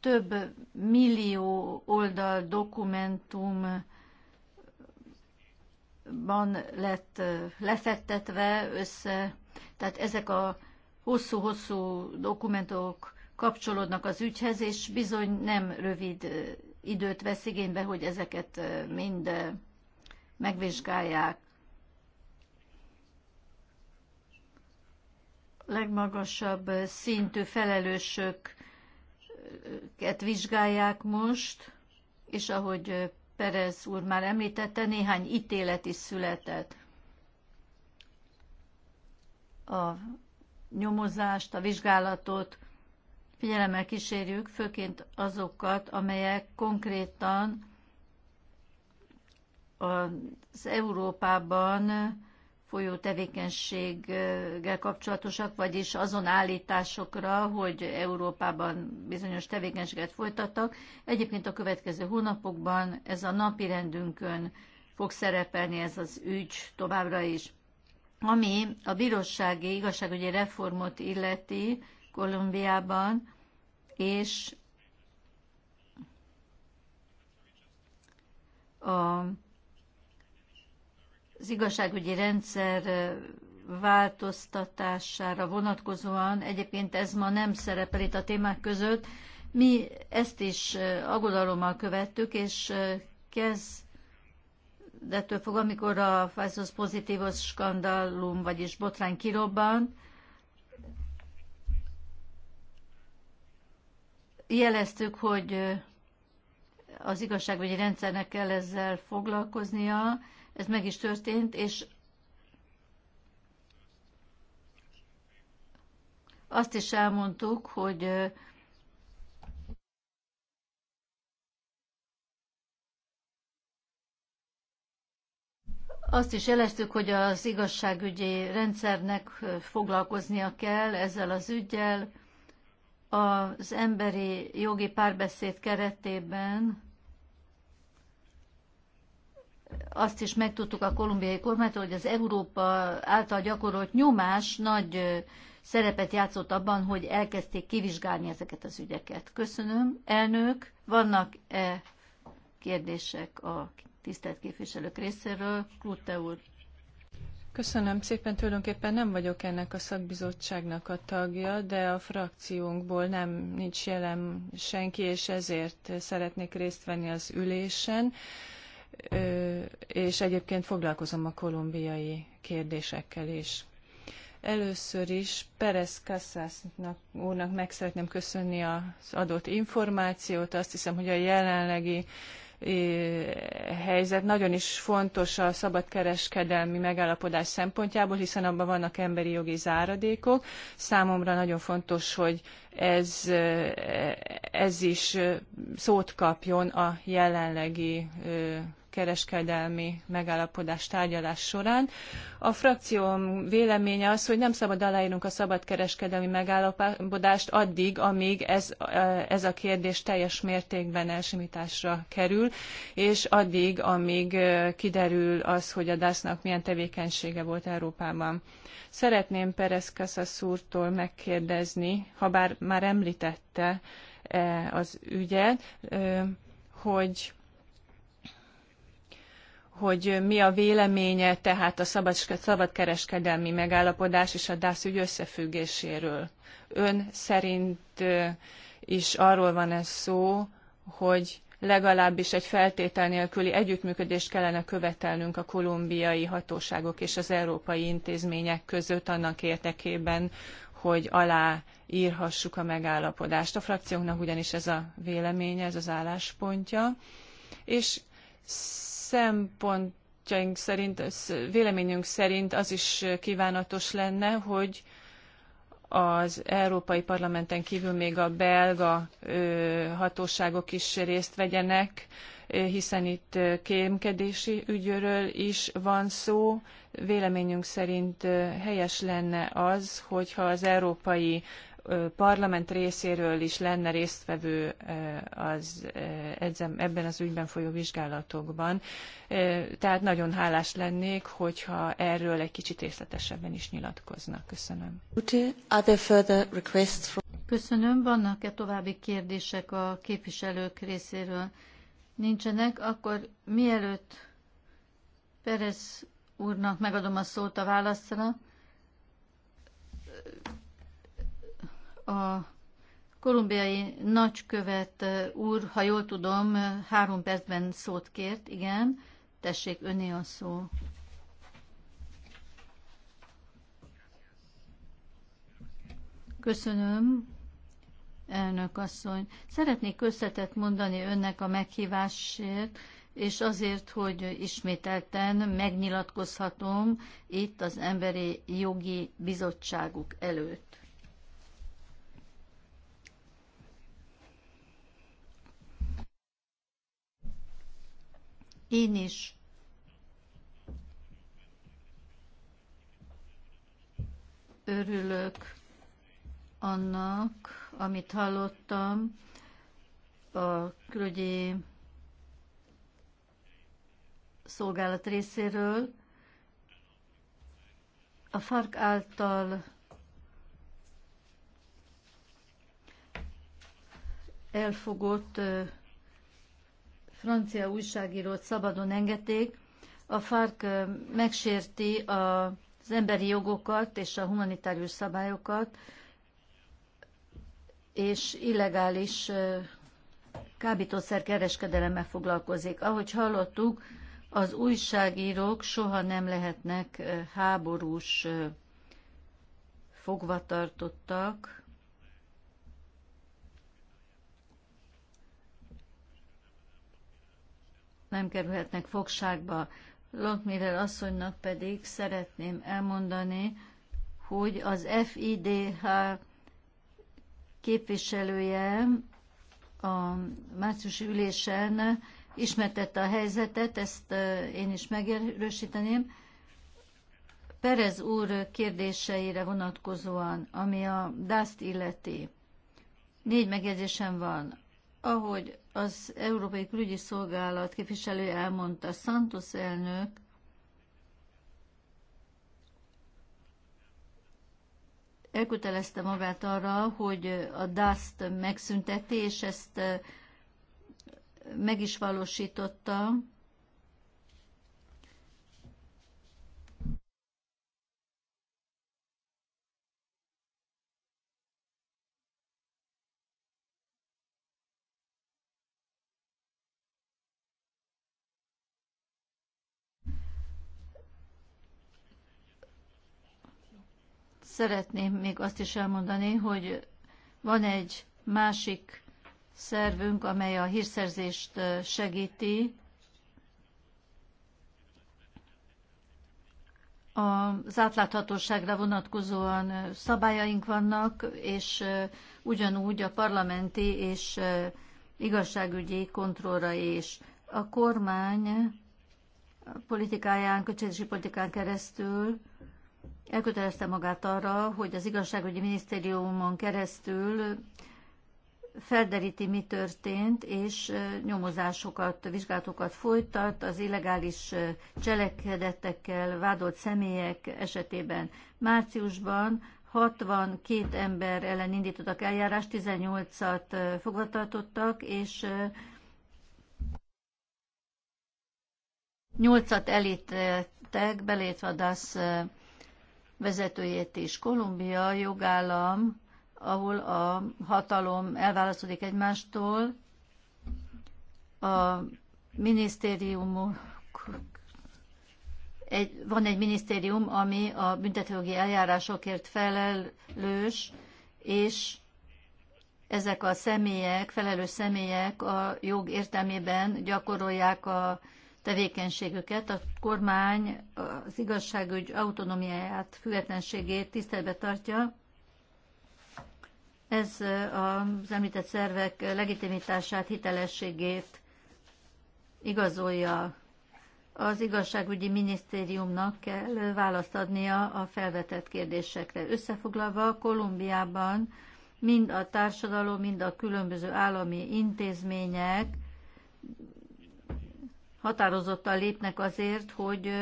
több millió oldal dokumentum van lett lefettetve össze, tehát ezek a hosszú-hosszú dokumentumok kapcsolódnak az ügyhez, és bizony nem rövid időt vesz igénybe, hogy ezeket mind megvizsgálják. Legmagasabb szintű felelősök vizsgálják most, és ahogy Perez úr már említette, néhány ítélet is született. A nyomozást, a vizsgálatot figyelemmel kísérjük, főként azokat, amelyek konkrétan az Európában folyó tevékenységgel kapcsolatosak, vagyis azon állításokra, hogy Európában bizonyos tevékenységet folytattak. Egyébként a következő hónapokban ez a napi rendünkön fog szerepelni ez az ügy továbbra is. Ami a bírósági igazságügyi reformot illeti Kolumbiában, és a az igazságügyi rendszer változtatására vonatkozóan, egyébként ez ma nem szerepel itt a témák között, mi ezt is aggodalommal követtük, és kezd de ettől fog, amikor a Fajszos pozitívos skandalum, vagyis botrány kirobban, jeleztük, hogy az igazságügyi rendszernek kell ezzel foglalkoznia, ez meg is történt, és azt is elmondtuk, hogy Azt is jeleztük, hogy az igazságügyi rendszernek foglalkoznia kell ezzel az ügyel az emberi jogi párbeszéd keretében azt is megtudtuk a kolumbiai kormánytól, hogy az Európa által gyakorolt nyomás nagy szerepet játszott abban, hogy elkezdték kivizsgálni ezeket az ügyeket. Köszönöm. Elnök, vannak-e kérdések a tisztelt képviselők részéről? Klute úr. Köszönöm szépen, tulajdonképpen nem vagyok ennek a szakbizottságnak a tagja, de a frakciónkból nem nincs jelen senki, és ezért szeretnék részt venni az ülésen és egyébként foglalkozom a kolumbiai kérdésekkel is. Először is Perez Casas úrnak meg szeretném köszönni az adott információt. Azt hiszem, hogy a jelenlegi helyzet nagyon is fontos a szabadkereskedelmi megállapodás szempontjából, hiszen abban vannak emberi jogi záradékok. Számomra nagyon fontos, hogy ez, ez is szót kapjon a jelenlegi kereskedelmi megállapodás tárgyalás során. A frakcióm véleménye az, hogy nem szabad aláírnunk a szabadkereskedelmi megállapodást addig, amíg ez, ez a kérdés teljes mértékben elsimításra kerül, és addig, amíg kiderül az, hogy a DASZ-nak milyen tevékenysége volt Európában. Szeretném Perez Casas úrtól megkérdezni, ha bár már említette e, az ügyet, hogy hogy mi a véleménye tehát a szabadkereskedelmi megállapodás és a DASZ ügy összefüggéséről. Ön szerint is arról van ez szó, hogy legalábbis egy feltétel nélküli együttműködést kellene követelnünk a kolumbiai hatóságok és az európai intézmények között annak érdekében, hogy aláírhassuk a megállapodást. A frakciónknak ugyanis ez a véleménye, ez az álláspontja, és szempontjaink szerint, véleményünk szerint az is kívánatos lenne, hogy az Európai Parlamenten kívül még a belga hatóságok is részt vegyenek, hiszen itt kémkedési ügyről is van szó. Véleményünk szerint helyes lenne az, hogyha az Európai parlament részéről is lenne résztvevő az ebben az ügyben folyó vizsgálatokban. Tehát nagyon hálás lennék, hogyha erről egy kicsit részletesebben is nyilatkoznak. Köszönöm. Köszönöm. Vannak-e további kérdések a képviselők részéről? Nincsenek, akkor mielőtt Perez úrnak megadom a szót a válaszra, A kolumbiai nagykövet úr, ha jól tudom, három percben szót kért, igen. Tessék, öné a szó. Köszönöm, elnök asszony. Szeretnék köszönetet mondani önnek a meghívásért, és azért, hogy ismételten megnyilatkozhatom itt az Emberi Jogi Bizottságuk előtt. Én is. Örülök annak, amit hallottam a külügyi szolgálat részéről. A FARC által elfogott francia újságírót szabadon engedték. A FARC megsérti az emberi jogokat és a humanitárius szabályokat, és illegális kábítószer kereskedelemmel foglalkozik. Ahogy hallottuk, az újságírók soha nem lehetnek háborús fogvatartottak, nem kerülhetnek fogságba. Lokmirel asszonynak pedig szeretném elmondani, hogy az FIDH képviselője a márciusi ülésen ismertette a helyzetet, ezt én is megerősíteném. Perez úr kérdéseire vonatkozóan, ami a DAS-t illeti. Négy megjegyzésem van. Ahogy az Európai Külügyi Szolgálat képviselője elmondta, Santos elnök elkötelezte magát arra, hogy a DAS-t megszünteti, és ezt meg is valósította. Szeretném még azt is elmondani, hogy van egy másik szervünk, amely a hírszerzést segíti. Az átláthatóságra vonatkozóan szabályaink vannak, és ugyanúgy a parlamenti és igazságügyi kontrollra is. A kormány politikáján, költségvetési politikán keresztül elkötelezte magát arra, hogy az igazságügyi minisztériumon keresztül felderíti, mi történt, és nyomozásokat, vizsgálatokat folytat az illegális cselekedetekkel vádolt személyek esetében. Márciusban 62 ember ellen indítottak eljárást, 18-at fogvatartottak, és 8-at elítettek, belétve a DASZ vezetőjét is. Kolumbia jogállam, ahol a hatalom elválasztódik egymástól, a minisztériumok egy, van egy minisztérium, ami a büntetőjogi eljárásokért felelős, és ezek a személyek, felelős személyek a jog értelmében gyakorolják a tevékenységüket. A kormány az igazságügy autonómiáját, függetlenségét tiszteletbe tartja. Ez az említett szervek legitimitását, hitelességét igazolja. Az igazságügyi minisztériumnak kell választ adnia a felvetett kérdésekre. Összefoglalva, Kolumbiában mind a társadalom, mind a különböző állami intézmények határozottan lépnek azért, hogy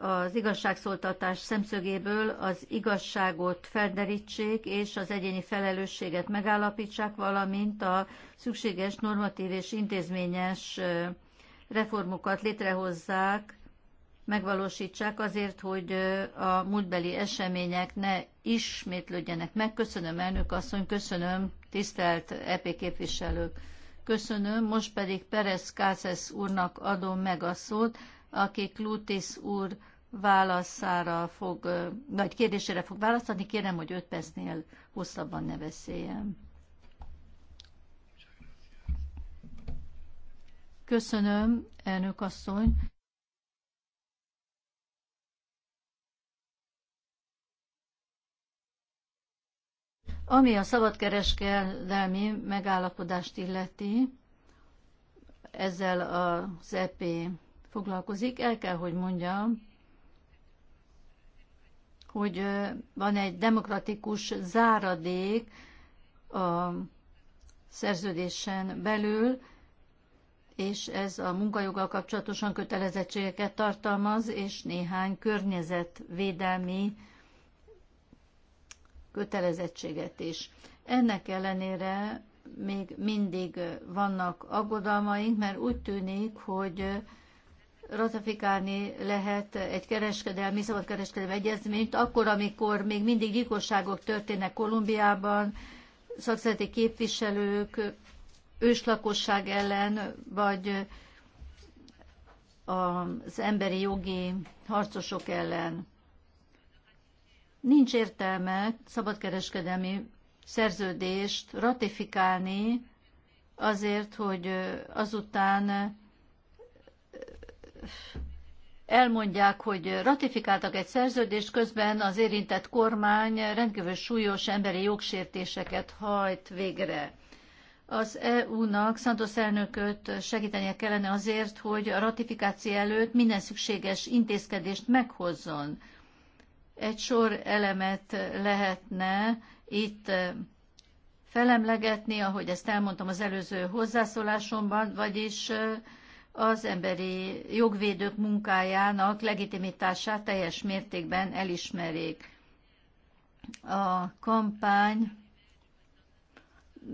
az igazságszoltatás szemszögéből az igazságot felderítsék és az egyéni felelősséget megállapítsák, valamint a szükséges normatív és intézményes reformokat létrehozzák, megvalósítsák azért, hogy a múltbeli események ne ismétlődjenek meg. Köszönöm, elnök asszony, köszönöm, tisztelt EP képviselők. Köszönöm, most pedig Perez Kászesz úrnak adom meg a szót, aki Klutis úr válaszára fog, vagy kérdésére fog választani. Kérem, hogy 5 percnél hosszabban ne beszéljem. Köszönöm, elnök asszony. Ami a szabadkereskedelmi megállapodást illeti, ezzel az EP foglalkozik, el kell, hogy mondjam, hogy van egy demokratikus záradék a szerződésen belül, és ez a munkajoggal kapcsolatosan kötelezettségeket tartalmaz, és néhány környezetvédelmi kötelezettséget is. Ennek ellenére még mindig vannak aggodalmaink, mert úgy tűnik, hogy ratifikálni lehet egy kereskedelmi, kereskedelmi egyezményt, akkor, amikor még mindig gyilkosságok történnek Kolumbiában, szakszereti képviselők, őslakosság ellen, vagy az emberi jogi harcosok ellen. Nincs értelme szabadkereskedelmi szerződést ratifikálni azért, hogy azután elmondják, hogy ratifikáltak egy szerződést, közben az érintett kormány rendkívül súlyos emberi jogsértéseket hajt végre. Az EU-nak Santos elnököt segítenie kellene azért, hogy a ratifikáció előtt minden szükséges intézkedést meghozzon egy sor elemet lehetne itt eh, felemlegetni, ahogy ezt elmondtam az előző hozzászólásomban, vagyis eh, az emberi jogvédők munkájának legitimitását teljes mértékben elismerik. A kampány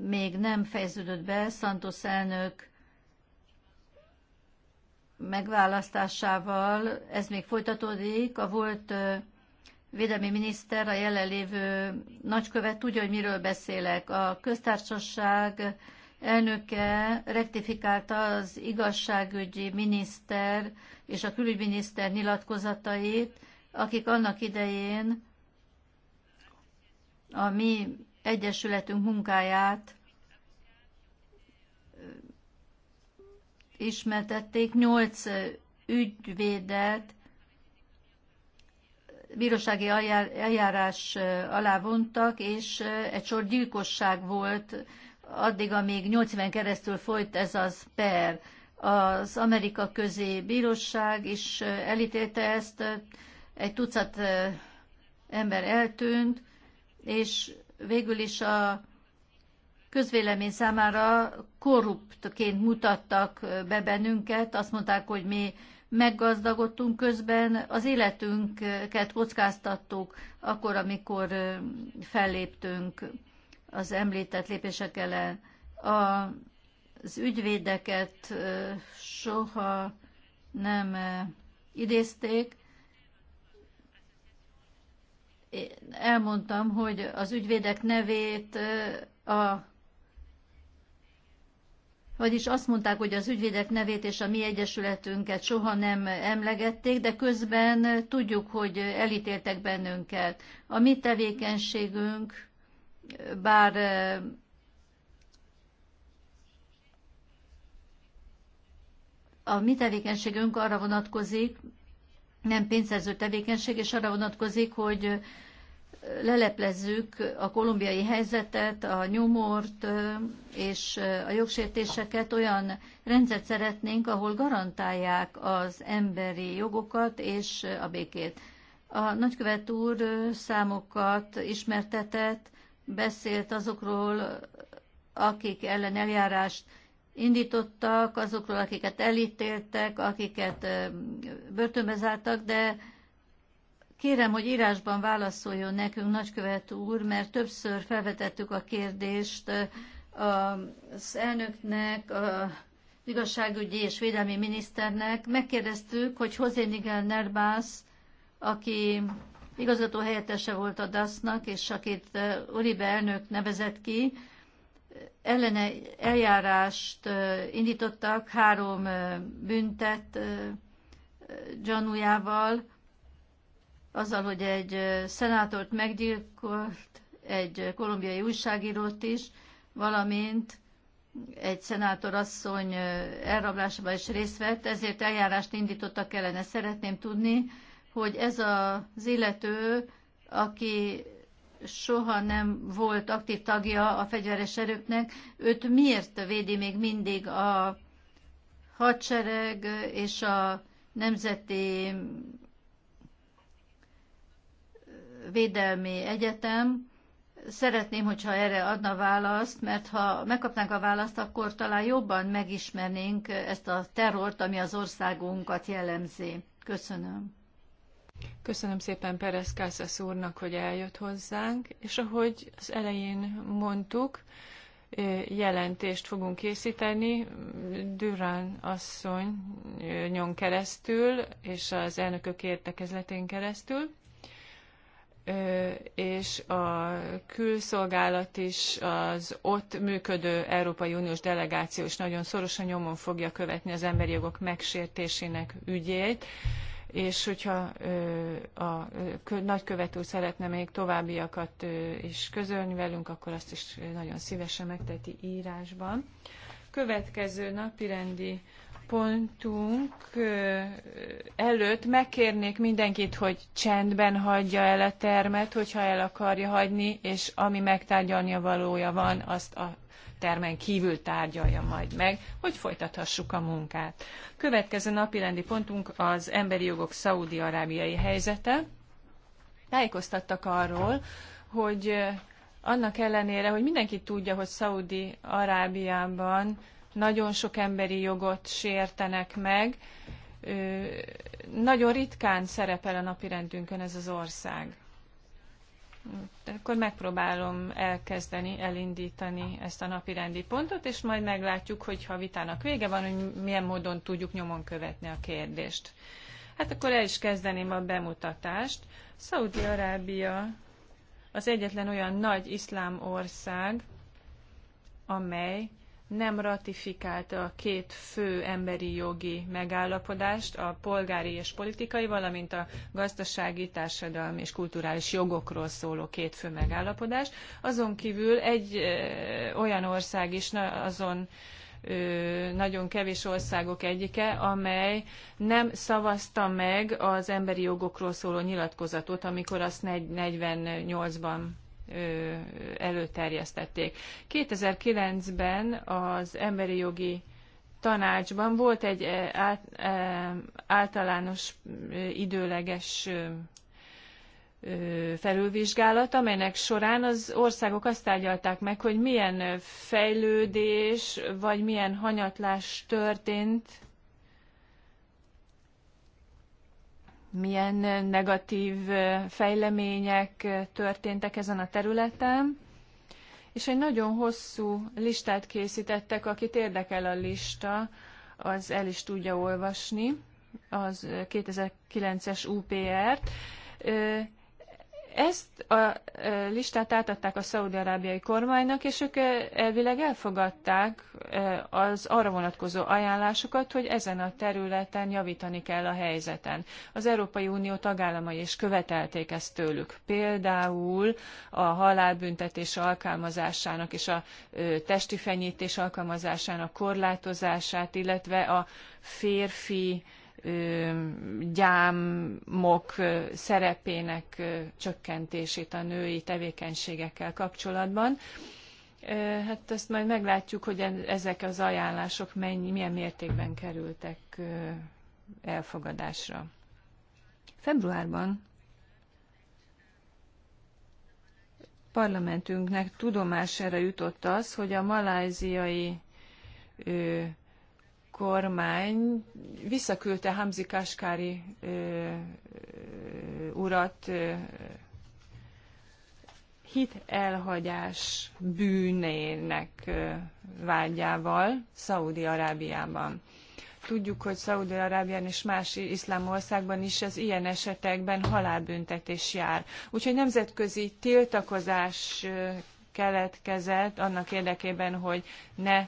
még nem fejeződött be, Santos elnök megválasztásával ez még folytatódik. A volt eh, védelmi miniszter, a jelenlévő nagykövet tudja, hogy miről beszélek. A köztársaság elnöke rektifikálta az igazságügyi miniszter és a külügyminiszter nyilatkozatait, akik annak idején a mi egyesületünk munkáját ismertették. Nyolc ügyvédet bírósági eljárás alá vontak, és egy sor gyilkosság volt addig, amíg 80 keresztül folyt ez az per. Az Amerika Közé Bíróság is elítélte ezt, egy tucat ember eltűnt, és végül is a közvélemény számára korruptként mutattak be bennünket, azt mondták, hogy mi meggazdagodtunk, közben az életünket kockáztattuk, akkor, amikor felléptünk az említett lépések ellen. Az ügyvédeket soha nem idézték, elmondtam, hogy az ügyvédek nevét a vagyis azt mondták, hogy az ügyvédek nevét és a mi egyesületünket soha nem emlegették, de közben tudjuk, hogy elítéltek bennünket. A mi tevékenységünk, bár a mi tevékenységünk arra vonatkozik, nem pénzszerző tevékenység, és arra vonatkozik, hogy leleplezzük a kolumbiai helyzetet, a nyomort és a jogsértéseket, olyan rendszert szeretnénk, ahol garantálják az emberi jogokat és a békét. A nagykövet úr számokat ismertetett, beszélt azokról, akik ellen eljárást indítottak, azokról, akiket elítéltek, akiket börtönbe zártak, de Kérem, hogy írásban válaszoljon nekünk, nagykövet úr, mert többször felvetettük a kérdést az elnöknek, az igazságügyi és védelmi miniszternek. Megkérdeztük, hogy José Miguel Nerbász, aki igazgató helyettese volt a DASZ-nak, és akit Uribe elnök nevezett ki, ellene eljárást indítottak három büntet gyanújával, azzal, hogy egy szenátort meggyilkolt, egy kolumbiai újságírót is, valamint egy szenátor asszony elrablásában is részt vett, ezért eljárást indítottak ellene. Szeretném tudni, hogy ez az illető, aki soha nem volt aktív tagja a fegyveres erőknek, őt miért védi még mindig a hadsereg és a nemzeti Védelmi Egyetem. Szeretném, hogyha erre adna választ, mert ha megkapnánk a választ, akkor talán jobban megismernénk ezt a terrort, ami az országunkat jellemzi. Köszönöm. Köszönöm szépen Perez Kászász úrnak, hogy eljött hozzánk, és ahogy az elején mondtuk, jelentést fogunk készíteni Durán asszonyon keresztül és az elnökök értekezletén keresztül és a külszolgálat is az ott működő Európai Uniós delegáció is nagyon szorosan nyomon fogja követni az emberi jogok megsértésének ügyét, és hogyha a nagykövető szeretne még továbbiakat is közölni velünk, akkor azt is nagyon szívesen megteti írásban. Következő napirendi pontunk előtt megkérnék mindenkit, hogy csendben hagyja el a termet, hogyha el akarja hagyni, és ami megtárgyalnia valója van, azt a termen kívül tárgyalja majd meg, hogy folytathassuk a munkát. Következő napirendi pontunk az emberi jogok szaudi-arábiai helyzete. Tájékoztattak arról, hogy annak ellenére, hogy mindenki tudja, hogy Szaudi-Arábiában nagyon sok emberi jogot sértenek meg. Nagyon ritkán szerepel a napirendünkön ez az ország. De akkor megpróbálom elkezdeni, elindítani ezt a napirendi pontot, és majd meglátjuk, hogy ha vitának vége van, hogy milyen módon tudjuk nyomon követni a kérdést. Hát akkor el is kezdeném a bemutatást. Szaudi-Arábia az egyetlen olyan nagy iszlám ország, amely nem ratifikálta a két fő emberi jogi megállapodást, a polgári és politikai, valamint a gazdasági, társadalmi és kulturális jogokról szóló két fő megállapodást. Azon kívül egy ö, olyan ország is na, azon ö, nagyon kevés országok egyike, amely nem szavazta meg az emberi jogokról szóló nyilatkozatot, amikor azt 48-ban előterjesztették. 2009-ben az emberi jogi tanácsban volt egy általános időleges felülvizsgálat, amelynek során az országok azt tárgyalták meg, hogy milyen fejlődés vagy milyen hanyatlás történt milyen negatív fejlemények történtek ezen a területen, és egy nagyon hosszú listát készítettek, akit érdekel a lista, az el is tudja olvasni az 2009-es UPR-t ezt a e, listát átadták a szaudi-arábiai kormánynak, és ők e, elvileg elfogadták e, az arra vonatkozó ajánlásokat, hogy ezen a területen javítani kell a helyzeten. Az Európai Unió tagállamai is követelték ezt tőlük. Például a halálbüntetés alkalmazásának és a testi fenyítés alkalmazásának korlátozását, illetve a férfi gyámok szerepének csökkentését a női tevékenységekkel kapcsolatban. Hát ezt majd meglátjuk, hogy ezek az ajánlások mennyi, milyen mértékben kerültek elfogadásra. Februárban parlamentünknek tudomására jutott az, hogy a maláziai kormány visszaküldte Hamzi Kaskári ö, ö, urat ö, hit elhagyás bűnének ö, vágyával Szaudi-Arábiában. Tudjuk, hogy Szaudi-Arábián és más iszlám országban is az ilyen esetekben halálbüntetés jár. Úgyhogy nemzetközi tiltakozás keletkezett annak érdekében, hogy ne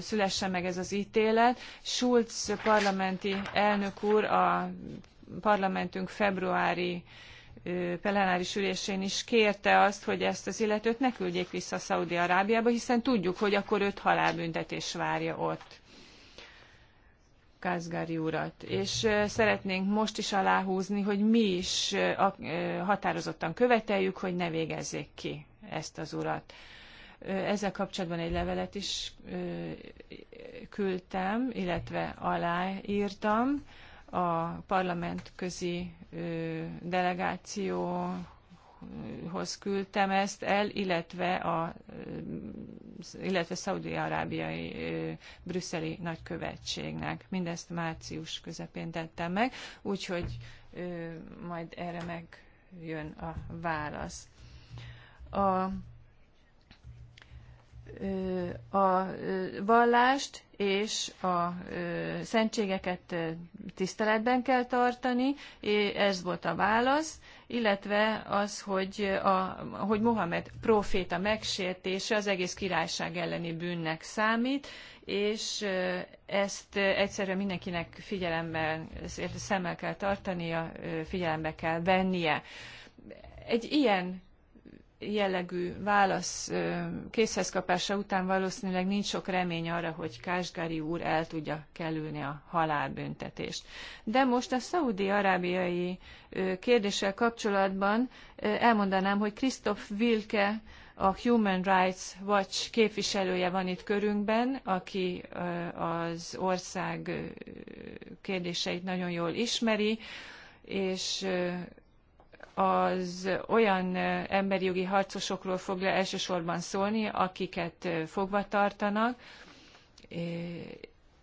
szülessen meg ez az ítélet. Schulz parlamenti elnök úr a parlamentünk februári plenáris ülésén is kérte azt, hogy ezt az illetőt ne küldjék vissza Szaudi-Arábiába, hiszen tudjuk, hogy akkor őt halálbüntetés várja ott. Kázgári urat. És szeretnénk most is aláhúzni, hogy mi is határozottan követeljük, hogy ne végezzék ki ezt az urat. Ezzel kapcsolatban egy levelet is küldtem, illetve aláírtam a parlament delegáció hoz küldtem ezt el, illetve, a, illetve Szaudi-Arábiai brüsszeli nagykövetségnek. Mindezt március közepén tettem meg, úgyhogy majd erre megjön a válasz. A a vallást és a szentségeket tiszteletben kell tartani, ez volt a válasz, illetve az, hogy, a, hogy Mohamed proféta megsértése az egész királyság elleni bűnnek számít, és ezt egyszerűen mindenkinek figyelemben, szemmel kell tartania, figyelembe kell vennie. Egy ilyen jellegű válasz kapása után valószínűleg nincs sok remény arra, hogy Kásgári úr el tudja kerülni a halálbüntetést. De most a szaudi-arábiai kérdéssel kapcsolatban elmondanám, hogy Christoph Wilke, a Human Rights Watch képviselője van itt körünkben, aki az ország kérdéseit nagyon jól ismeri, és az olyan emberi jogi harcosokról fog le elsősorban szólni, akiket fogva tartanak,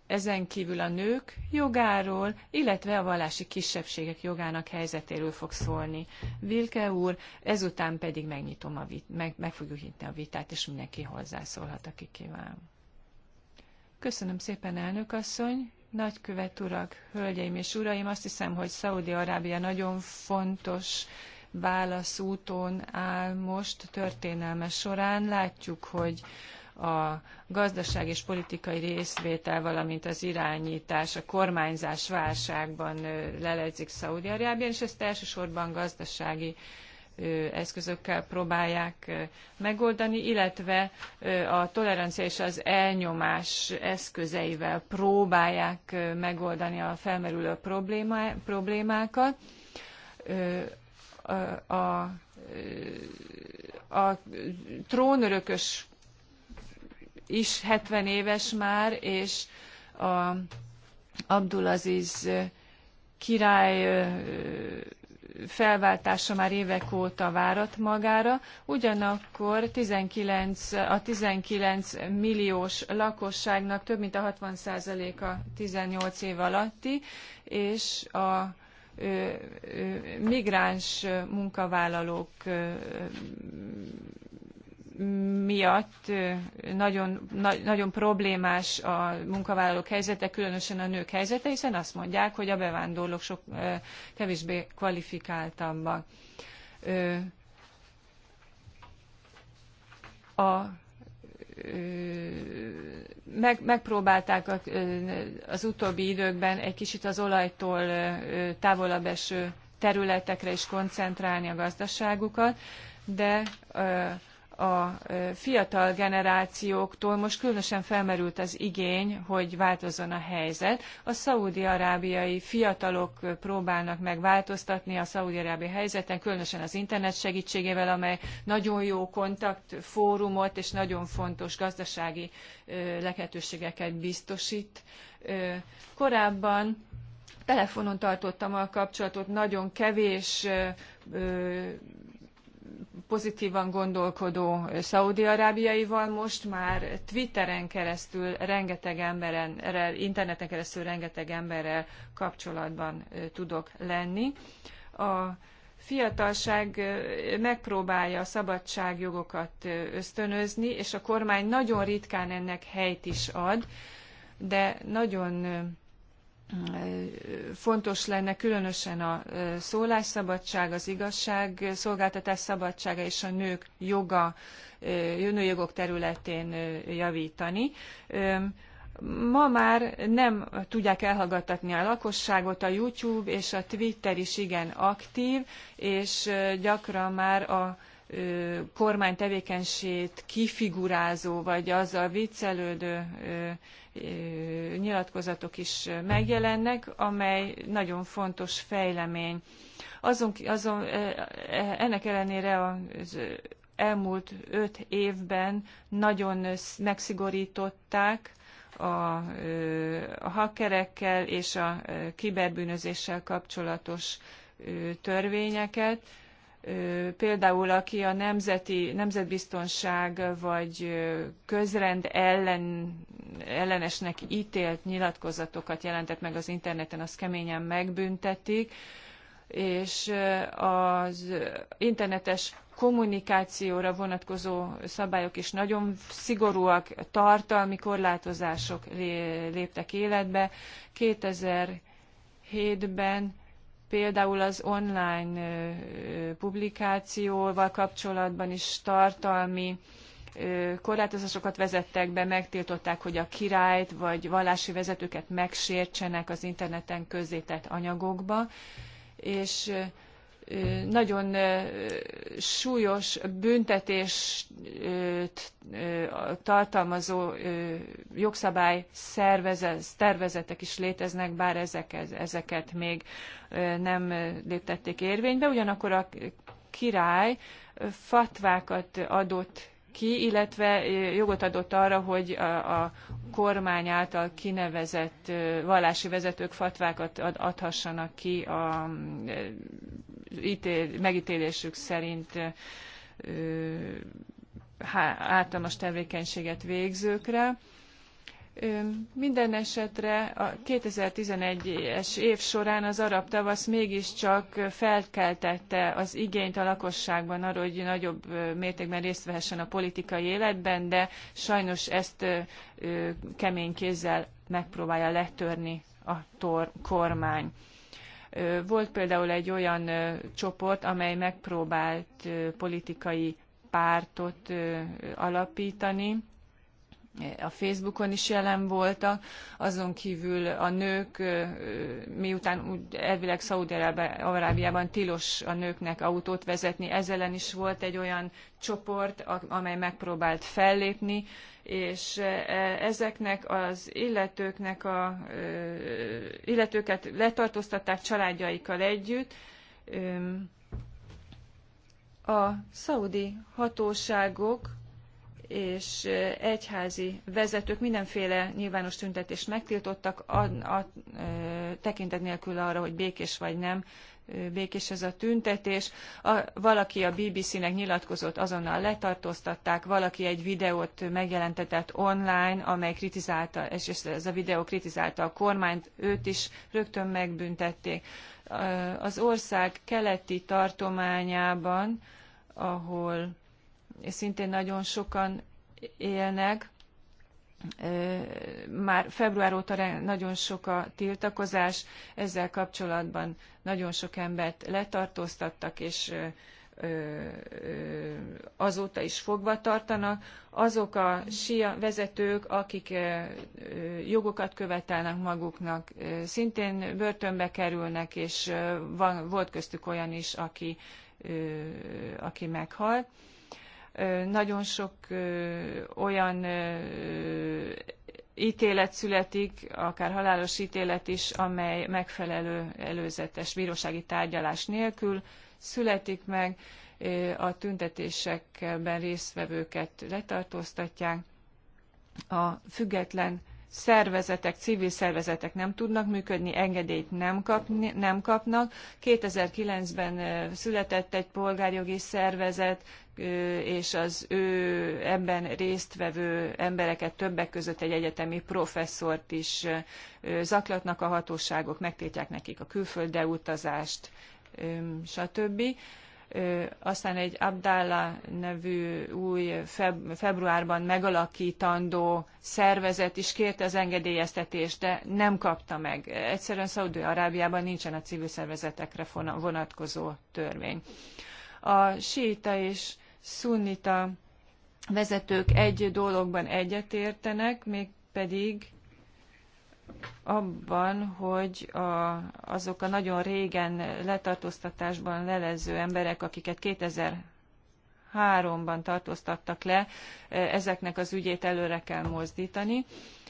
ezen kívül a nők jogáról, illetve a vallási kisebbségek jogának helyzetéről fog szólni Vilke úr, ezután pedig megnyitom a vit, meg, meg fogjuk nyitni a vitát, és mindenki hozzászólhat, aki kíván. Köszönöm szépen, elnök asszony, Nagykövet urak, hölgyeim és uraim, azt hiszem, hogy Szaudi-Arábia nagyon fontos válaszúton áll most történelme során. Látjuk, hogy a gazdaság és politikai részvétel, valamint az irányítás, a kormányzás válságban leledzik szaudi arábia és ezt elsősorban gazdasági eszközökkel próbálják megoldani, illetve a tolerancia és az elnyomás eszközeivel próbálják megoldani a felmerülő problémákat. A, a, a trónörökös is 70 éves már, és a Abdulaziz király felváltása már évek óta várat magára, ugyanakkor 19, a 19 milliós lakosságnak több mint a 60%-a 18 év alatti, és a ö, migráns munkavállalók miatt nagyon, na, nagyon problémás a munkavállalók helyzete, különösen a nők helyzete, hiszen azt mondják, hogy a bevándorlók sok kevésbé kvalifikáltabbak. A meg, megpróbálták az utóbbi időkben egy kicsit az olajtól távolabb eső területekre is koncentrálni a gazdaságukat, de a fiatal generációktól most különösen felmerült az igény, hogy változzon a helyzet. A szaudi-arábiai fiatalok próbálnak megváltoztatni a szaudi-arábiai helyzeten, különösen az internet segítségével, amely nagyon jó kontaktfórumot és nagyon fontos gazdasági lehetőségeket biztosít. Korábban telefonon tartottam a kapcsolatot, nagyon kevés pozitívan gondolkodó szaudi-arábiaival most már Twitteren keresztül rengeteg emberrel, interneten keresztül rengeteg emberrel kapcsolatban tudok lenni. A fiatalság megpróbálja a szabadságjogokat ösztönözni, és a kormány nagyon ritkán ennek helyt is ad, de nagyon fontos lenne különösen a szólásszabadság, az igazság, szolgáltatás szabadsága és a nők joga, nőjogok területén javítani. Ma már nem tudják elhallgattatni a lakosságot, a YouTube és a Twitter is igen aktív, és gyakran már a kormány tevékenységét kifigurázó vagy azzal viccelődő nyilatkozatok is megjelennek, amely nagyon fontos fejlemény. Azon, azon, ennek ellenére az elmúlt öt évben nagyon megszigorították a, a hackerekkel és a kiberbűnözéssel kapcsolatos törvényeket, például aki a nemzeti, nemzetbiztonság vagy közrend ellen, ellenesnek ítélt nyilatkozatokat jelentett meg az interneten, azt keményen megbüntetik, és az internetes kommunikációra vonatkozó szabályok is nagyon szigorúak, tartalmi korlátozások léptek életbe. 2007-ben például az online publikációval kapcsolatban is tartalmi korlátozásokat vezettek be, megtiltották, hogy a királyt vagy vallási vezetőket megsértsenek az interneten közzétett anyagokba, és nagyon súlyos büntetést tartalmazó jogszabály tervezetek is léteznek, bár ezek, ezeket még nem léptették érvénybe. Ugyanakkor a király fatvákat adott ki, illetve jogot adott arra, hogy a, a kormány által kinevezett vallási vezetők fatvákat ad, adhassanak ki a ítél, megítélésük szerint általános tevékenységet végzőkre minden esetre a 2011-es év során az arab tavasz mégiscsak felkeltette az igényt a lakosságban arra, hogy nagyobb mértékben részt vehessen a politikai életben, de sajnos ezt kemény kézzel megpróbálja letörni a tor- kormány. Volt például egy olyan csoport, amely megpróbált politikai pártot alapítani, a Facebookon is jelen voltak, azon kívül a nők, miután úgy elvileg Szaúd-Arábiában tilos a nőknek autót vezetni, ez ellen is volt egy olyan csoport, amely megpróbált fellépni, és ezeknek az illetőknek a, illetőket letartóztatták családjaikkal együtt, a szaudi hatóságok és eh, egyházi vezetők mindenféle nyilvános tüntetést megtiltottak, a, a, eh, tekintet nélkül arra, hogy békés vagy nem, eh, békés ez a tüntetés. A, valaki a BBC-nek nyilatkozott, azonnal letartóztatták, valaki egy videót megjelentetett online, amely kritizálta, és ez a videó kritizálta a kormányt, őt is rögtön megbüntették. Az ország keleti tartományában, ahol szintén nagyon sokan élnek. Már február óta nagyon sok a tiltakozás, ezzel kapcsolatban nagyon sok embert letartóztattak, és azóta is fogva tartanak. Azok a SIA vezetők, akik jogokat követelnek maguknak, szintén börtönbe kerülnek, és van, volt köztük olyan is, aki, aki meghalt nagyon sok olyan ítélet születik, akár halálos ítélet is, amely megfelelő előzetes bírósági tárgyalás nélkül születik meg, a tüntetésekben résztvevőket letartóztatják. A független szervezetek, civil szervezetek nem tudnak működni, engedélyt nem, kapni, nem kapnak. 2009-ben született egy polgárjogi szervezet, és az ő ebben résztvevő embereket többek között egy egyetemi professzort is zaklatnak a hatóságok, megtiltják nekik a külföldre utazást, stb aztán egy Abdallah nevű új februárban megalakítandó szervezet is kérte az engedélyeztetést, de nem kapta meg. Egyszerűen Szaudi-Arábiában nincsen a civil szervezetekre vonatkozó törvény. A síita és szunnita vezetők egy dologban egyetértenek, mégpedig abban, hogy a, azok a nagyon régen letartóztatásban lelező emberek, akiket 2003-ban tartóztattak le, e, ezeknek az ügyét előre kell mozdítani.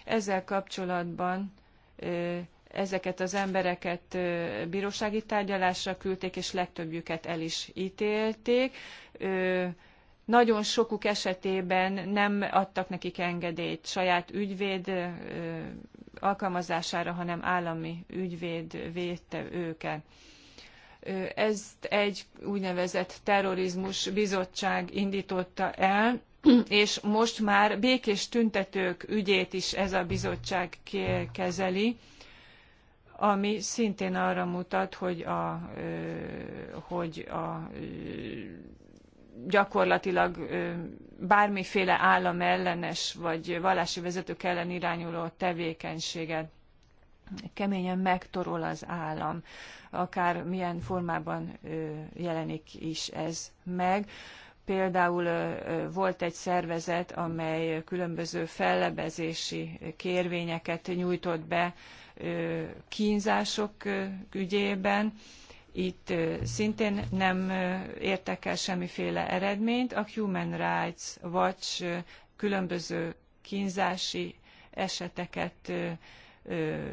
Ezzel kapcsolatban e, ezeket az embereket e, bírósági tárgyalásra küldték, és legtöbbjüket el is ítélték nagyon sokuk esetében nem adtak nekik engedélyt saját ügyvéd alkalmazására, hanem állami ügyvéd védte őket. Ezt egy úgynevezett terrorizmus bizottság indította el, és most már békés tüntetők ügyét is ez a bizottság kezeli, ami szintén arra mutat, hogy a, hogy a gyakorlatilag bármiféle államellenes vagy vallási vezetők ellen irányuló tevékenységet keményen megtorol az állam, akár milyen formában jelenik is ez meg. Például volt egy szervezet, amely különböző fellebezési kérvényeket nyújtott be kínzások ügyében, itt szintén nem értek el semmiféle eredményt. A Human Rights Watch különböző kínzási eseteket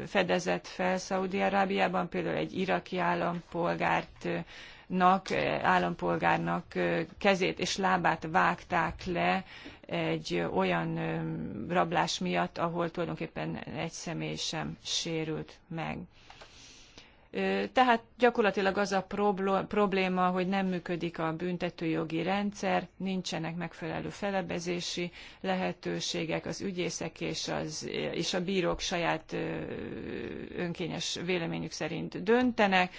fedezett fel Szaudi-Arábiában, például egy iraki állampolgárt állampolgárnak kezét és lábát vágták le egy olyan rablás miatt, ahol tulajdonképpen egy személy sem sérült meg. Tehát gyakorlatilag az a probléma, hogy nem működik a büntetőjogi rendszer, nincsenek megfelelő felebezési lehetőségek, az ügyészek és, az, és a bírók saját önkényes véleményük szerint döntenek,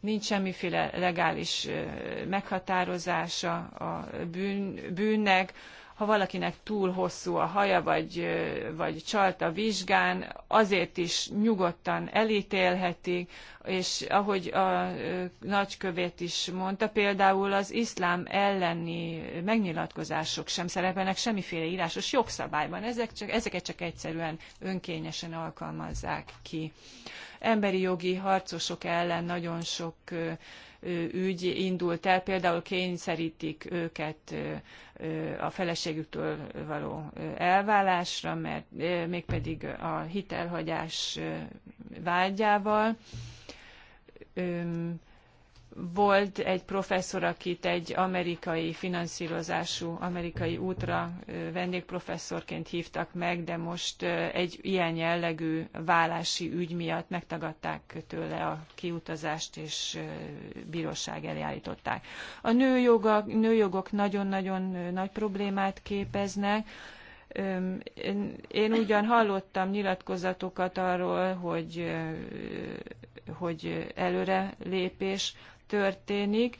nincs semmiféle legális meghatározása a bűn, bűnnek, ha valakinek túl hosszú a haja, vagy, vagy csalt a vizsgán, azért is nyugodtan elítélhetik, és ahogy a nagykövét is mondta, például az iszlám elleni megnyilatkozások sem szerepelnek semmiféle írásos jogszabályban, Ezek csak, ezeket csak egyszerűen önkényesen alkalmazzák ki. Emberi jogi harcosok ellen nagyon sok ügy indult el, például kényszerítik őket a feleségüktől való elvállásra, mert mégpedig a hitelhagyás vágyával volt egy professzor, akit egy amerikai finanszírozású, amerikai útra vendégprofesszorként hívtak meg, de most egy ilyen jellegű vállási ügy miatt megtagadták tőle a kiutazást, és bíróság elé állították. A nőjogok, nőjogok nagyon-nagyon nagy problémát képeznek, én ugyan hallottam nyilatkozatokat arról, hogy, hogy előre lépés történik.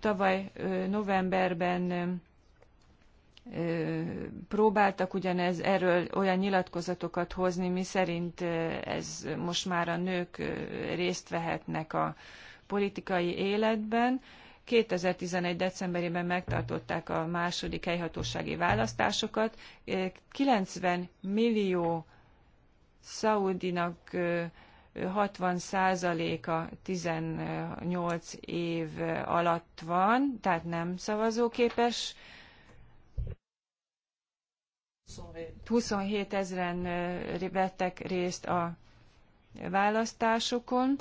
Tavaly novemberben próbáltak ugyanez erről olyan nyilatkozatokat hozni, mi szerint ez most már a nők részt vehetnek a politikai életben. 2011. decemberében megtartották a második helyhatósági választásokat. 90 millió szaudinak 60%-a 18 év alatt van, tehát nem szavazóképes. 27 ezeren vettek részt a választásokon.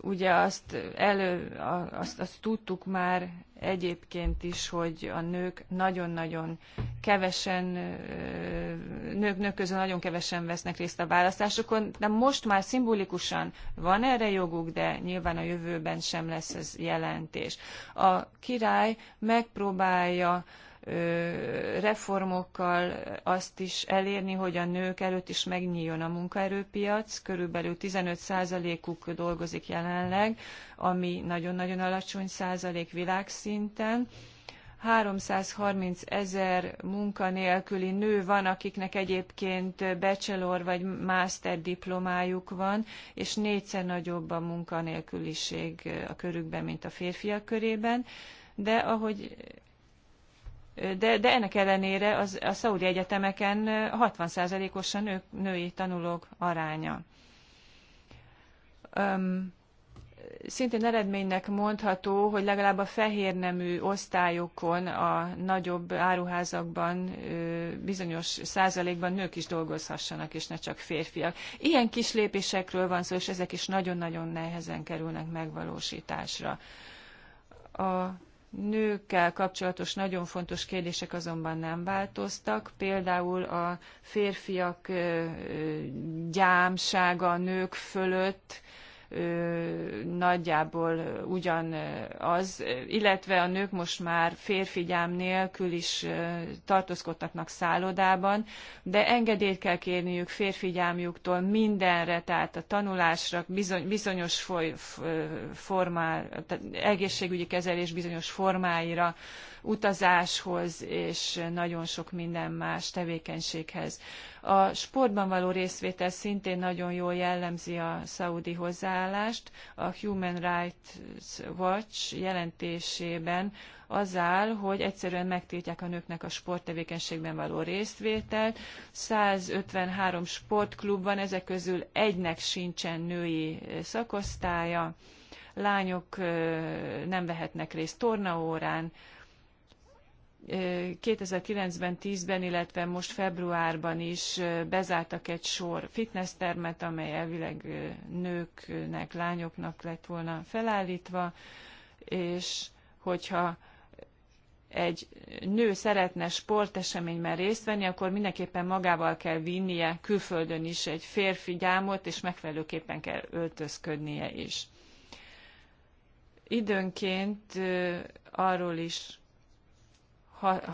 Ugye azt, elő, azt, azt tudtuk már egyébként is, hogy a nők nagyon-nagyon kevesen, nők, nők közül nagyon kevesen vesznek részt a választásokon, de most már szimbolikusan van erre joguk, de nyilván a jövőben sem lesz ez jelentés. A király megpróbálja reformokkal azt is elérni, hogy a nők előtt is megnyíljon a munkaerőpiac. Körülbelül 15%-uk dolgozik jelenleg, ami nagyon-nagyon alacsony százalék világszinten. 330 ezer munkanélküli nő van, akiknek egyébként bachelor vagy master diplomájuk van, és négyszer nagyobb a munkanélküliség a körükben, mint a férfiak körében. De ahogy de, de ennek ellenére az, a szaudi egyetemeken 60%-os a nő, női tanulók aránya. Um, szintén eredménynek mondható, hogy legalább a fehérnemű osztályokon, a nagyobb áruházakban bizonyos százalékban nők is dolgozhassanak, és ne csak férfiak. Ilyen kis lépésekről van szó, és ezek is nagyon-nagyon nehezen kerülnek megvalósításra. A nőkkel kapcsolatos nagyon fontos kérdések azonban nem változtak. Például a férfiak gyámsága a nők fölött, nagyjából ugyanaz, illetve a nők most már férfigyám nélkül is tartózkodnak szállodában, de engedélyt kell kérniük férfigyámjuktól mindenre, tehát a tanulásra, bizony, bizonyos foly, formál, egészségügyi kezelés bizonyos formáira, utazáshoz és nagyon sok minden más tevékenységhez. A sportban való részvétel szintén nagyon jól jellemzi a szaudi hozzáállást. A Human Rights Watch jelentésében az áll, hogy egyszerűen megtiltják a nőknek a sporttevékenységben való résztvételt. 153 sportklub van, ezek közül egynek sincsen női szakosztálya. Lányok nem vehetnek részt tornaórán, 2009-ben, 10-ben, illetve most februárban is bezártak egy sor fitnesstermet, amely elvileg nőknek, lányoknak lett volna felállítva, és hogyha egy nő szeretne sporteseményben részt venni, akkor mindenképpen magával kell vinnie külföldön is egy férfi gyámot, és megfelelőképpen kell öltözködnie is. Időnként arról is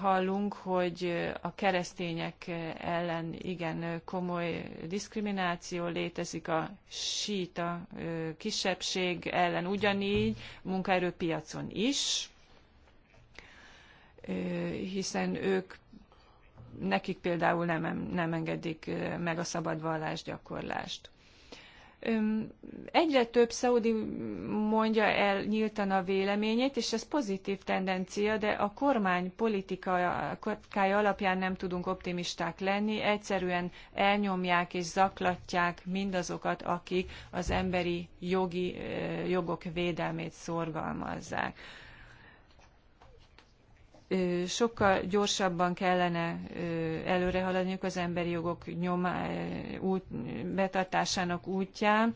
hallunk, hogy a keresztények ellen igen komoly diszkrimináció létezik, a síta kisebbség ellen ugyanígy, munkaerőpiacon is, hiszen ők nekik például nem, nem engedik meg a szabad vallásgyakorlást. Egyre több szaudi mondja el nyíltan a véleményét, és ez pozitív tendencia, de a kormány politikája alapján nem tudunk optimisták lenni. Egyszerűen elnyomják és zaklatják mindazokat, akik az emberi jogi jogok védelmét szorgalmazzák sokkal gyorsabban kellene előrehaladniuk az emberi jogok nyomá, út, betartásának útján.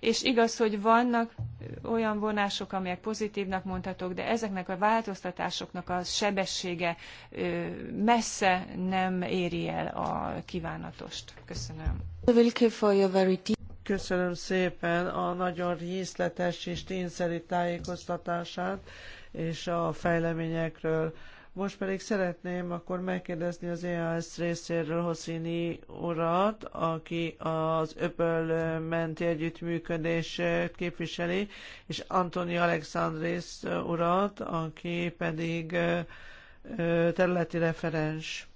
És igaz, hogy vannak olyan vonások, amelyek pozitívnak mondhatók, de ezeknek a változtatásoknak a sebessége messze nem éri el a kívánatost. Köszönöm. Köszönöm szépen a nagyon részletes és tényszerű tájékoztatását és a fejleményekről. Most pedig szeretném akkor megkérdezni az EAS részéről Hosszini urat, aki az Öböl menti együttműködést képviseli, és Antoni Alexandris urat, aki pedig területi referens.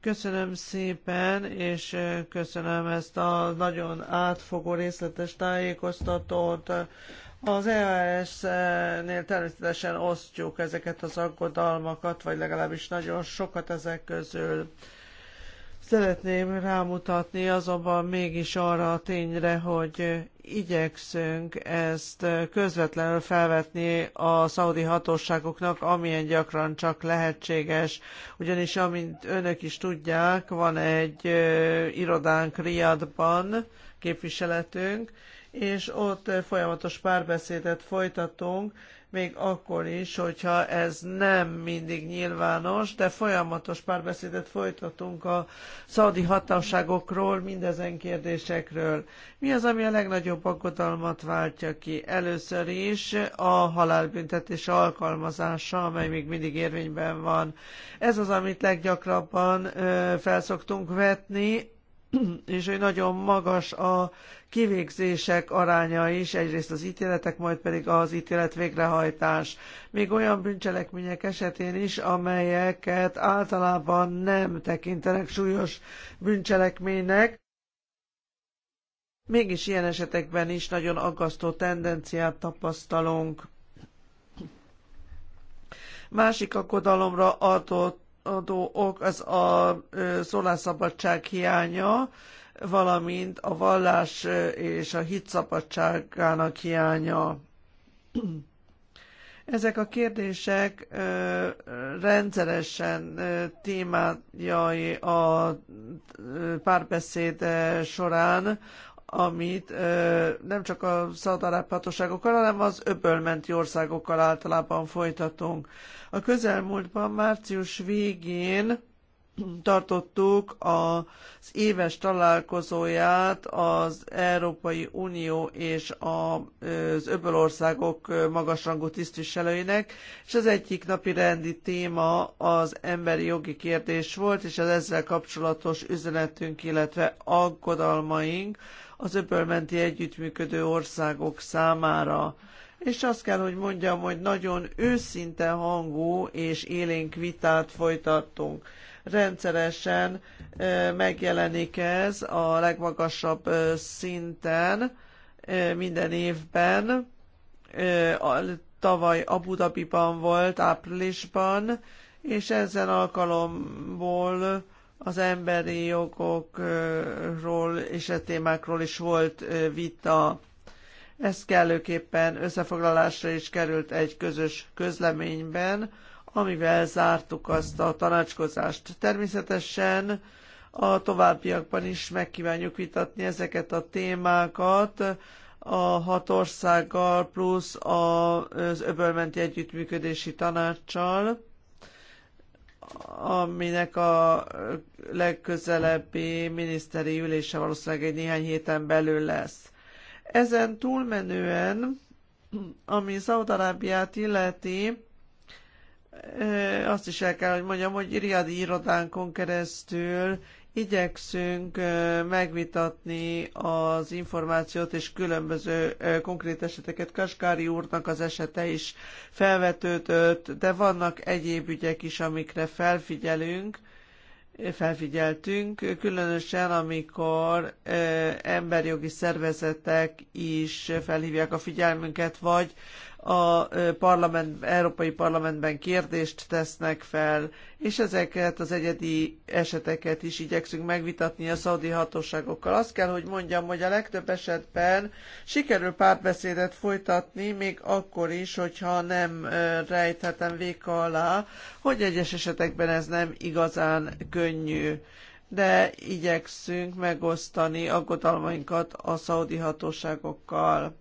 Köszönöm szépen, és köszönöm ezt a nagyon átfogó részletes tájékoztatót az EAS-nél természetesen osztjuk ezeket az aggodalmakat, vagy legalábbis nagyon sokat ezek közül. Szeretném rámutatni azonban mégis arra a tényre, hogy igyekszünk ezt közvetlenül felvetni a szaudi hatóságoknak, amilyen gyakran csak lehetséges, ugyanis amint önök is tudják, van egy irodánk Riadban, képviseletünk, és ott folyamatos párbeszédet folytatunk, még akkor is, hogyha ez nem mindig nyilvános, de folyamatos párbeszédet folytatunk a szaudi hatóságokról, mindezen kérdésekről. Mi az, ami a legnagyobb aggodalmat váltja ki? Először is a halálbüntetés alkalmazása, amely még mindig érvényben van. Ez az, amit leggyakrabban felszoktunk vetni, és hogy nagyon magas a kivégzések aránya is, egyrészt az ítéletek, majd pedig az ítélet végrehajtás. Még olyan bűncselekmények esetén is, amelyeket általában nem tekintenek súlyos bűncselekménynek, Mégis ilyen esetekben is nagyon aggasztó tendenciát tapasztalunk. Másik akodalomra adott adó ok az a szólásszabadság hiánya, valamint a vallás és a hit szabadságának hiánya. Ezek a kérdések rendszeresen témájai a párbeszéd során amit nem csak a szaudarább hatóságokkal, hanem az öbölmenti országokkal általában folytatunk. A közelmúltban március végén tartottuk az éves találkozóját az Európai Unió és az öbölországok magasrangú tisztviselőinek, és az egyik napi rendi téma az emberi jogi kérdés volt, és az ezzel kapcsolatos üzenetünk, illetve aggodalmaink, az öbölmenti együttműködő országok számára. És azt kell, hogy mondjam, hogy nagyon őszinte hangú és élénk vitát folytattunk. Rendszeresen megjelenik ez a legmagasabb szinten minden évben. Tavaly Abu Dhabiban volt, áprilisban, és ezen alkalomból az emberi jogokról és a e témákról is volt vita. Ez kellőképpen összefoglalásra is került egy közös közleményben, amivel zártuk azt a tanácskozást. Természetesen a továbbiakban is megkívánjuk vitatni ezeket a témákat a hat országgal plusz az öbölmenti együttműködési tanácssal aminek a legközelebbi miniszteri ülése valószínűleg egy néhány héten belül lesz. Ezen túlmenően, ami Szaudarábiát illeti, azt is el kell, hogy mondjam, hogy Riadi irodánkon keresztül igyekszünk megvitatni az információt és különböző konkrét eseteket. Kaskári úrnak az esete is felvetődött, de vannak egyéb ügyek is, amikre felfigyelünk, felfigyeltünk, különösen amikor emberjogi szervezetek is felhívják a figyelmünket, vagy a parlament, Európai Parlamentben kérdést tesznek fel, és ezeket az egyedi eseteket is igyekszünk megvitatni a szaudi hatóságokkal. Azt kell, hogy mondjam, hogy a legtöbb esetben sikerül párbeszédet folytatni, még akkor is, hogyha nem rejthetem véka alá, hogy egyes esetekben ez nem igazán könnyű de igyekszünk megosztani aggodalmainkat a szaudi hatóságokkal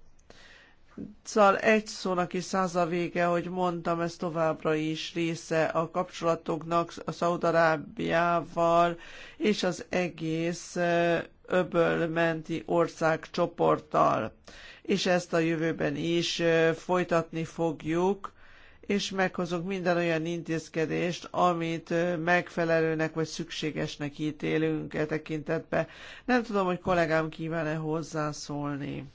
szóval egy szónak is száz a vége, hogy mondtam, ez továbbra is része a kapcsolatoknak a Szaudarábiával és az egész öbölmenti ország csoporttal. És ezt a jövőben is folytatni fogjuk, és meghozunk minden olyan intézkedést, amit megfelelőnek vagy szükségesnek ítélünk e tekintetbe. Nem tudom, hogy kollégám kíván-e hozzászólni.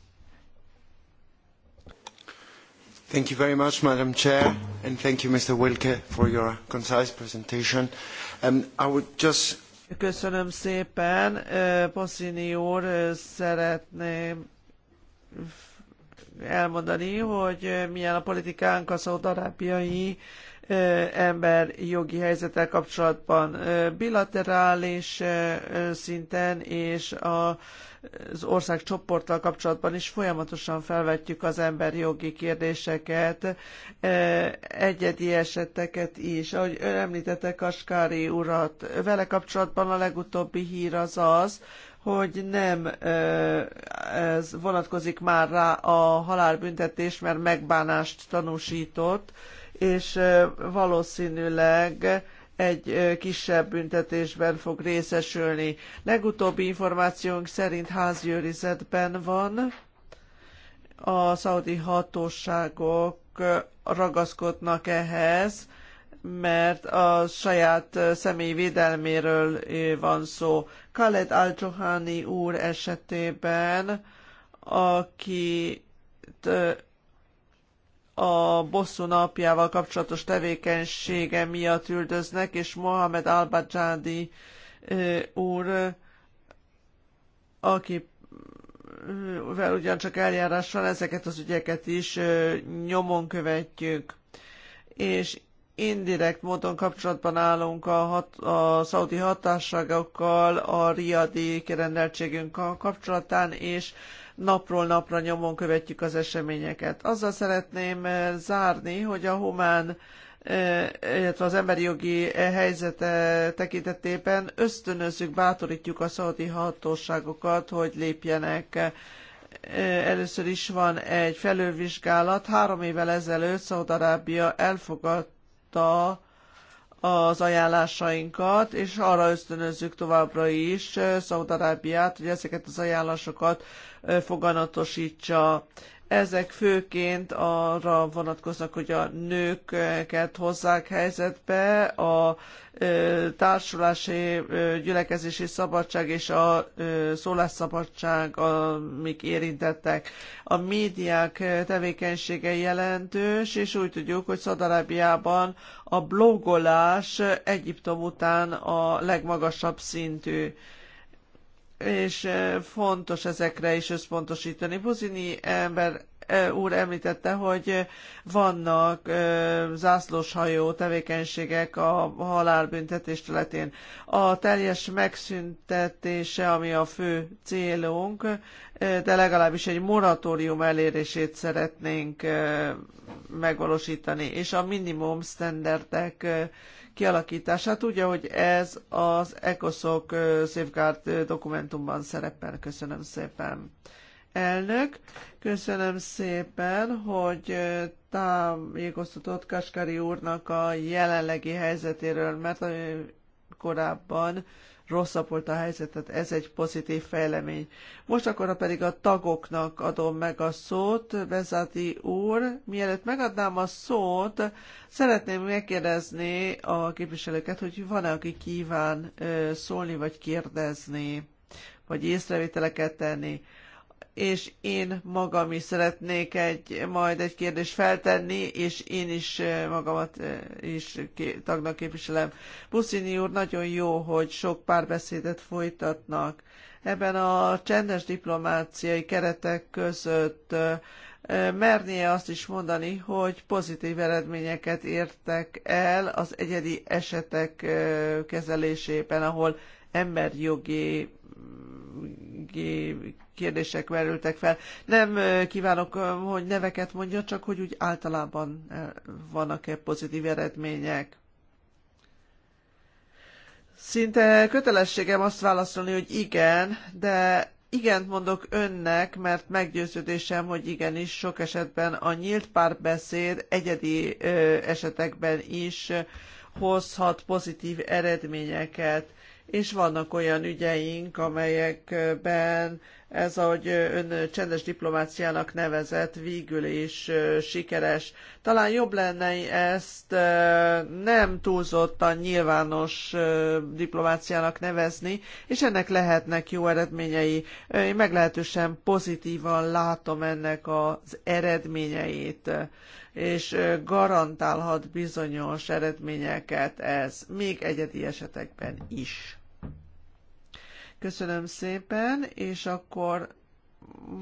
Thank you very much, Madam Chair, and thank you, Mr. Wilke, for your concise presentation. Um, I would just... Köszönöm szépen. pozzini úr, szeretném elmondani, hogy milyen a politikánk a szaudarábiai ember jogi helyzettel kapcsolatban bilaterális szinten és a, az ország csoporttal kapcsolatban is folyamatosan felvetjük az emberi jogi kérdéseket, egyedi eseteket is. Ahogy ön említette Kaskári urat, vele kapcsolatban a legutóbbi hír az az, hogy nem ez vonatkozik már rá a halálbüntetés, mert megbánást tanúsított, és valószínűleg egy kisebb büntetésben fog részesülni. Legutóbbi információnk szerint házgyőrizetben van. A szaudi hatóságok ragaszkodnak ehhez, mert a saját személy védelméről van szó. Khaled al úr esetében, aki a bosszú napjával kapcsolatos tevékenysége miatt üldöznek, és Mohamed al-Bajadi úr, aki vel ugyancsak eljárással ezeket az ügyeket is nyomon követjük. És indirekt módon kapcsolatban állunk a, hat, a szaudi hatásságokkal, a riadi rendeltségünk kapcsolatán, és napról napra nyomon követjük az eseményeket. Azzal szeretném eh, zárni, hogy a humán eh, illetve az emberi jogi eh, helyzete tekintetében ösztönözzük, bátorítjuk a szaudi hatóságokat, hogy lépjenek. Először is van egy felülvizsgálat. Három évvel ezelőtt Szaudarábia elfogadta az ajánlásainkat, és arra ösztönözzük továbbra is eh, Szaudarábiát, hogy ezeket az ajánlásokat eh, foganatosítsa. Ezek főként arra vonatkoznak, hogy a nőket hozzák helyzetbe, a társulási, gyülekezési szabadság és a szólásszabadság, amik érintettek. A médiák tevékenysége jelentős, és úgy tudjuk, hogy Szadarábiában a blogolás Egyiptom után a legmagasabb szintű és fontos ezekre is összpontosítani. Buzini ember úr említette, hogy vannak zászlóshajó tevékenységek a halálbüntetés területén. A teljes megszüntetése, ami a fő célunk, de legalábbis egy moratórium elérését szeretnénk megvalósítani, és a minimum standardek kialakítását. Tudja, hogy ez az ECOSOC Safeguard dokumentumban szerepel. Köszönöm szépen. Elnök, köszönöm szépen, hogy tájékoztatott Kaskari úrnak a jelenlegi helyzetéről, mert korábban rosszabb volt a helyzet, tehát ez egy pozitív fejlemény. Most akkor pedig a tagoknak adom meg a szót, Bezati úr. Mielőtt megadnám a szót, szeretném megkérdezni a képviselőket, hogy van-e, aki kíván szólni vagy kérdezni, vagy észrevételeket tenni és én magam is szeretnék egy, majd egy kérdést feltenni, és én is magamat is tagnak képviselem. Buszini úr, nagyon jó, hogy sok párbeszédet folytatnak. Ebben a csendes diplomáciai keretek között mernie azt is mondani, hogy pozitív eredményeket értek el az egyedi esetek kezelésében, ahol emberjogi kérdések merültek fel. Nem kívánok, hogy neveket mondja, csak hogy úgy általában vannak-e pozitív eredmények. Szinte kötelességem azt válaszolni, hogy igen, de igen, mondok önnek, mert meggyőződésem, hogy igenis sok esetben a nyílt párbeszéd egyedi ö, esetekben is hozhat pozitív eredményeket, és vannak olyan ügyeink, amelyekben ez, ahogy ön csendes diplomáciának nevezett, végül is sikeres. Talán jobb lenne ezt nem túlzottan nyilvános diplomáciának nevezni, és ennek lehetnek jó eredményei. Én meglehetősen pozitívan látom ennek az eredményeit és garantálhat bizonyos eredményeket ez, még egyedi esetekben is. Köszönöm szépen, és akkor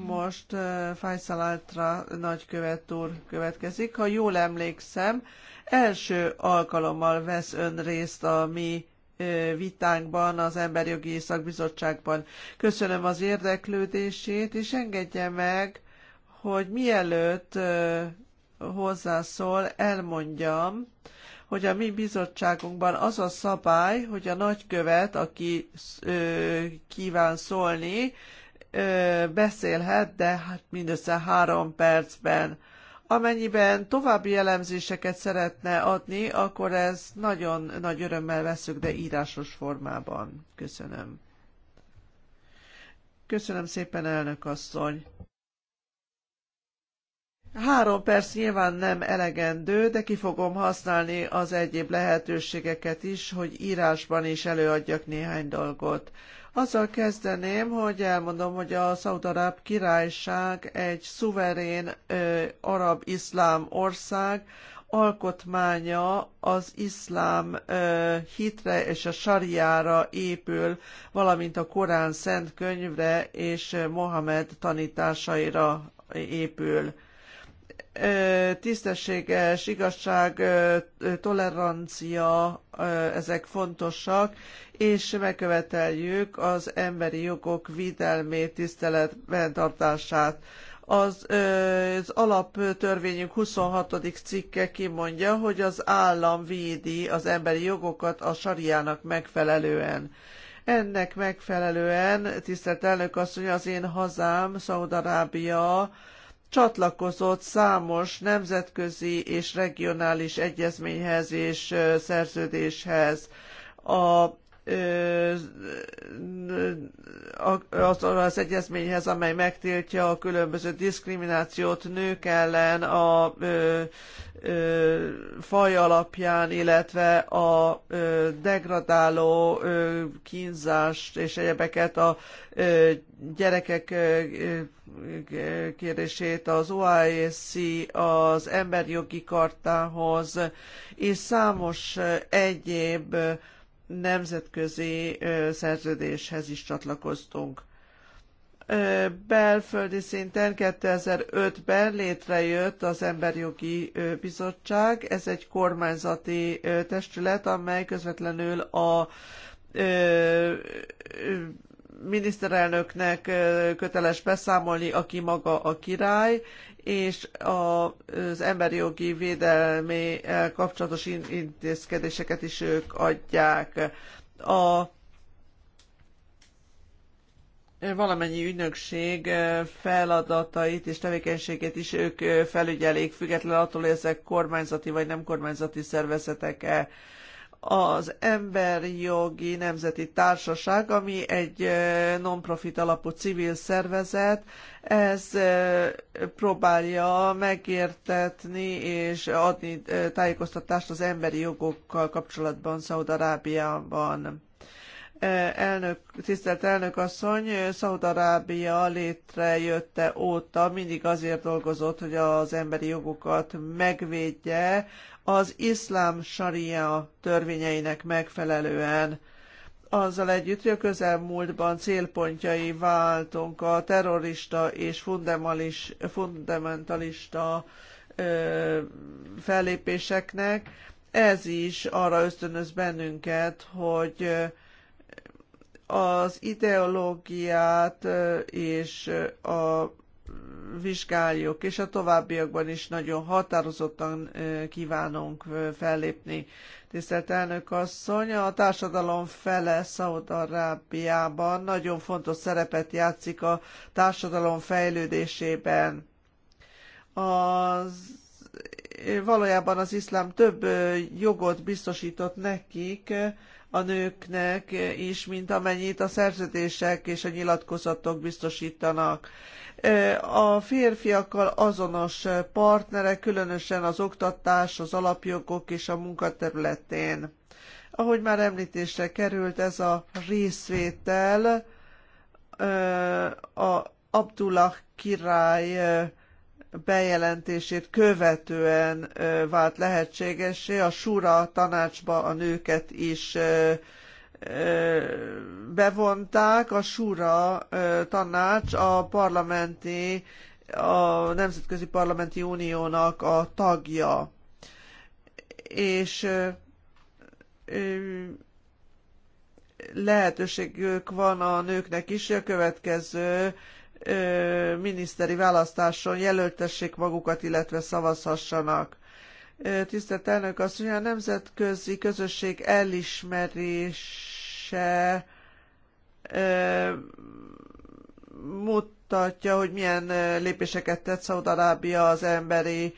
most uh, Fajszal Altra nagykövet úr következik. Ha jól emlékszem, első alkalommal vesz ön részt a mi vitánkban, az Emberjogi Szakbizottságban. Köszönöm az érdeklődését, és engedje meg, hogy mielőtt hozzászól, elmondjam, hogy a mi bizottságunkban az a szabály, hogy a nagykövet, aki ö, kíván szólni, ö, beszélhet, de hát mindössze három percben. Amennyiben további elemzéseket szeretne adni, akkor ez nagyon nagy örömmel veszük, de írásos formában. Köszönöm. Köszönöm szépen, elnök asszony. Három perc nyilván nem elegendő, de ki fogom használni az egyéb lehetőségeket is, hogy írásban is előadjak néhány dolgot. Azzal kezdeném, hogy elmondom, hogy a Szaudarab királyság egy szuverén ö, arab-iszlám ország, alkotmánya az iszlám ö, hitre és a sariára épül, valamint a Korán szent könyvre és Mohamed tanításaira épül tisztességes, igazság, tolerancia, ezek fontosak, és megköveteljük az emberi jogok védelmét, tiszteletben tartását. Az, az alaptörvényünk 26. cikke kimondja, hogy az állam védi az emberi jogokat a sariának megfelelően. Ennek megfelelően, tisztelt elnök asszony, az én hazám, Szaudarábia, csatlakozott számos nemzetközi és regionális egyezményhez és szerződéshez. A az, az egyezményhez, amely megtiltja a különböző diszkriminációt nők ellen a ö, ö, faj alapján, illetve a ö, degradáló ö, kínzást és egyebeket a ö, gyerekek ö, az OASC e az emberjogi kartához és számos egyéb nemzetközi szerződéshez is csatlakoztunk. Belföldi szinten 2005-ben létrejött az Emberjogi Bizottság. Ez egy kormányzati testület, amely közvetlenül a miniszterelnöknek köteles beszámolni, aki maga a király, és az emberi jogi védelmi eh, kapcsolatos intézkedéseket is ők adják. A valamennyi ügynökség eh, feladatait és tevékenységét is ők eh, felügyelik, független attól, hogy ezek kormányzati vagy nem kormányzati szervezetek-e az Emberjogi Nemzeti Társaság, ami egy non-profit alapú civil szervezet, ez próbálja megértetni és adni tájékoztatást az emberi jogokkal kapcsolatban Szaudarábiában. Elnök, tisztelt elnök asszony, Szaudarábia létrejötte óta mindig azért dolgozott, hogy az emberi jogokat megvédje, az iszlám saria törvényeinek megfelelően. Azzal együtt, hogy a közelmúltban célpontjai váltunk a terrorista és fundamentalista ö, fellépéseknek, ez is arra ösztönöz bennünket, hogy az ideológiát és a vizsgáljuk, és a továbbiakban is nagyon határozottan kívánunk fellépni. Tisztelt elnök asszony, a társadalom fele Szaudarábiában nagyon fontos szerepet játszik a társadalom fejlődésében. Az valójában az iszlám több jogot biztosított nekik, a nőknek is, mint amennyit a szerződések és a nyilatkozatok biztosítanak a férfiakkal azonos partnerek, különösen az oktatás, az alapjogok és a munkaterületén. Ahogy már említésre került, ez a részvétel a Abdullah király bejelentését követően vált lehetségessé, a Sura tanácsba a nőket is bevonták a Sura tanács a parlamenti, a Nemzetközi Parlamenti Uniónak a tagja. És lehetőségük van a nőknek is, hogy a következő miniszteri választáson jelöltessék magukat, illetve szavazhassanak. Tisztelt elnök mondja, a nemzetközi közösség elismerés jelentése mutatja, hogy milyen lépéseket tett Szaudarábia az emberi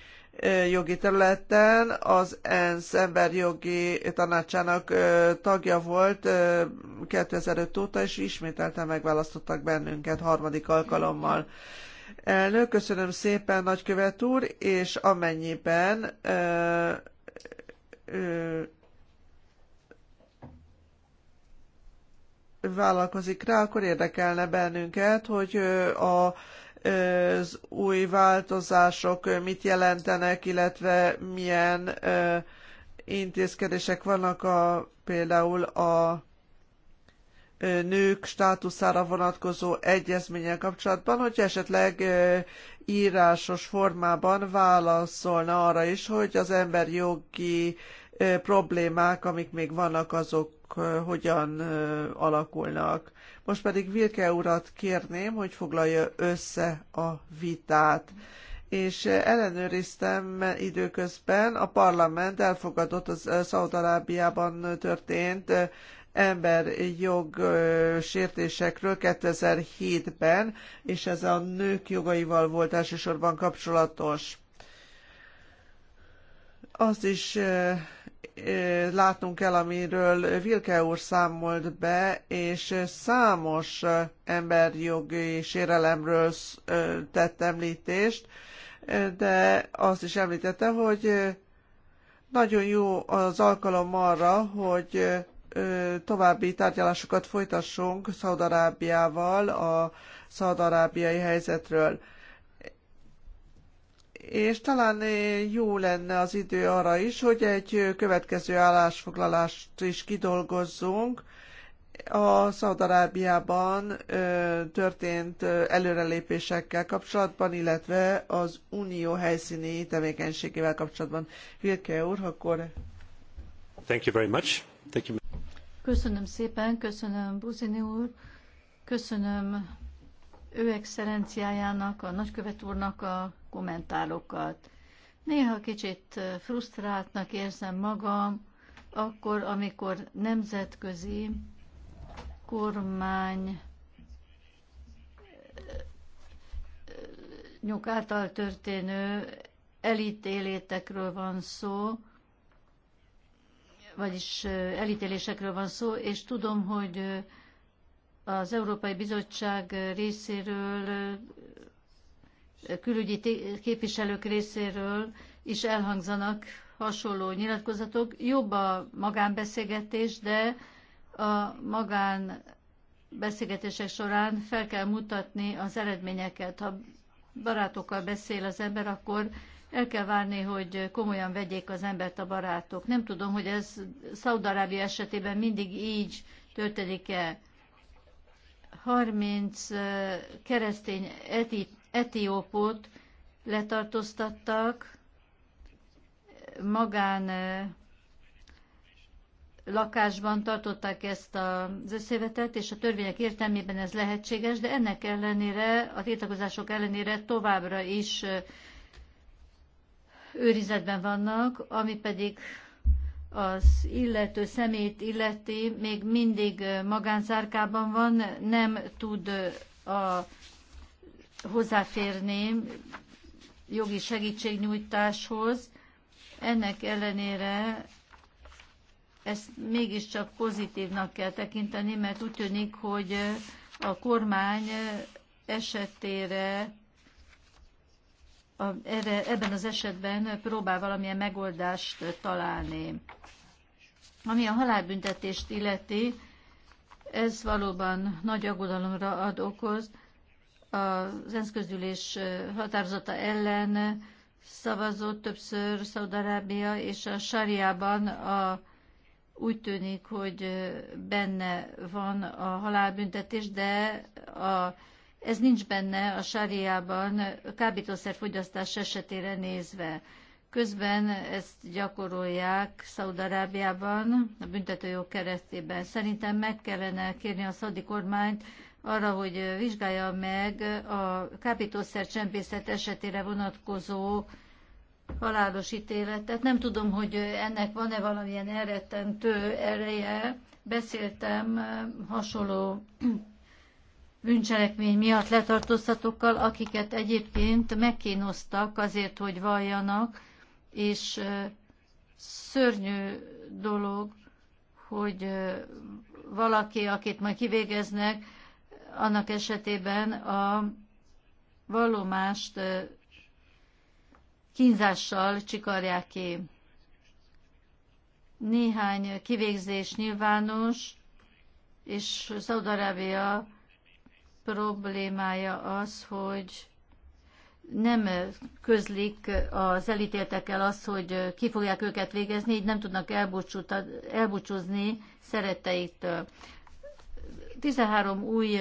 jogi területen. Az ENSZ emberjogi tanácsának tagja volt 2005 óta, és ismételten megválasztottak bennünket harmadik alkalommal. Elnök, köszönöm szépen, nagykövet úr, és amennyiben ö, ö, vállalkozik rá, akkor érdekelne bennünket, hogy a az új változások mit jelentenek, illetve milyen intézkedések vannak a, például a nők státuszára vonatkozó egyezménnyel kapcsolatban, hogy esetleg írásos formában válaszolna arra is, hogy az emberi jogi problémák, amik még vannak, azok hogyan alakulnak. Most pedig Vilke urat kérném, hogy foglalja össze a vitát és ellenőriztem időközben, a parlament elfogadott az Szaudarábiában történt emberjog sértésekről 2007-ben, és ez a nők jogaival volt elsősorban kapcsolatos. Azt is látnunk kell, amiről Vilke úr számolt be, és számos emberjogi sérelemről tett említést, de azt is említette, hogy nagyon jó az alkalom arra, hogy további tárgyalásokat folytassunk Szaudarábiával a szaudarábiai helyzetről és talán eh, jó lenne az idő arra is, hogy egy eh, következő állásfoglalást is kidolgozzunk. A Szaudarábiában eh, történt előrelépésekkel kapcsolatban, illetve az unió helyszíni tevékenységével kapcsolatban. Vilke úr, akkor... Thank you very much. Thank you. Köszönöm szépen, köszönöm Buzini úr, köszönöm ő excellenciájának, a nagykövet úrnak a kommentárokat. Néha kicsit frusztráltnak érzem magam, akkor, amikor nemzetközi kormány eh, nyug által történő elítélétekről van szó, vagyis eh, elítélésekről van szó, és tudom, hogy eh, az Európai Bizottság részéről, külügyi képviselők részéről is elhangzanak hasonló nyilatkozatok. Jobb a magánbeszélgetés, de a magánbeszélgetések során fel kell mutatni az eredményeket. Ha barátokkal beszél az ember, akkor el kell várni, hogy komolyan vegyék az embert a barátok. Nem tudom, hogy ez Szaudarábia esetében mindig így történik-e. 30 keresztény eti, etiópot letartóztattak, magán lakásban tartották ezt az összevetet, és a törvények értelmében ez lehetséges, de ennek ellenére, a tiltakozások ellenére továbbra is őrizetben vannak, ami pedig az illető szemét illeti, még mindig magánzárkában van, nem tud a, hozzáférni jogi segítségnyújtáshoz. Ennek ellenére ezt mégiscsak pozitívnak kell tekinteni, mert úgy tűnik, hogy a kormány esetére a, ebben az esetben próbál valamilyen megoldást találni. Ami a halálbüntetést illeti, ez valóban nagy aggodalomra ad okoz. Az ENSZ közülés határozata ellen szavazott többször Szaudarábia, és a sáriában a, úgy tűnik, hogy benne van a halálbüntetés, de a ez nincs benne a sáriában kábítószer fogyasztás esetére nézve. Közben ezt gyakorolják Szaudarábiában, a büntetőjog keresztében. Szerintem meg kellene kérni a szadi kormányt arra, hogy vizsgálja meg a kábítószer csempészet esetére vonatkozó halálos ítéletet. Nem tudom, hogy ennek van-e valamilyen elrettentő ereje. Beszéltem hasonló bűncselekmény miatt letartóztatókkal, akiket egyébként megkínoztak azért, hogy valljanak, és szörnyű dolog, hogy valaki, akit majd kivégeznek, annak esetében a vallomást kínzással csikarják ki. Néhány kivégzés nyilvános, és Szaudarábia problémája az, hogy nem közlik az elítéltekkel azt, hogy ki fogják őket végezni, így nem tudnak elbúcsúzni szeretteiktől. 13 új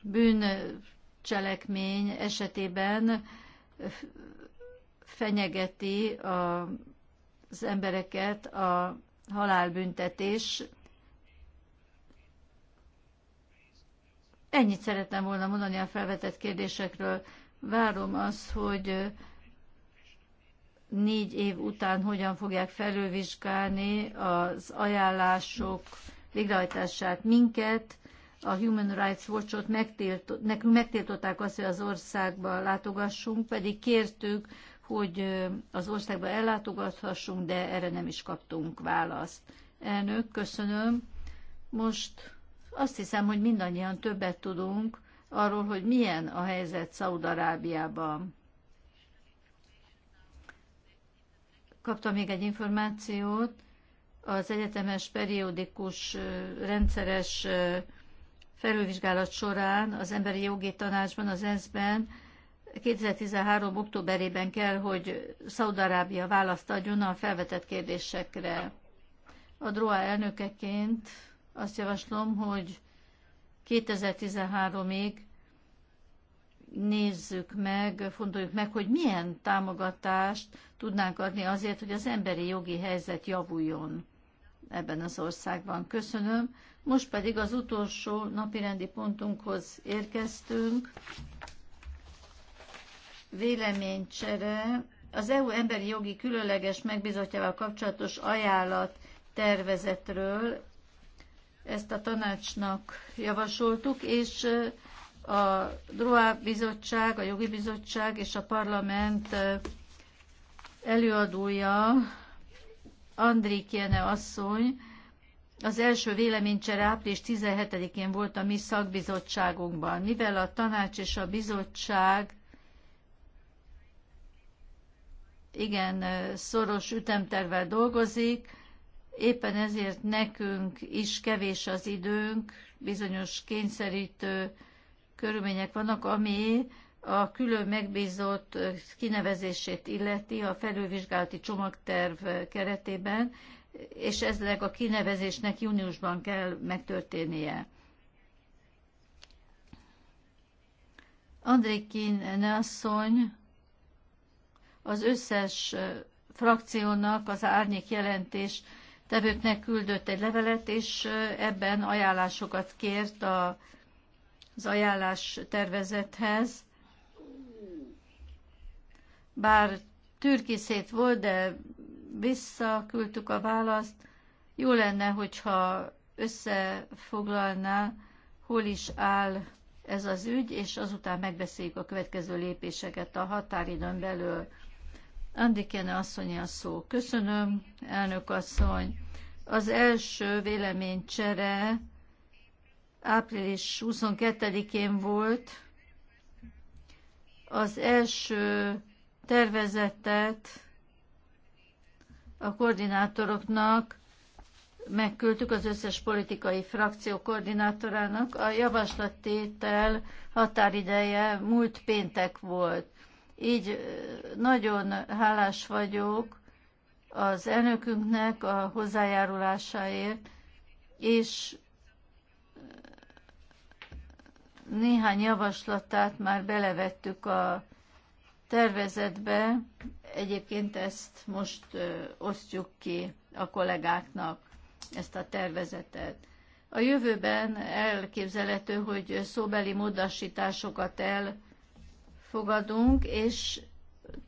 bűncselekmény esetében fenyegeti az embereket a halálbüntetés, Ennyit szeretném volna mondani a felvetett kérdésekről. Várom az, hogy négy év után hogyan fogják felülvizsgálni az ajánlások végrehajtását minket. A Human Rights Watch-ot megtiltott, nekünk megtiltották azt, hogy az országba látogassunk, pedig kértük, hogy az országba ellátogathassunk, de erre nem is kaptunk választ. Elnök, köszönöm. Most azt hiszem, hogy mindannyian többet tudunk arról, hogy milyen a helyzet Szaudarábiában. Kaptam még egy információt, az egyetemes periódikus rendszeres felülvizsgálat során az Emberi Jogi Tanácsban, az ENSZ-ben 2013. októberében kell, hogy Szaudarábia választ adjon a felvetett kérdésekre. A DROA elnökeként azt javaslom, hogy 2013-ig nézzük meg, fontoljuk meg, hogy milyen támogatást tudnánk adni azért, hogy az emberi jogi helyzet javuljon ebben az országban. Köszönöm. Most pedig az utolsó napirendi pontunkhoz érkeztünk. Véleménycsere. Az EU emberi jogi különleges megbizotjával kapcsolatos ajánlat tervezetről ezt a tanácsnak javasoltuk, és a Droá bizottság, a jogi bizottság és a parlament előadója Andrik Jene asszony, az első véleménycsere április 17-én volt a mi szakbizottságunkban. Mivel a tanács és a bizottság igen szoros ütemtervel dolgozik, Éppen ezért nekünk is kevés az időnk, bizonyos kényszerítő körülmények vannak, ami a külön megbízott kinevezését illeti a felülvizsgálati csomagterv keretében, és ezleg a kinevezésnek júniusban kell megtörténnie. André Kine asszony az összes frakciónak az árnyék jelentés tevőknek küldött egy levelet, és ebben ajánlásokat kért a, az ajánlás tervezethez. Bár türkiszét volt, de visszaküldtük a választ. Jó lenne, hogyha összefoglalná, hol is áll ez az ügy, és azután megbeszéljük a következő lépéseket a határidőn belül. Andikene asszony a szó. Köszönöm, elnök asszony. Az első véleménycsere április 22-én volt. Az első tervezetet a koordinátoroknak megküldtük az összes politikai frakció koordinátorának. A javaslattétel határideje múlt péntek volt. Így nagyon hálás vagyok az elnökünknek a hozzájárulásáért, és néhány javaslatát már belevettük a tervezetbe, egyébként ezt most osztjuk ki a kollégáknak, ezt a tervezetet. A jövőben elképzelhető, hogy szóbeli módosításokat el fogadunk, és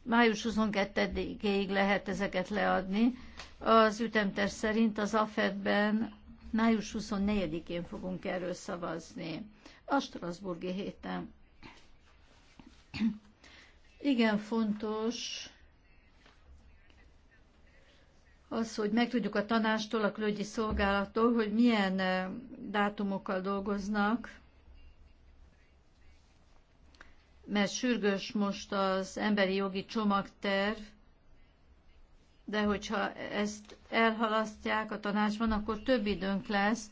május 22-ig lehet ezeket leadni. Az ütemterv szerint az AFED-ben május 24-én fogunk erről szavazni. A Strasburgi héten. Igen fontos az, hogy megtudjuk a tanástól, a külügyi szolgálattól, hogy milyen eh, dátumokkal dolgoznak, mert sürgős most az emberi jogi csomagterv, de hogyha ezt elhalasztják a tanácsban, akkor több időnk lesz,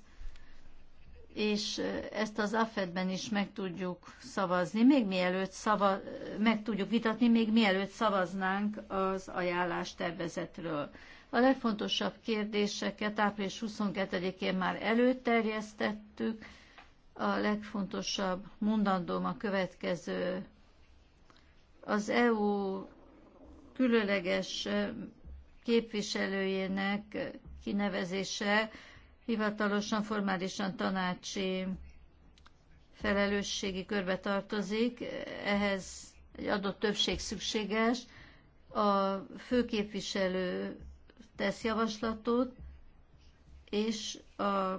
és ezt az AFED-ben is meg tudjuk szavazni, még mielőtt szava, meg tudjuk vitatni, még mielőtt szavaznánk az ajánlás tervezetről. A legfontosabb kérdéseket április 22-én már előterjesztettük, a legfontosabb mondandóm a következő. Az EU különleges képviselőjének kinevezése hivatalosan, formálisan tanácsi felelősségi körbe tartozik, ehhez egy adott többség szükséges. A főképviselő tesz javaslatot, és a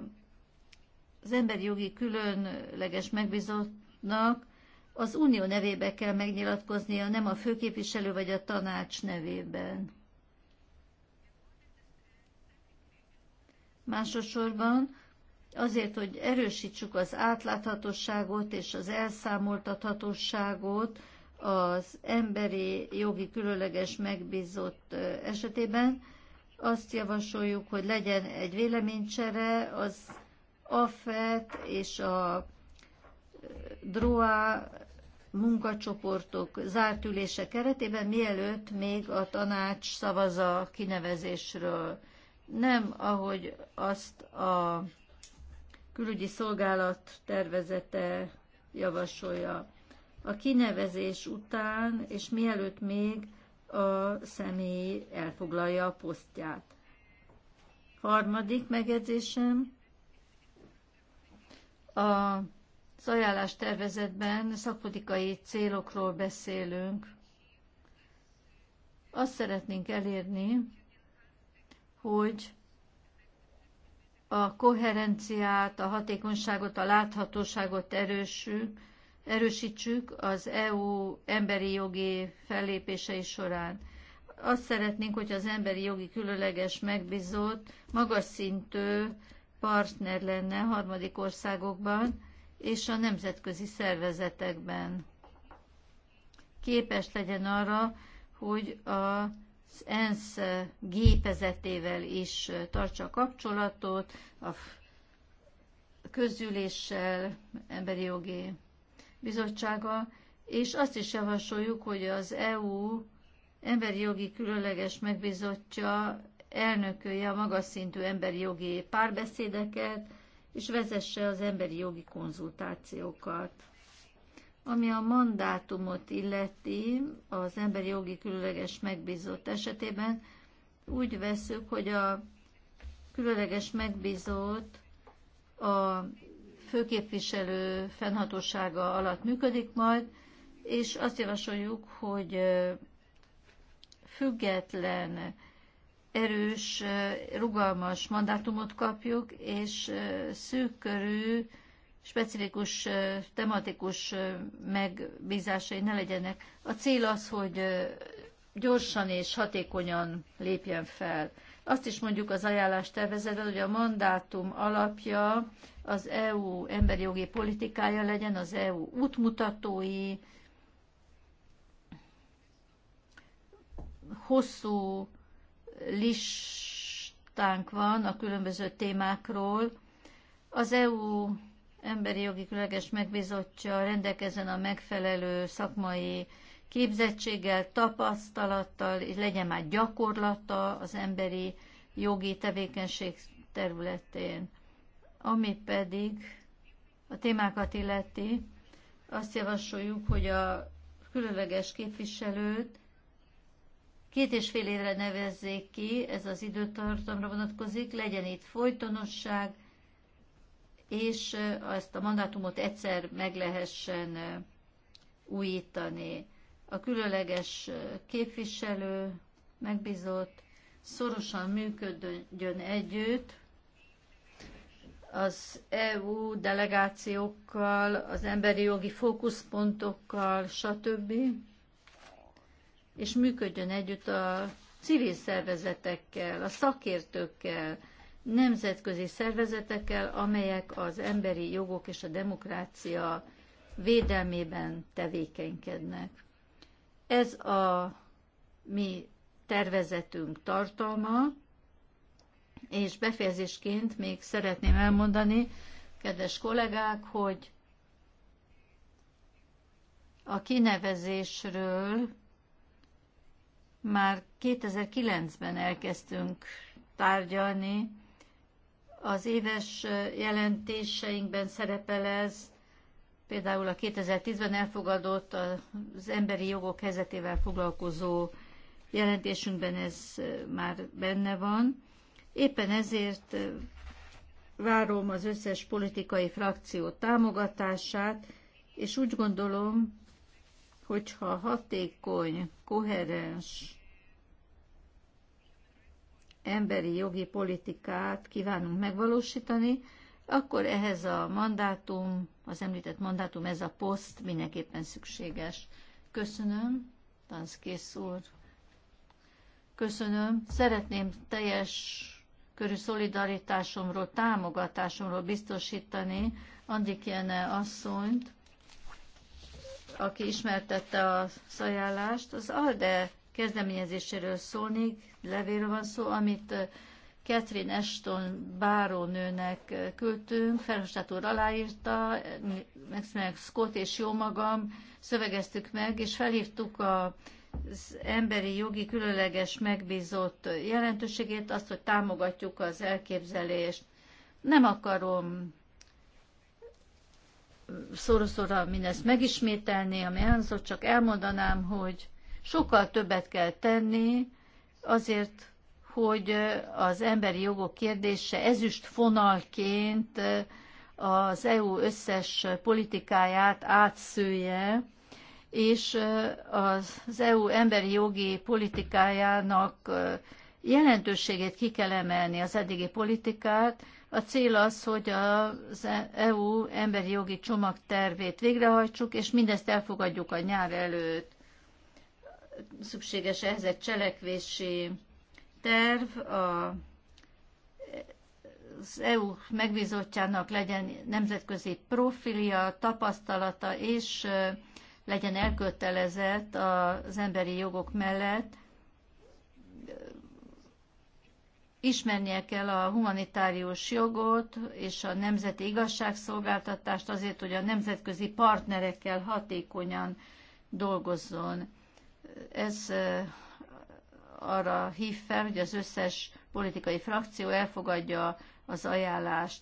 az emberi jogi különleges megbízottnak az unió nevébe kell megnyilatkoznia, nem a főképviselő vagy a tanács nevében. Másosorban azért, hogy erősítsük az átláthatóságot és az elszámoltathatóságot az emberi jogi különleges megbízott esetében, azt javasoljuk, hogy legyen egy véleménycsere az AFET és a DROA munkacsoportok zárt ülése keretében, mielőtt még a tanács szavaz a kinevezésről. Nem, ahogy azt a külügyi szolgálat tervezete javasolja. A kinevezés után, és mielőtt még a személy elfoglalja a posztját. Harmadik megjegyzésem, a az ajánlás tervezetben szakpolitikai célokról beszélünk. Azt szeretnénk elérni, hogy a koherenciát, a hatékonyságot, a láthatóságot erősük, erősítsük az EU emberi jogi fellépései során. Azt szeretnénk, hogy az emberi jogi különleges megbízott magas szintű partner lenne harmadik országokban és a nemzetközi szervezetekben. Képes legyen arra, hogy az ENSZ gépezetével is tartsa a kapcsolatot, a közgyűléssel, emberi jogi bizottsága és azt is javasoljuk, hogy az EU emberi jogi különleges megbizottja elnökölje a magas szintű emberi jogi párbeszédeket, és vezesse az emberi jogi konzultációkat. Ami a mandátumot illeti, az emberi jogi különleges megbízott esetében úgy veszük, hogy a különleges megbízott a főképviselő fennhatósága alatt működik majd, és azt javasoljuk, hogy független erős, rugalmas mandátumot kapjuk, és szűkörű, specifikus, tematikus megbízásai ne legyenek. A cél az, hogy gyorsan és hatékonyan lépjen fel. Azt is mondjuk az ajánlás tervezetben, hogy a mandátum alapja az EU emberi jogi politikája legyen, az EU útmutatói, hosszú listánk van a különböző témákról. Az EU emberi jogi különleges megbizottja rendelkezzen a megfelelő szakmai képzettséggel, tapasztalattal, és legyen már gyakorlata az emberi jogi tevékenység területén. Ami pedig a témákat illeti, azt javasoljuk, hogy a különleges képviselőt Két és fél évre nevezzék ki, ez az időtartamra vonatkozik, legyen itt folytonosság, és ezt a mandátumot egyszer meg lehessen újítani. A különleges képviselő, megbízott, szorosan működjön együtt az EU delegációkkal, az emberi jogi fókuszpontokkal, stb és működjön együtt a civil szervezetekkel, a szakértőkkel, nemzetközi szervezetekkel, amelyek az emberi jogok és a demokrácia védelmében tevékenykednek. Ez a mi tervezetünk tartalma, és befejezésként még szeretném elmondani, kedves kollégák, hogy a kinevezésről már 2009-ben elkezdtünk tárgyalni, az éves jelentéseinkben szerepel ez, például a 2010-ben elfogadott az emberi jogok helyzetével foglalkozó jelentésünkben ez már benne van. Éppen ezért várom az összes politikai frakció támogatását, és úgy gondolom, hogyha hatékony, koherens emberi jogi politikát kívánunk megvalósítani, akkor ehhez a mandátum, az említett mandátum, ez a poszt mindenképpen szükséges. Köszönöm, Tanszkész úr. Köszönöm. Szeretném teljes körű szolidaritásomról, támogatásomról biztosítani Jene asszonyt, aki ismertette a szajállást. Az ALDE kezdeményezéséről szólni, levélről van szó, amit Catherine Ashton bárónőnek küldtünk, Ferhostát úr aláírta, Maximek Scott és jó magam szövegeztük meg, és felhívtuk a az emberi jogi különleges megbízott jelentőségét, azt, hogy támogatjuk az elképzelést. Nem akarom szóra mindezt megismételni, ami elhangzott, csak elmondanám, hogy Sokkal többet kell tenni azért, hogy az emberi jogok kérdése ezüst fonalként az EU összes politikáját átszője, és az EU emberi jogi politikájának jelentőségét ki kell emelni az eddigi politikát. A cél az, hogy az EU emberi jogi csomagtervét végrehajtsuk, és mindezt elfogadjuk a nyár előtt szükséges ehhez egy cselekvési terv, a, az EU megbízottjának legyen nemzetközi profilja, tapasztalata, és legyen elkötelezett az emberi jogok mellett. Ismernie kell a humanitárius jogot és a nemzeti igazságszolgáltatást azért, hogy a nemzetközi partnerekkel hatékonyan dolgozzon. Ez arra hív fel, hogy az összes politikai frakció elfogadja az ajánlást.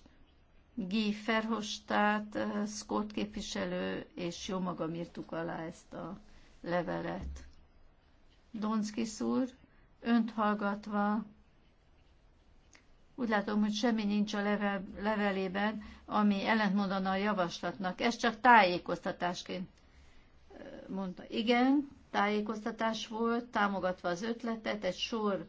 Guy Verhofstadt, Scott képviselő és jó magam írtuk alá ezt a levelet. Donskis úr, önt hallgatva, úgy látom, hogy semmi nincs a level, levelében, ami ellentmondana a javaslatnak. Ez csak tájékoztatásként mondta. Igen, tájékoztatás volt, támogatva az ötletet, egy sor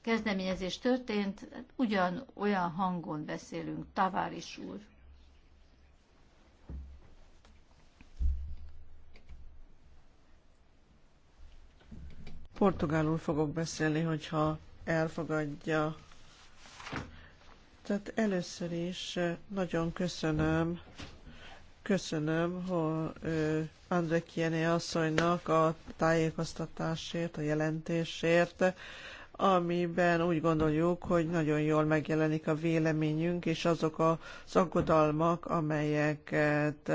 kezdeményezés történt, ugyan olyan hangon beszélünk, Taváris úr. Portugálul fogok beszélni, hogyha elfogadja. Tehát először is nagyon köszönöm Köszönöm ha André Kiené asszonynak a tájékoztatásért, a jelentésért, amiben úgy gondoljuk, hogy nagyon jól megjelenik a véleményünk, és azok a aggodalmak, amelyeket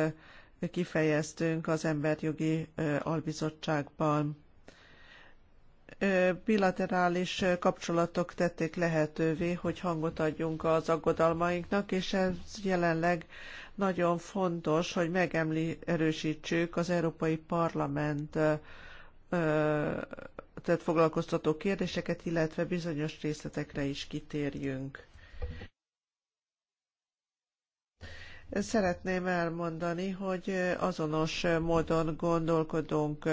kifejeztünk az Emberjogi Albizottságban bilaterális kapcsolatok tették lehetővé, hogy hangot adjunk az aggodalmainknak, és ez jelenleg nagyon fontos, hogy megemli erősítsük az Európai Parlament tehát foglalkoztató kérdéseket, illetve bizonyos részletekre is kitérjünk. Szeretném elmondani, hogy azonos módon gondolkodunk.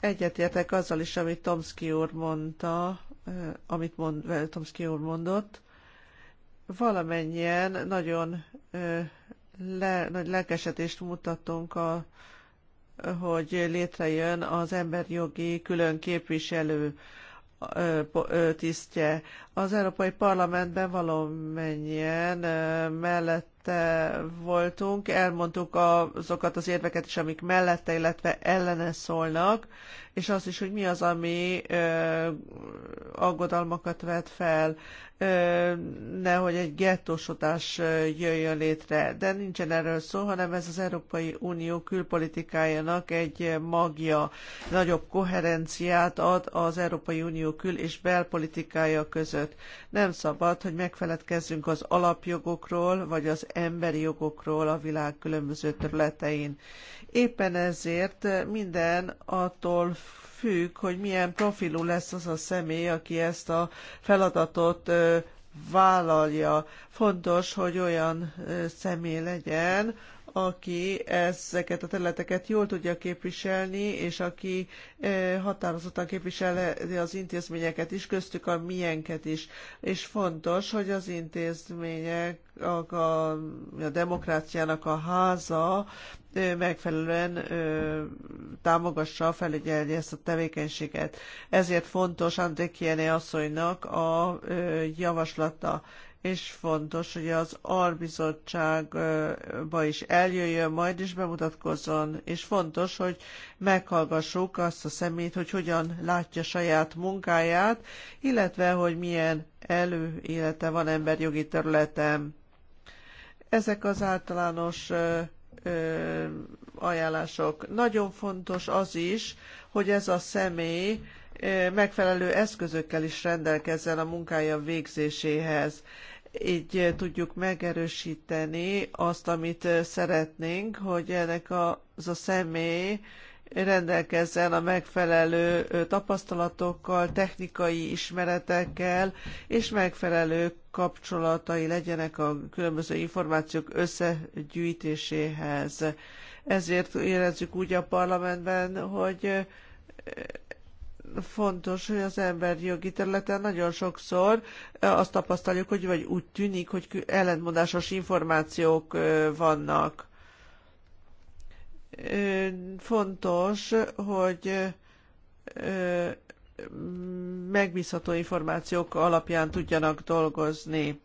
Egyetértek azzal is, amit Tomsky úr mondta, eh, amit mond, eh, Tomsky úr mondott. Valamennyien nagyon eh, le, nagy lelkesedést mutatunk a hogy létrejön az emberjogi külön képviselő tisztje. Az Európai Parlamentben valamennyien mellett mellett eh, voltunk, elmondtuk azokat az érveket is, amik mellette, illetve ellene szólnak, és az is, hogy mi az, ami ö, aggodalmakat vet fel, ö, nehogy egy gettósodás jöjjön létre. De nincsen erről szó, hanem ez az Európai Unió külpolitikájának egy magja, nagyobb koherenciát ad az Európai Unió kül- és belpolitikája között. Nem szabad, hogy megfeledkezzünk az alapjogokról, vagy az emberi jogokról a világ különböző területein. Éppen ezért minden attól függ, hogy milyen profilú lesz az a személy, aki ezt a feladatot vállalja. Fontos, hogy olyan személy legyen, aki ezeket a területeket jól tudja képviselni, és aki eh, határozottan képviseli az intézményeket is, köztük a milyenket is. És fontos, hogy az intézmények, a, a, a demokráciának a háza eh, megfelelően ö, eh, támogassa, felügyelje ezt a tevékenységet. Ezért fontos André Kiené asszonynak a ö, javaslata és fontos, hogy az albizottságba is eljöjjön majd, és bemutatkozzon, és fontos, hogy meghallgassuk azt a szemét, hogy hogyan látja saját munkáját, illetve, hogy milyen előélete van emberjogi területen. Ezek az általános ajánlások. Nagyon fontos az is, hogy ez a személy megfelelő eszközökkel is rendelkezzen a munkája végzéséhez így tudjuk megerősíteni azt, amit szeretnénk, hogy ennek a, az a személy rendelkezzen a megfelelő tapasztalatokkal, technikai ismeretekkel, és megfelelő kapcsolatai legyenek a különböző információk összegyűjtéséhez. Ezért érezzük úgy a parlamentben, hogy fontos, hogy az ember jogi területen nagyon sokszor azt tapasztaljuk, hogy vagy úgy tűnik, hogy ellentmondásos információk vannak. Fontos, hogy megbízható információk alapján tudjanak dolgozni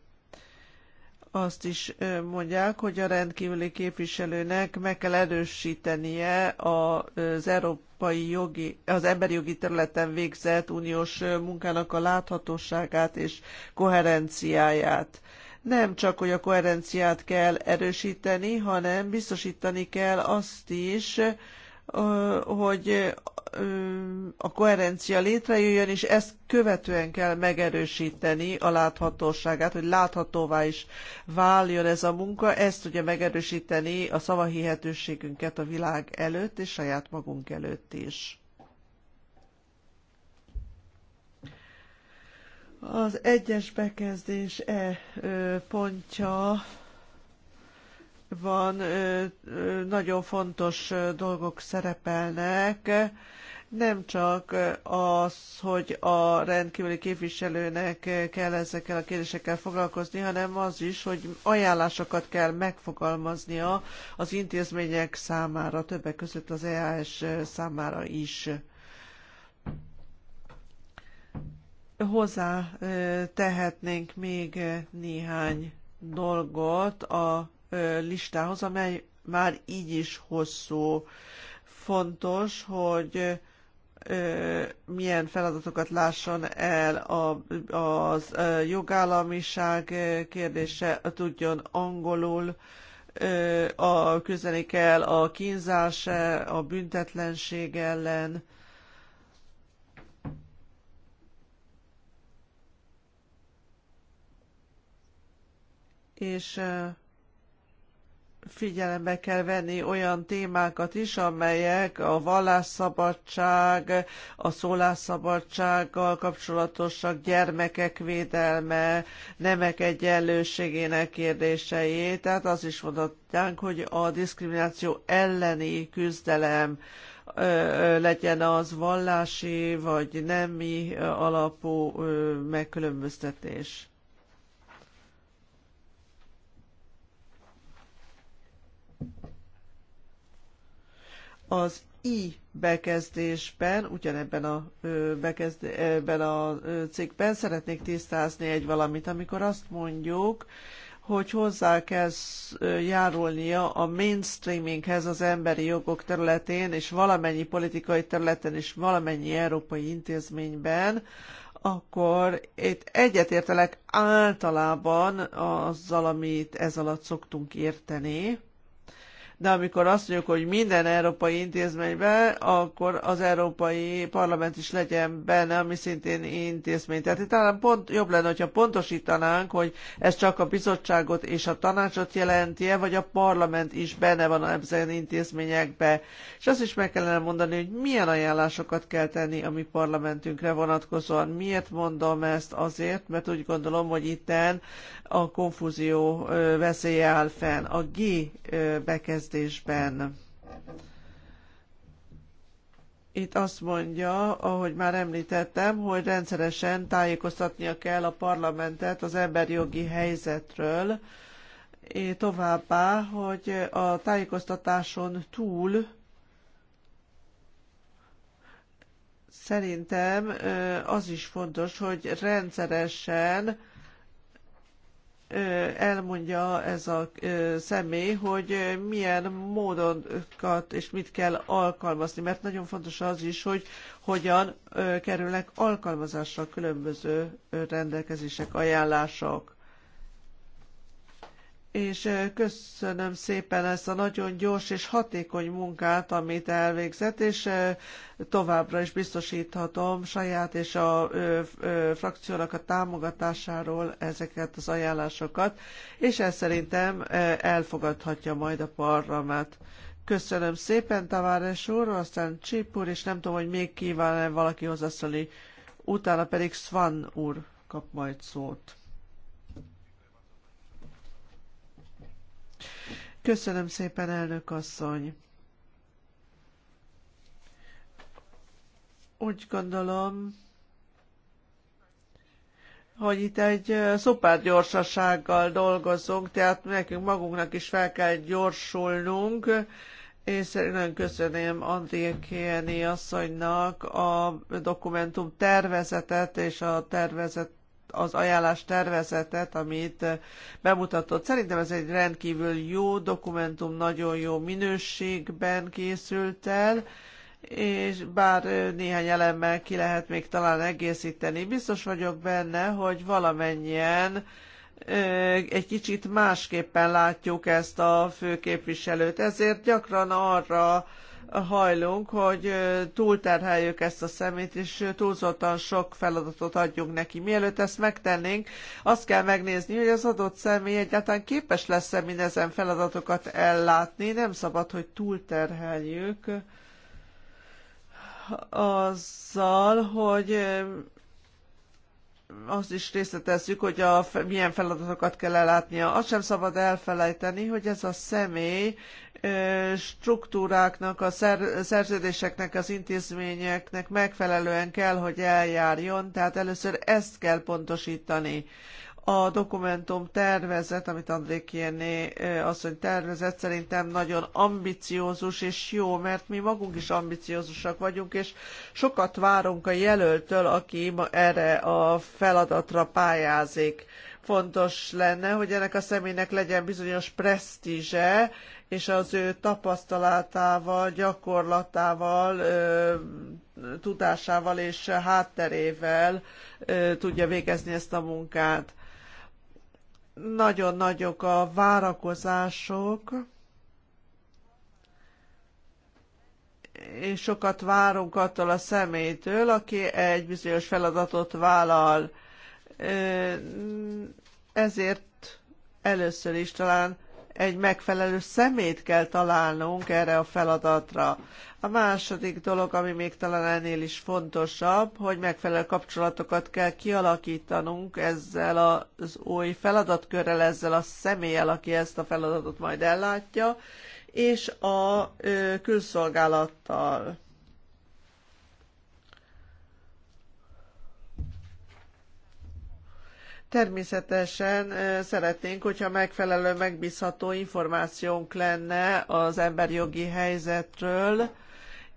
azt is mondják, hogy a rendkívüli képviselőnek meg kell erősítenie az európai jogi, az emberi jogi területen végzett uniós munkának a láthatóságát és koherenciáját. Nem csak, hogy a koherenciát kell erősíteni, hanem biztosítani kell azt is, hogy a koherencia létrejöjjön, és ezt követően kell megerősíteni a láthatóságát, hogy láthatóvá is váljon ez a munka, ezt tudja megerősíteni a szavahihetőségünket a világ előtt és saját magunk előtt is. Az egyes bekezdés E pontja van, nagyon fontos dolgok szerepelnek, nem csak az, hogy a rendkívüli képviselőnek kell ezekkel a kérdésekkel foglalkozni, hanem az is, hogy ajánlásokat kell megfogalmaznia az intézmények számára, többek között az EAS számára is. Hozzá tehetnénk még néhány dolgot a listához, amely már így is hosszú. Fontos, hogy milyen feladatokat lásson el a, az jogállamiság kérdése, tudjon angolul, a, küzdeni kell a kínzás, a büntetlenség ellen. És figyelembe kell venni olyan témákat is, amelyek a vallásszabadság, a szólásszabadsággal kapcsolatosak, gyermekek védelme, nemek egyenlőségének kérdései. Tehát az is mondhatnánk, hogy a diszkrimináció elleni küzdelem legyen az vallási vagy nemi alapú megkülönböztetés. Az I bekezdésben, ugyanebben a, bekezd, ebben a cikkben szeretnék tisztázni egy valamit, amikor azt mondjuk, hogy hozzá kell járulnia a mainstreaminghez az emberi jogok területén, és valamennyi politikai területen, és valamennyi európai intézményben, akkor itt egyetértelek általában azzal, amit ez alatt szoktunk érteni, de amikor azt mondjuk, hogy minden európai intézményben, akkor az Európai Parlament is legyen benne, ami szintén intézmény. Tehát itt talán pont, jobb lenne, hogyha pontosítanánk, hogy ez csak a bizottságot és a tanácsot jelenti-e, vagy a parlament is benne van ezen intézményekbe. És azt is meg kellene mondani, hogy milyen ajánlásokat kell tenni a mi parlamentünkre vonatkozóan. Miért mondom ezt? Azért, mert úgy gondolom, hogy itten a konfúzió veszélye áll fenn. A G bekezdés kezdésben. Itt azt mondja, ahogy már említettem, hogy rendszeresen tájékoztatnia kell a parlamentet az emberjogi helyzetről, és továbbá, hogy a tájékoztatáson túl szerintem az is fontos, hogy rendszeresen elmondja ez a személy, hogy milyen módokat és mit kell alkalmazni, mert nagyon fontos az is, hogy hogyan kerülnek alkalmazásra különböző rendelkezések, ajánlások és köszönöm szépen ezt a nagyon gyors és hatékony munkát, amit elvégzett, és továbbra is biztosíthatom saját és a ö, ö, frakciónak a támogatásáról ezeket az ajánlásokat, és ez szerintem elfogadhatja majd a parlament. Köszönöm szépen, Tavares úr, aztán Csip úr, és nem tudom, hogy még kíván-e valaki hozzászólni, utána pedig Svan úr kap majd szót. Köszönöm szépen, elnök asszony! Úgy gondolom, hogy itt egy szuper gyorsasággal dolgozunk, tehát nekünk magunknak is fel kell gyorsulnunk. Én szerintem köszönöm André Kéni asszonynak a dokumentum tervezetet és a tervezet az ajánlás tervezetet, amit bemutatott. Szerintem ez egy rendkívül jó dokumentum, nagyon jó minőségben készült el, és bár néhány elemmel ki lehet még talán egészíteni, biztos vagyok benne, hogy valamennyien egy kicsit másképpen látjuk ezt a főképviselőt. Ezért gyakran arra hajlunk, hogy túlterheljük ezt a szemét, és túlzottan sok feladatot adjunk neki. Mielőtt ezt megtennénk, azt kell megnézni, hogy az adott személy egyáltalán képes lesz-e mindezen feladatokat ellátni. Nem szabad, hogy túlterheljük azzal, hogy azt is részletezzük, hogy a, milyen feladatokat kell ellátnia. Azt sem szabad elfelejteni, hogy ez a személy struktúráknak, a szer, szerződéseknek, az intézményeknek megfelelően kell, hogy eljárjon, tehát először ezt kell pontosítani. A dokumentum tervezet, amit André Kierné asszony tervezett, szerintem nagyon ambiciózus és jó, mert mi magunk is ambiciózusak vagyunk, és sokat várunk a jelöltől, aki erre a feladatra pályázik fontos lenne, hogy ennek a személynek legyen bizonyos presztízse, és az ő tapasztalatával, gyakorlatával, tudásával és hátterével tudja végezni ezt a munkát nagyon nagyok a várakozások, és sokat várunk attól a személytől, aki egy bizonyos feladatot vállal. Ezért először is talán egy megfelelő szemét kell találnunk erre a feladatra. A második dolog, ami még talán ennél is fontosabb, hogy megfelelő kapcsolatokat kell kialakítanunk ezzel az új feladatkörrel, ezzel a személlyel, aki ezt a feladatot majd ellátja, és a külszolgálattal Természetesen szeretnénk, hogyha megfelelő, megbízható információnk lenne az emberi jogi helyzetről,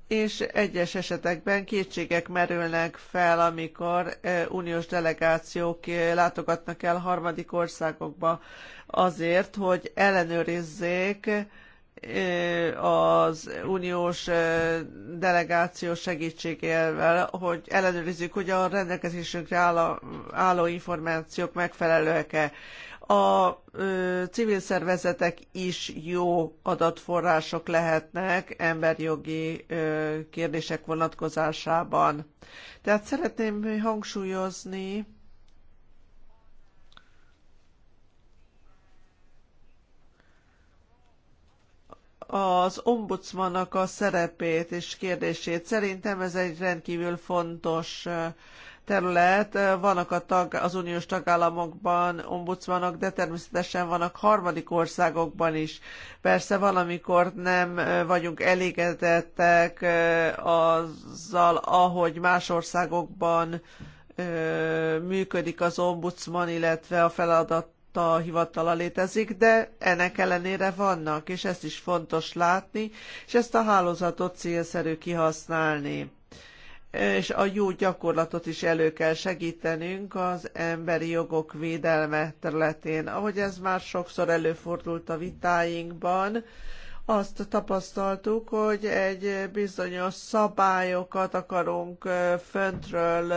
és egyes esetekben kétségek merülnek fel, amikor uniós delegációk látogatnak el harmadik országokba azért, hogy ellenőrizzék, az uniós delegáció segítségével, hogy ellenőrizzük, hogy a rendelkezésünkre álló, álló információk megfelelőek-e. A ö, civil szervezetek is jó adatforrások lehetnek emberjogi ö, kérdések vonatkozásában. Tehát szeretném hangsúlyozni, az ombudsmannak a szerepét és kérdését. Szerintem ez egy rendkívül fontos terület. Vannak a tag, az uniós tagállamokban ombudsmanok, de természetesen vannak harmadik országokban is. Persze valamikor nem vagyunk elégedettek azzal, ahogy más országokban működik az ombudsman, illetve a feladat a hivatala létezik, de ennek ellenére vannak, és ezt is fontos látni, és ezt a hálózatot célszerű kihasználni. És a jó gyakorlatot is elő kell segítenünk az emberi jogok védelme területén. Ahogy ez már sokszor előfordult a vitáinkban, azt tapasztaltuk, hogy egy bizonyos szabályokat akarunk föntről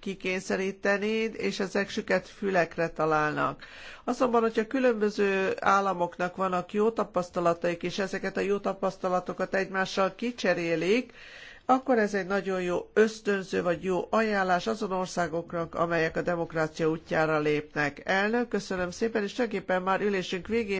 kikényszeríteni, és ezek süket fülekre találnak. Azonban, hogyha különböző államoknak vannak jó tapasztalataik, és ezeket a jó tapasztalatokat egymással kicserélik, akkor ez egy nagyon jó ösztönző vagy jó ajánlás azon országoknak, amelyek a demokrácia útjára lépnek. Elnök, köszönöm szépen, és tulajdonképpen már ülésünk végén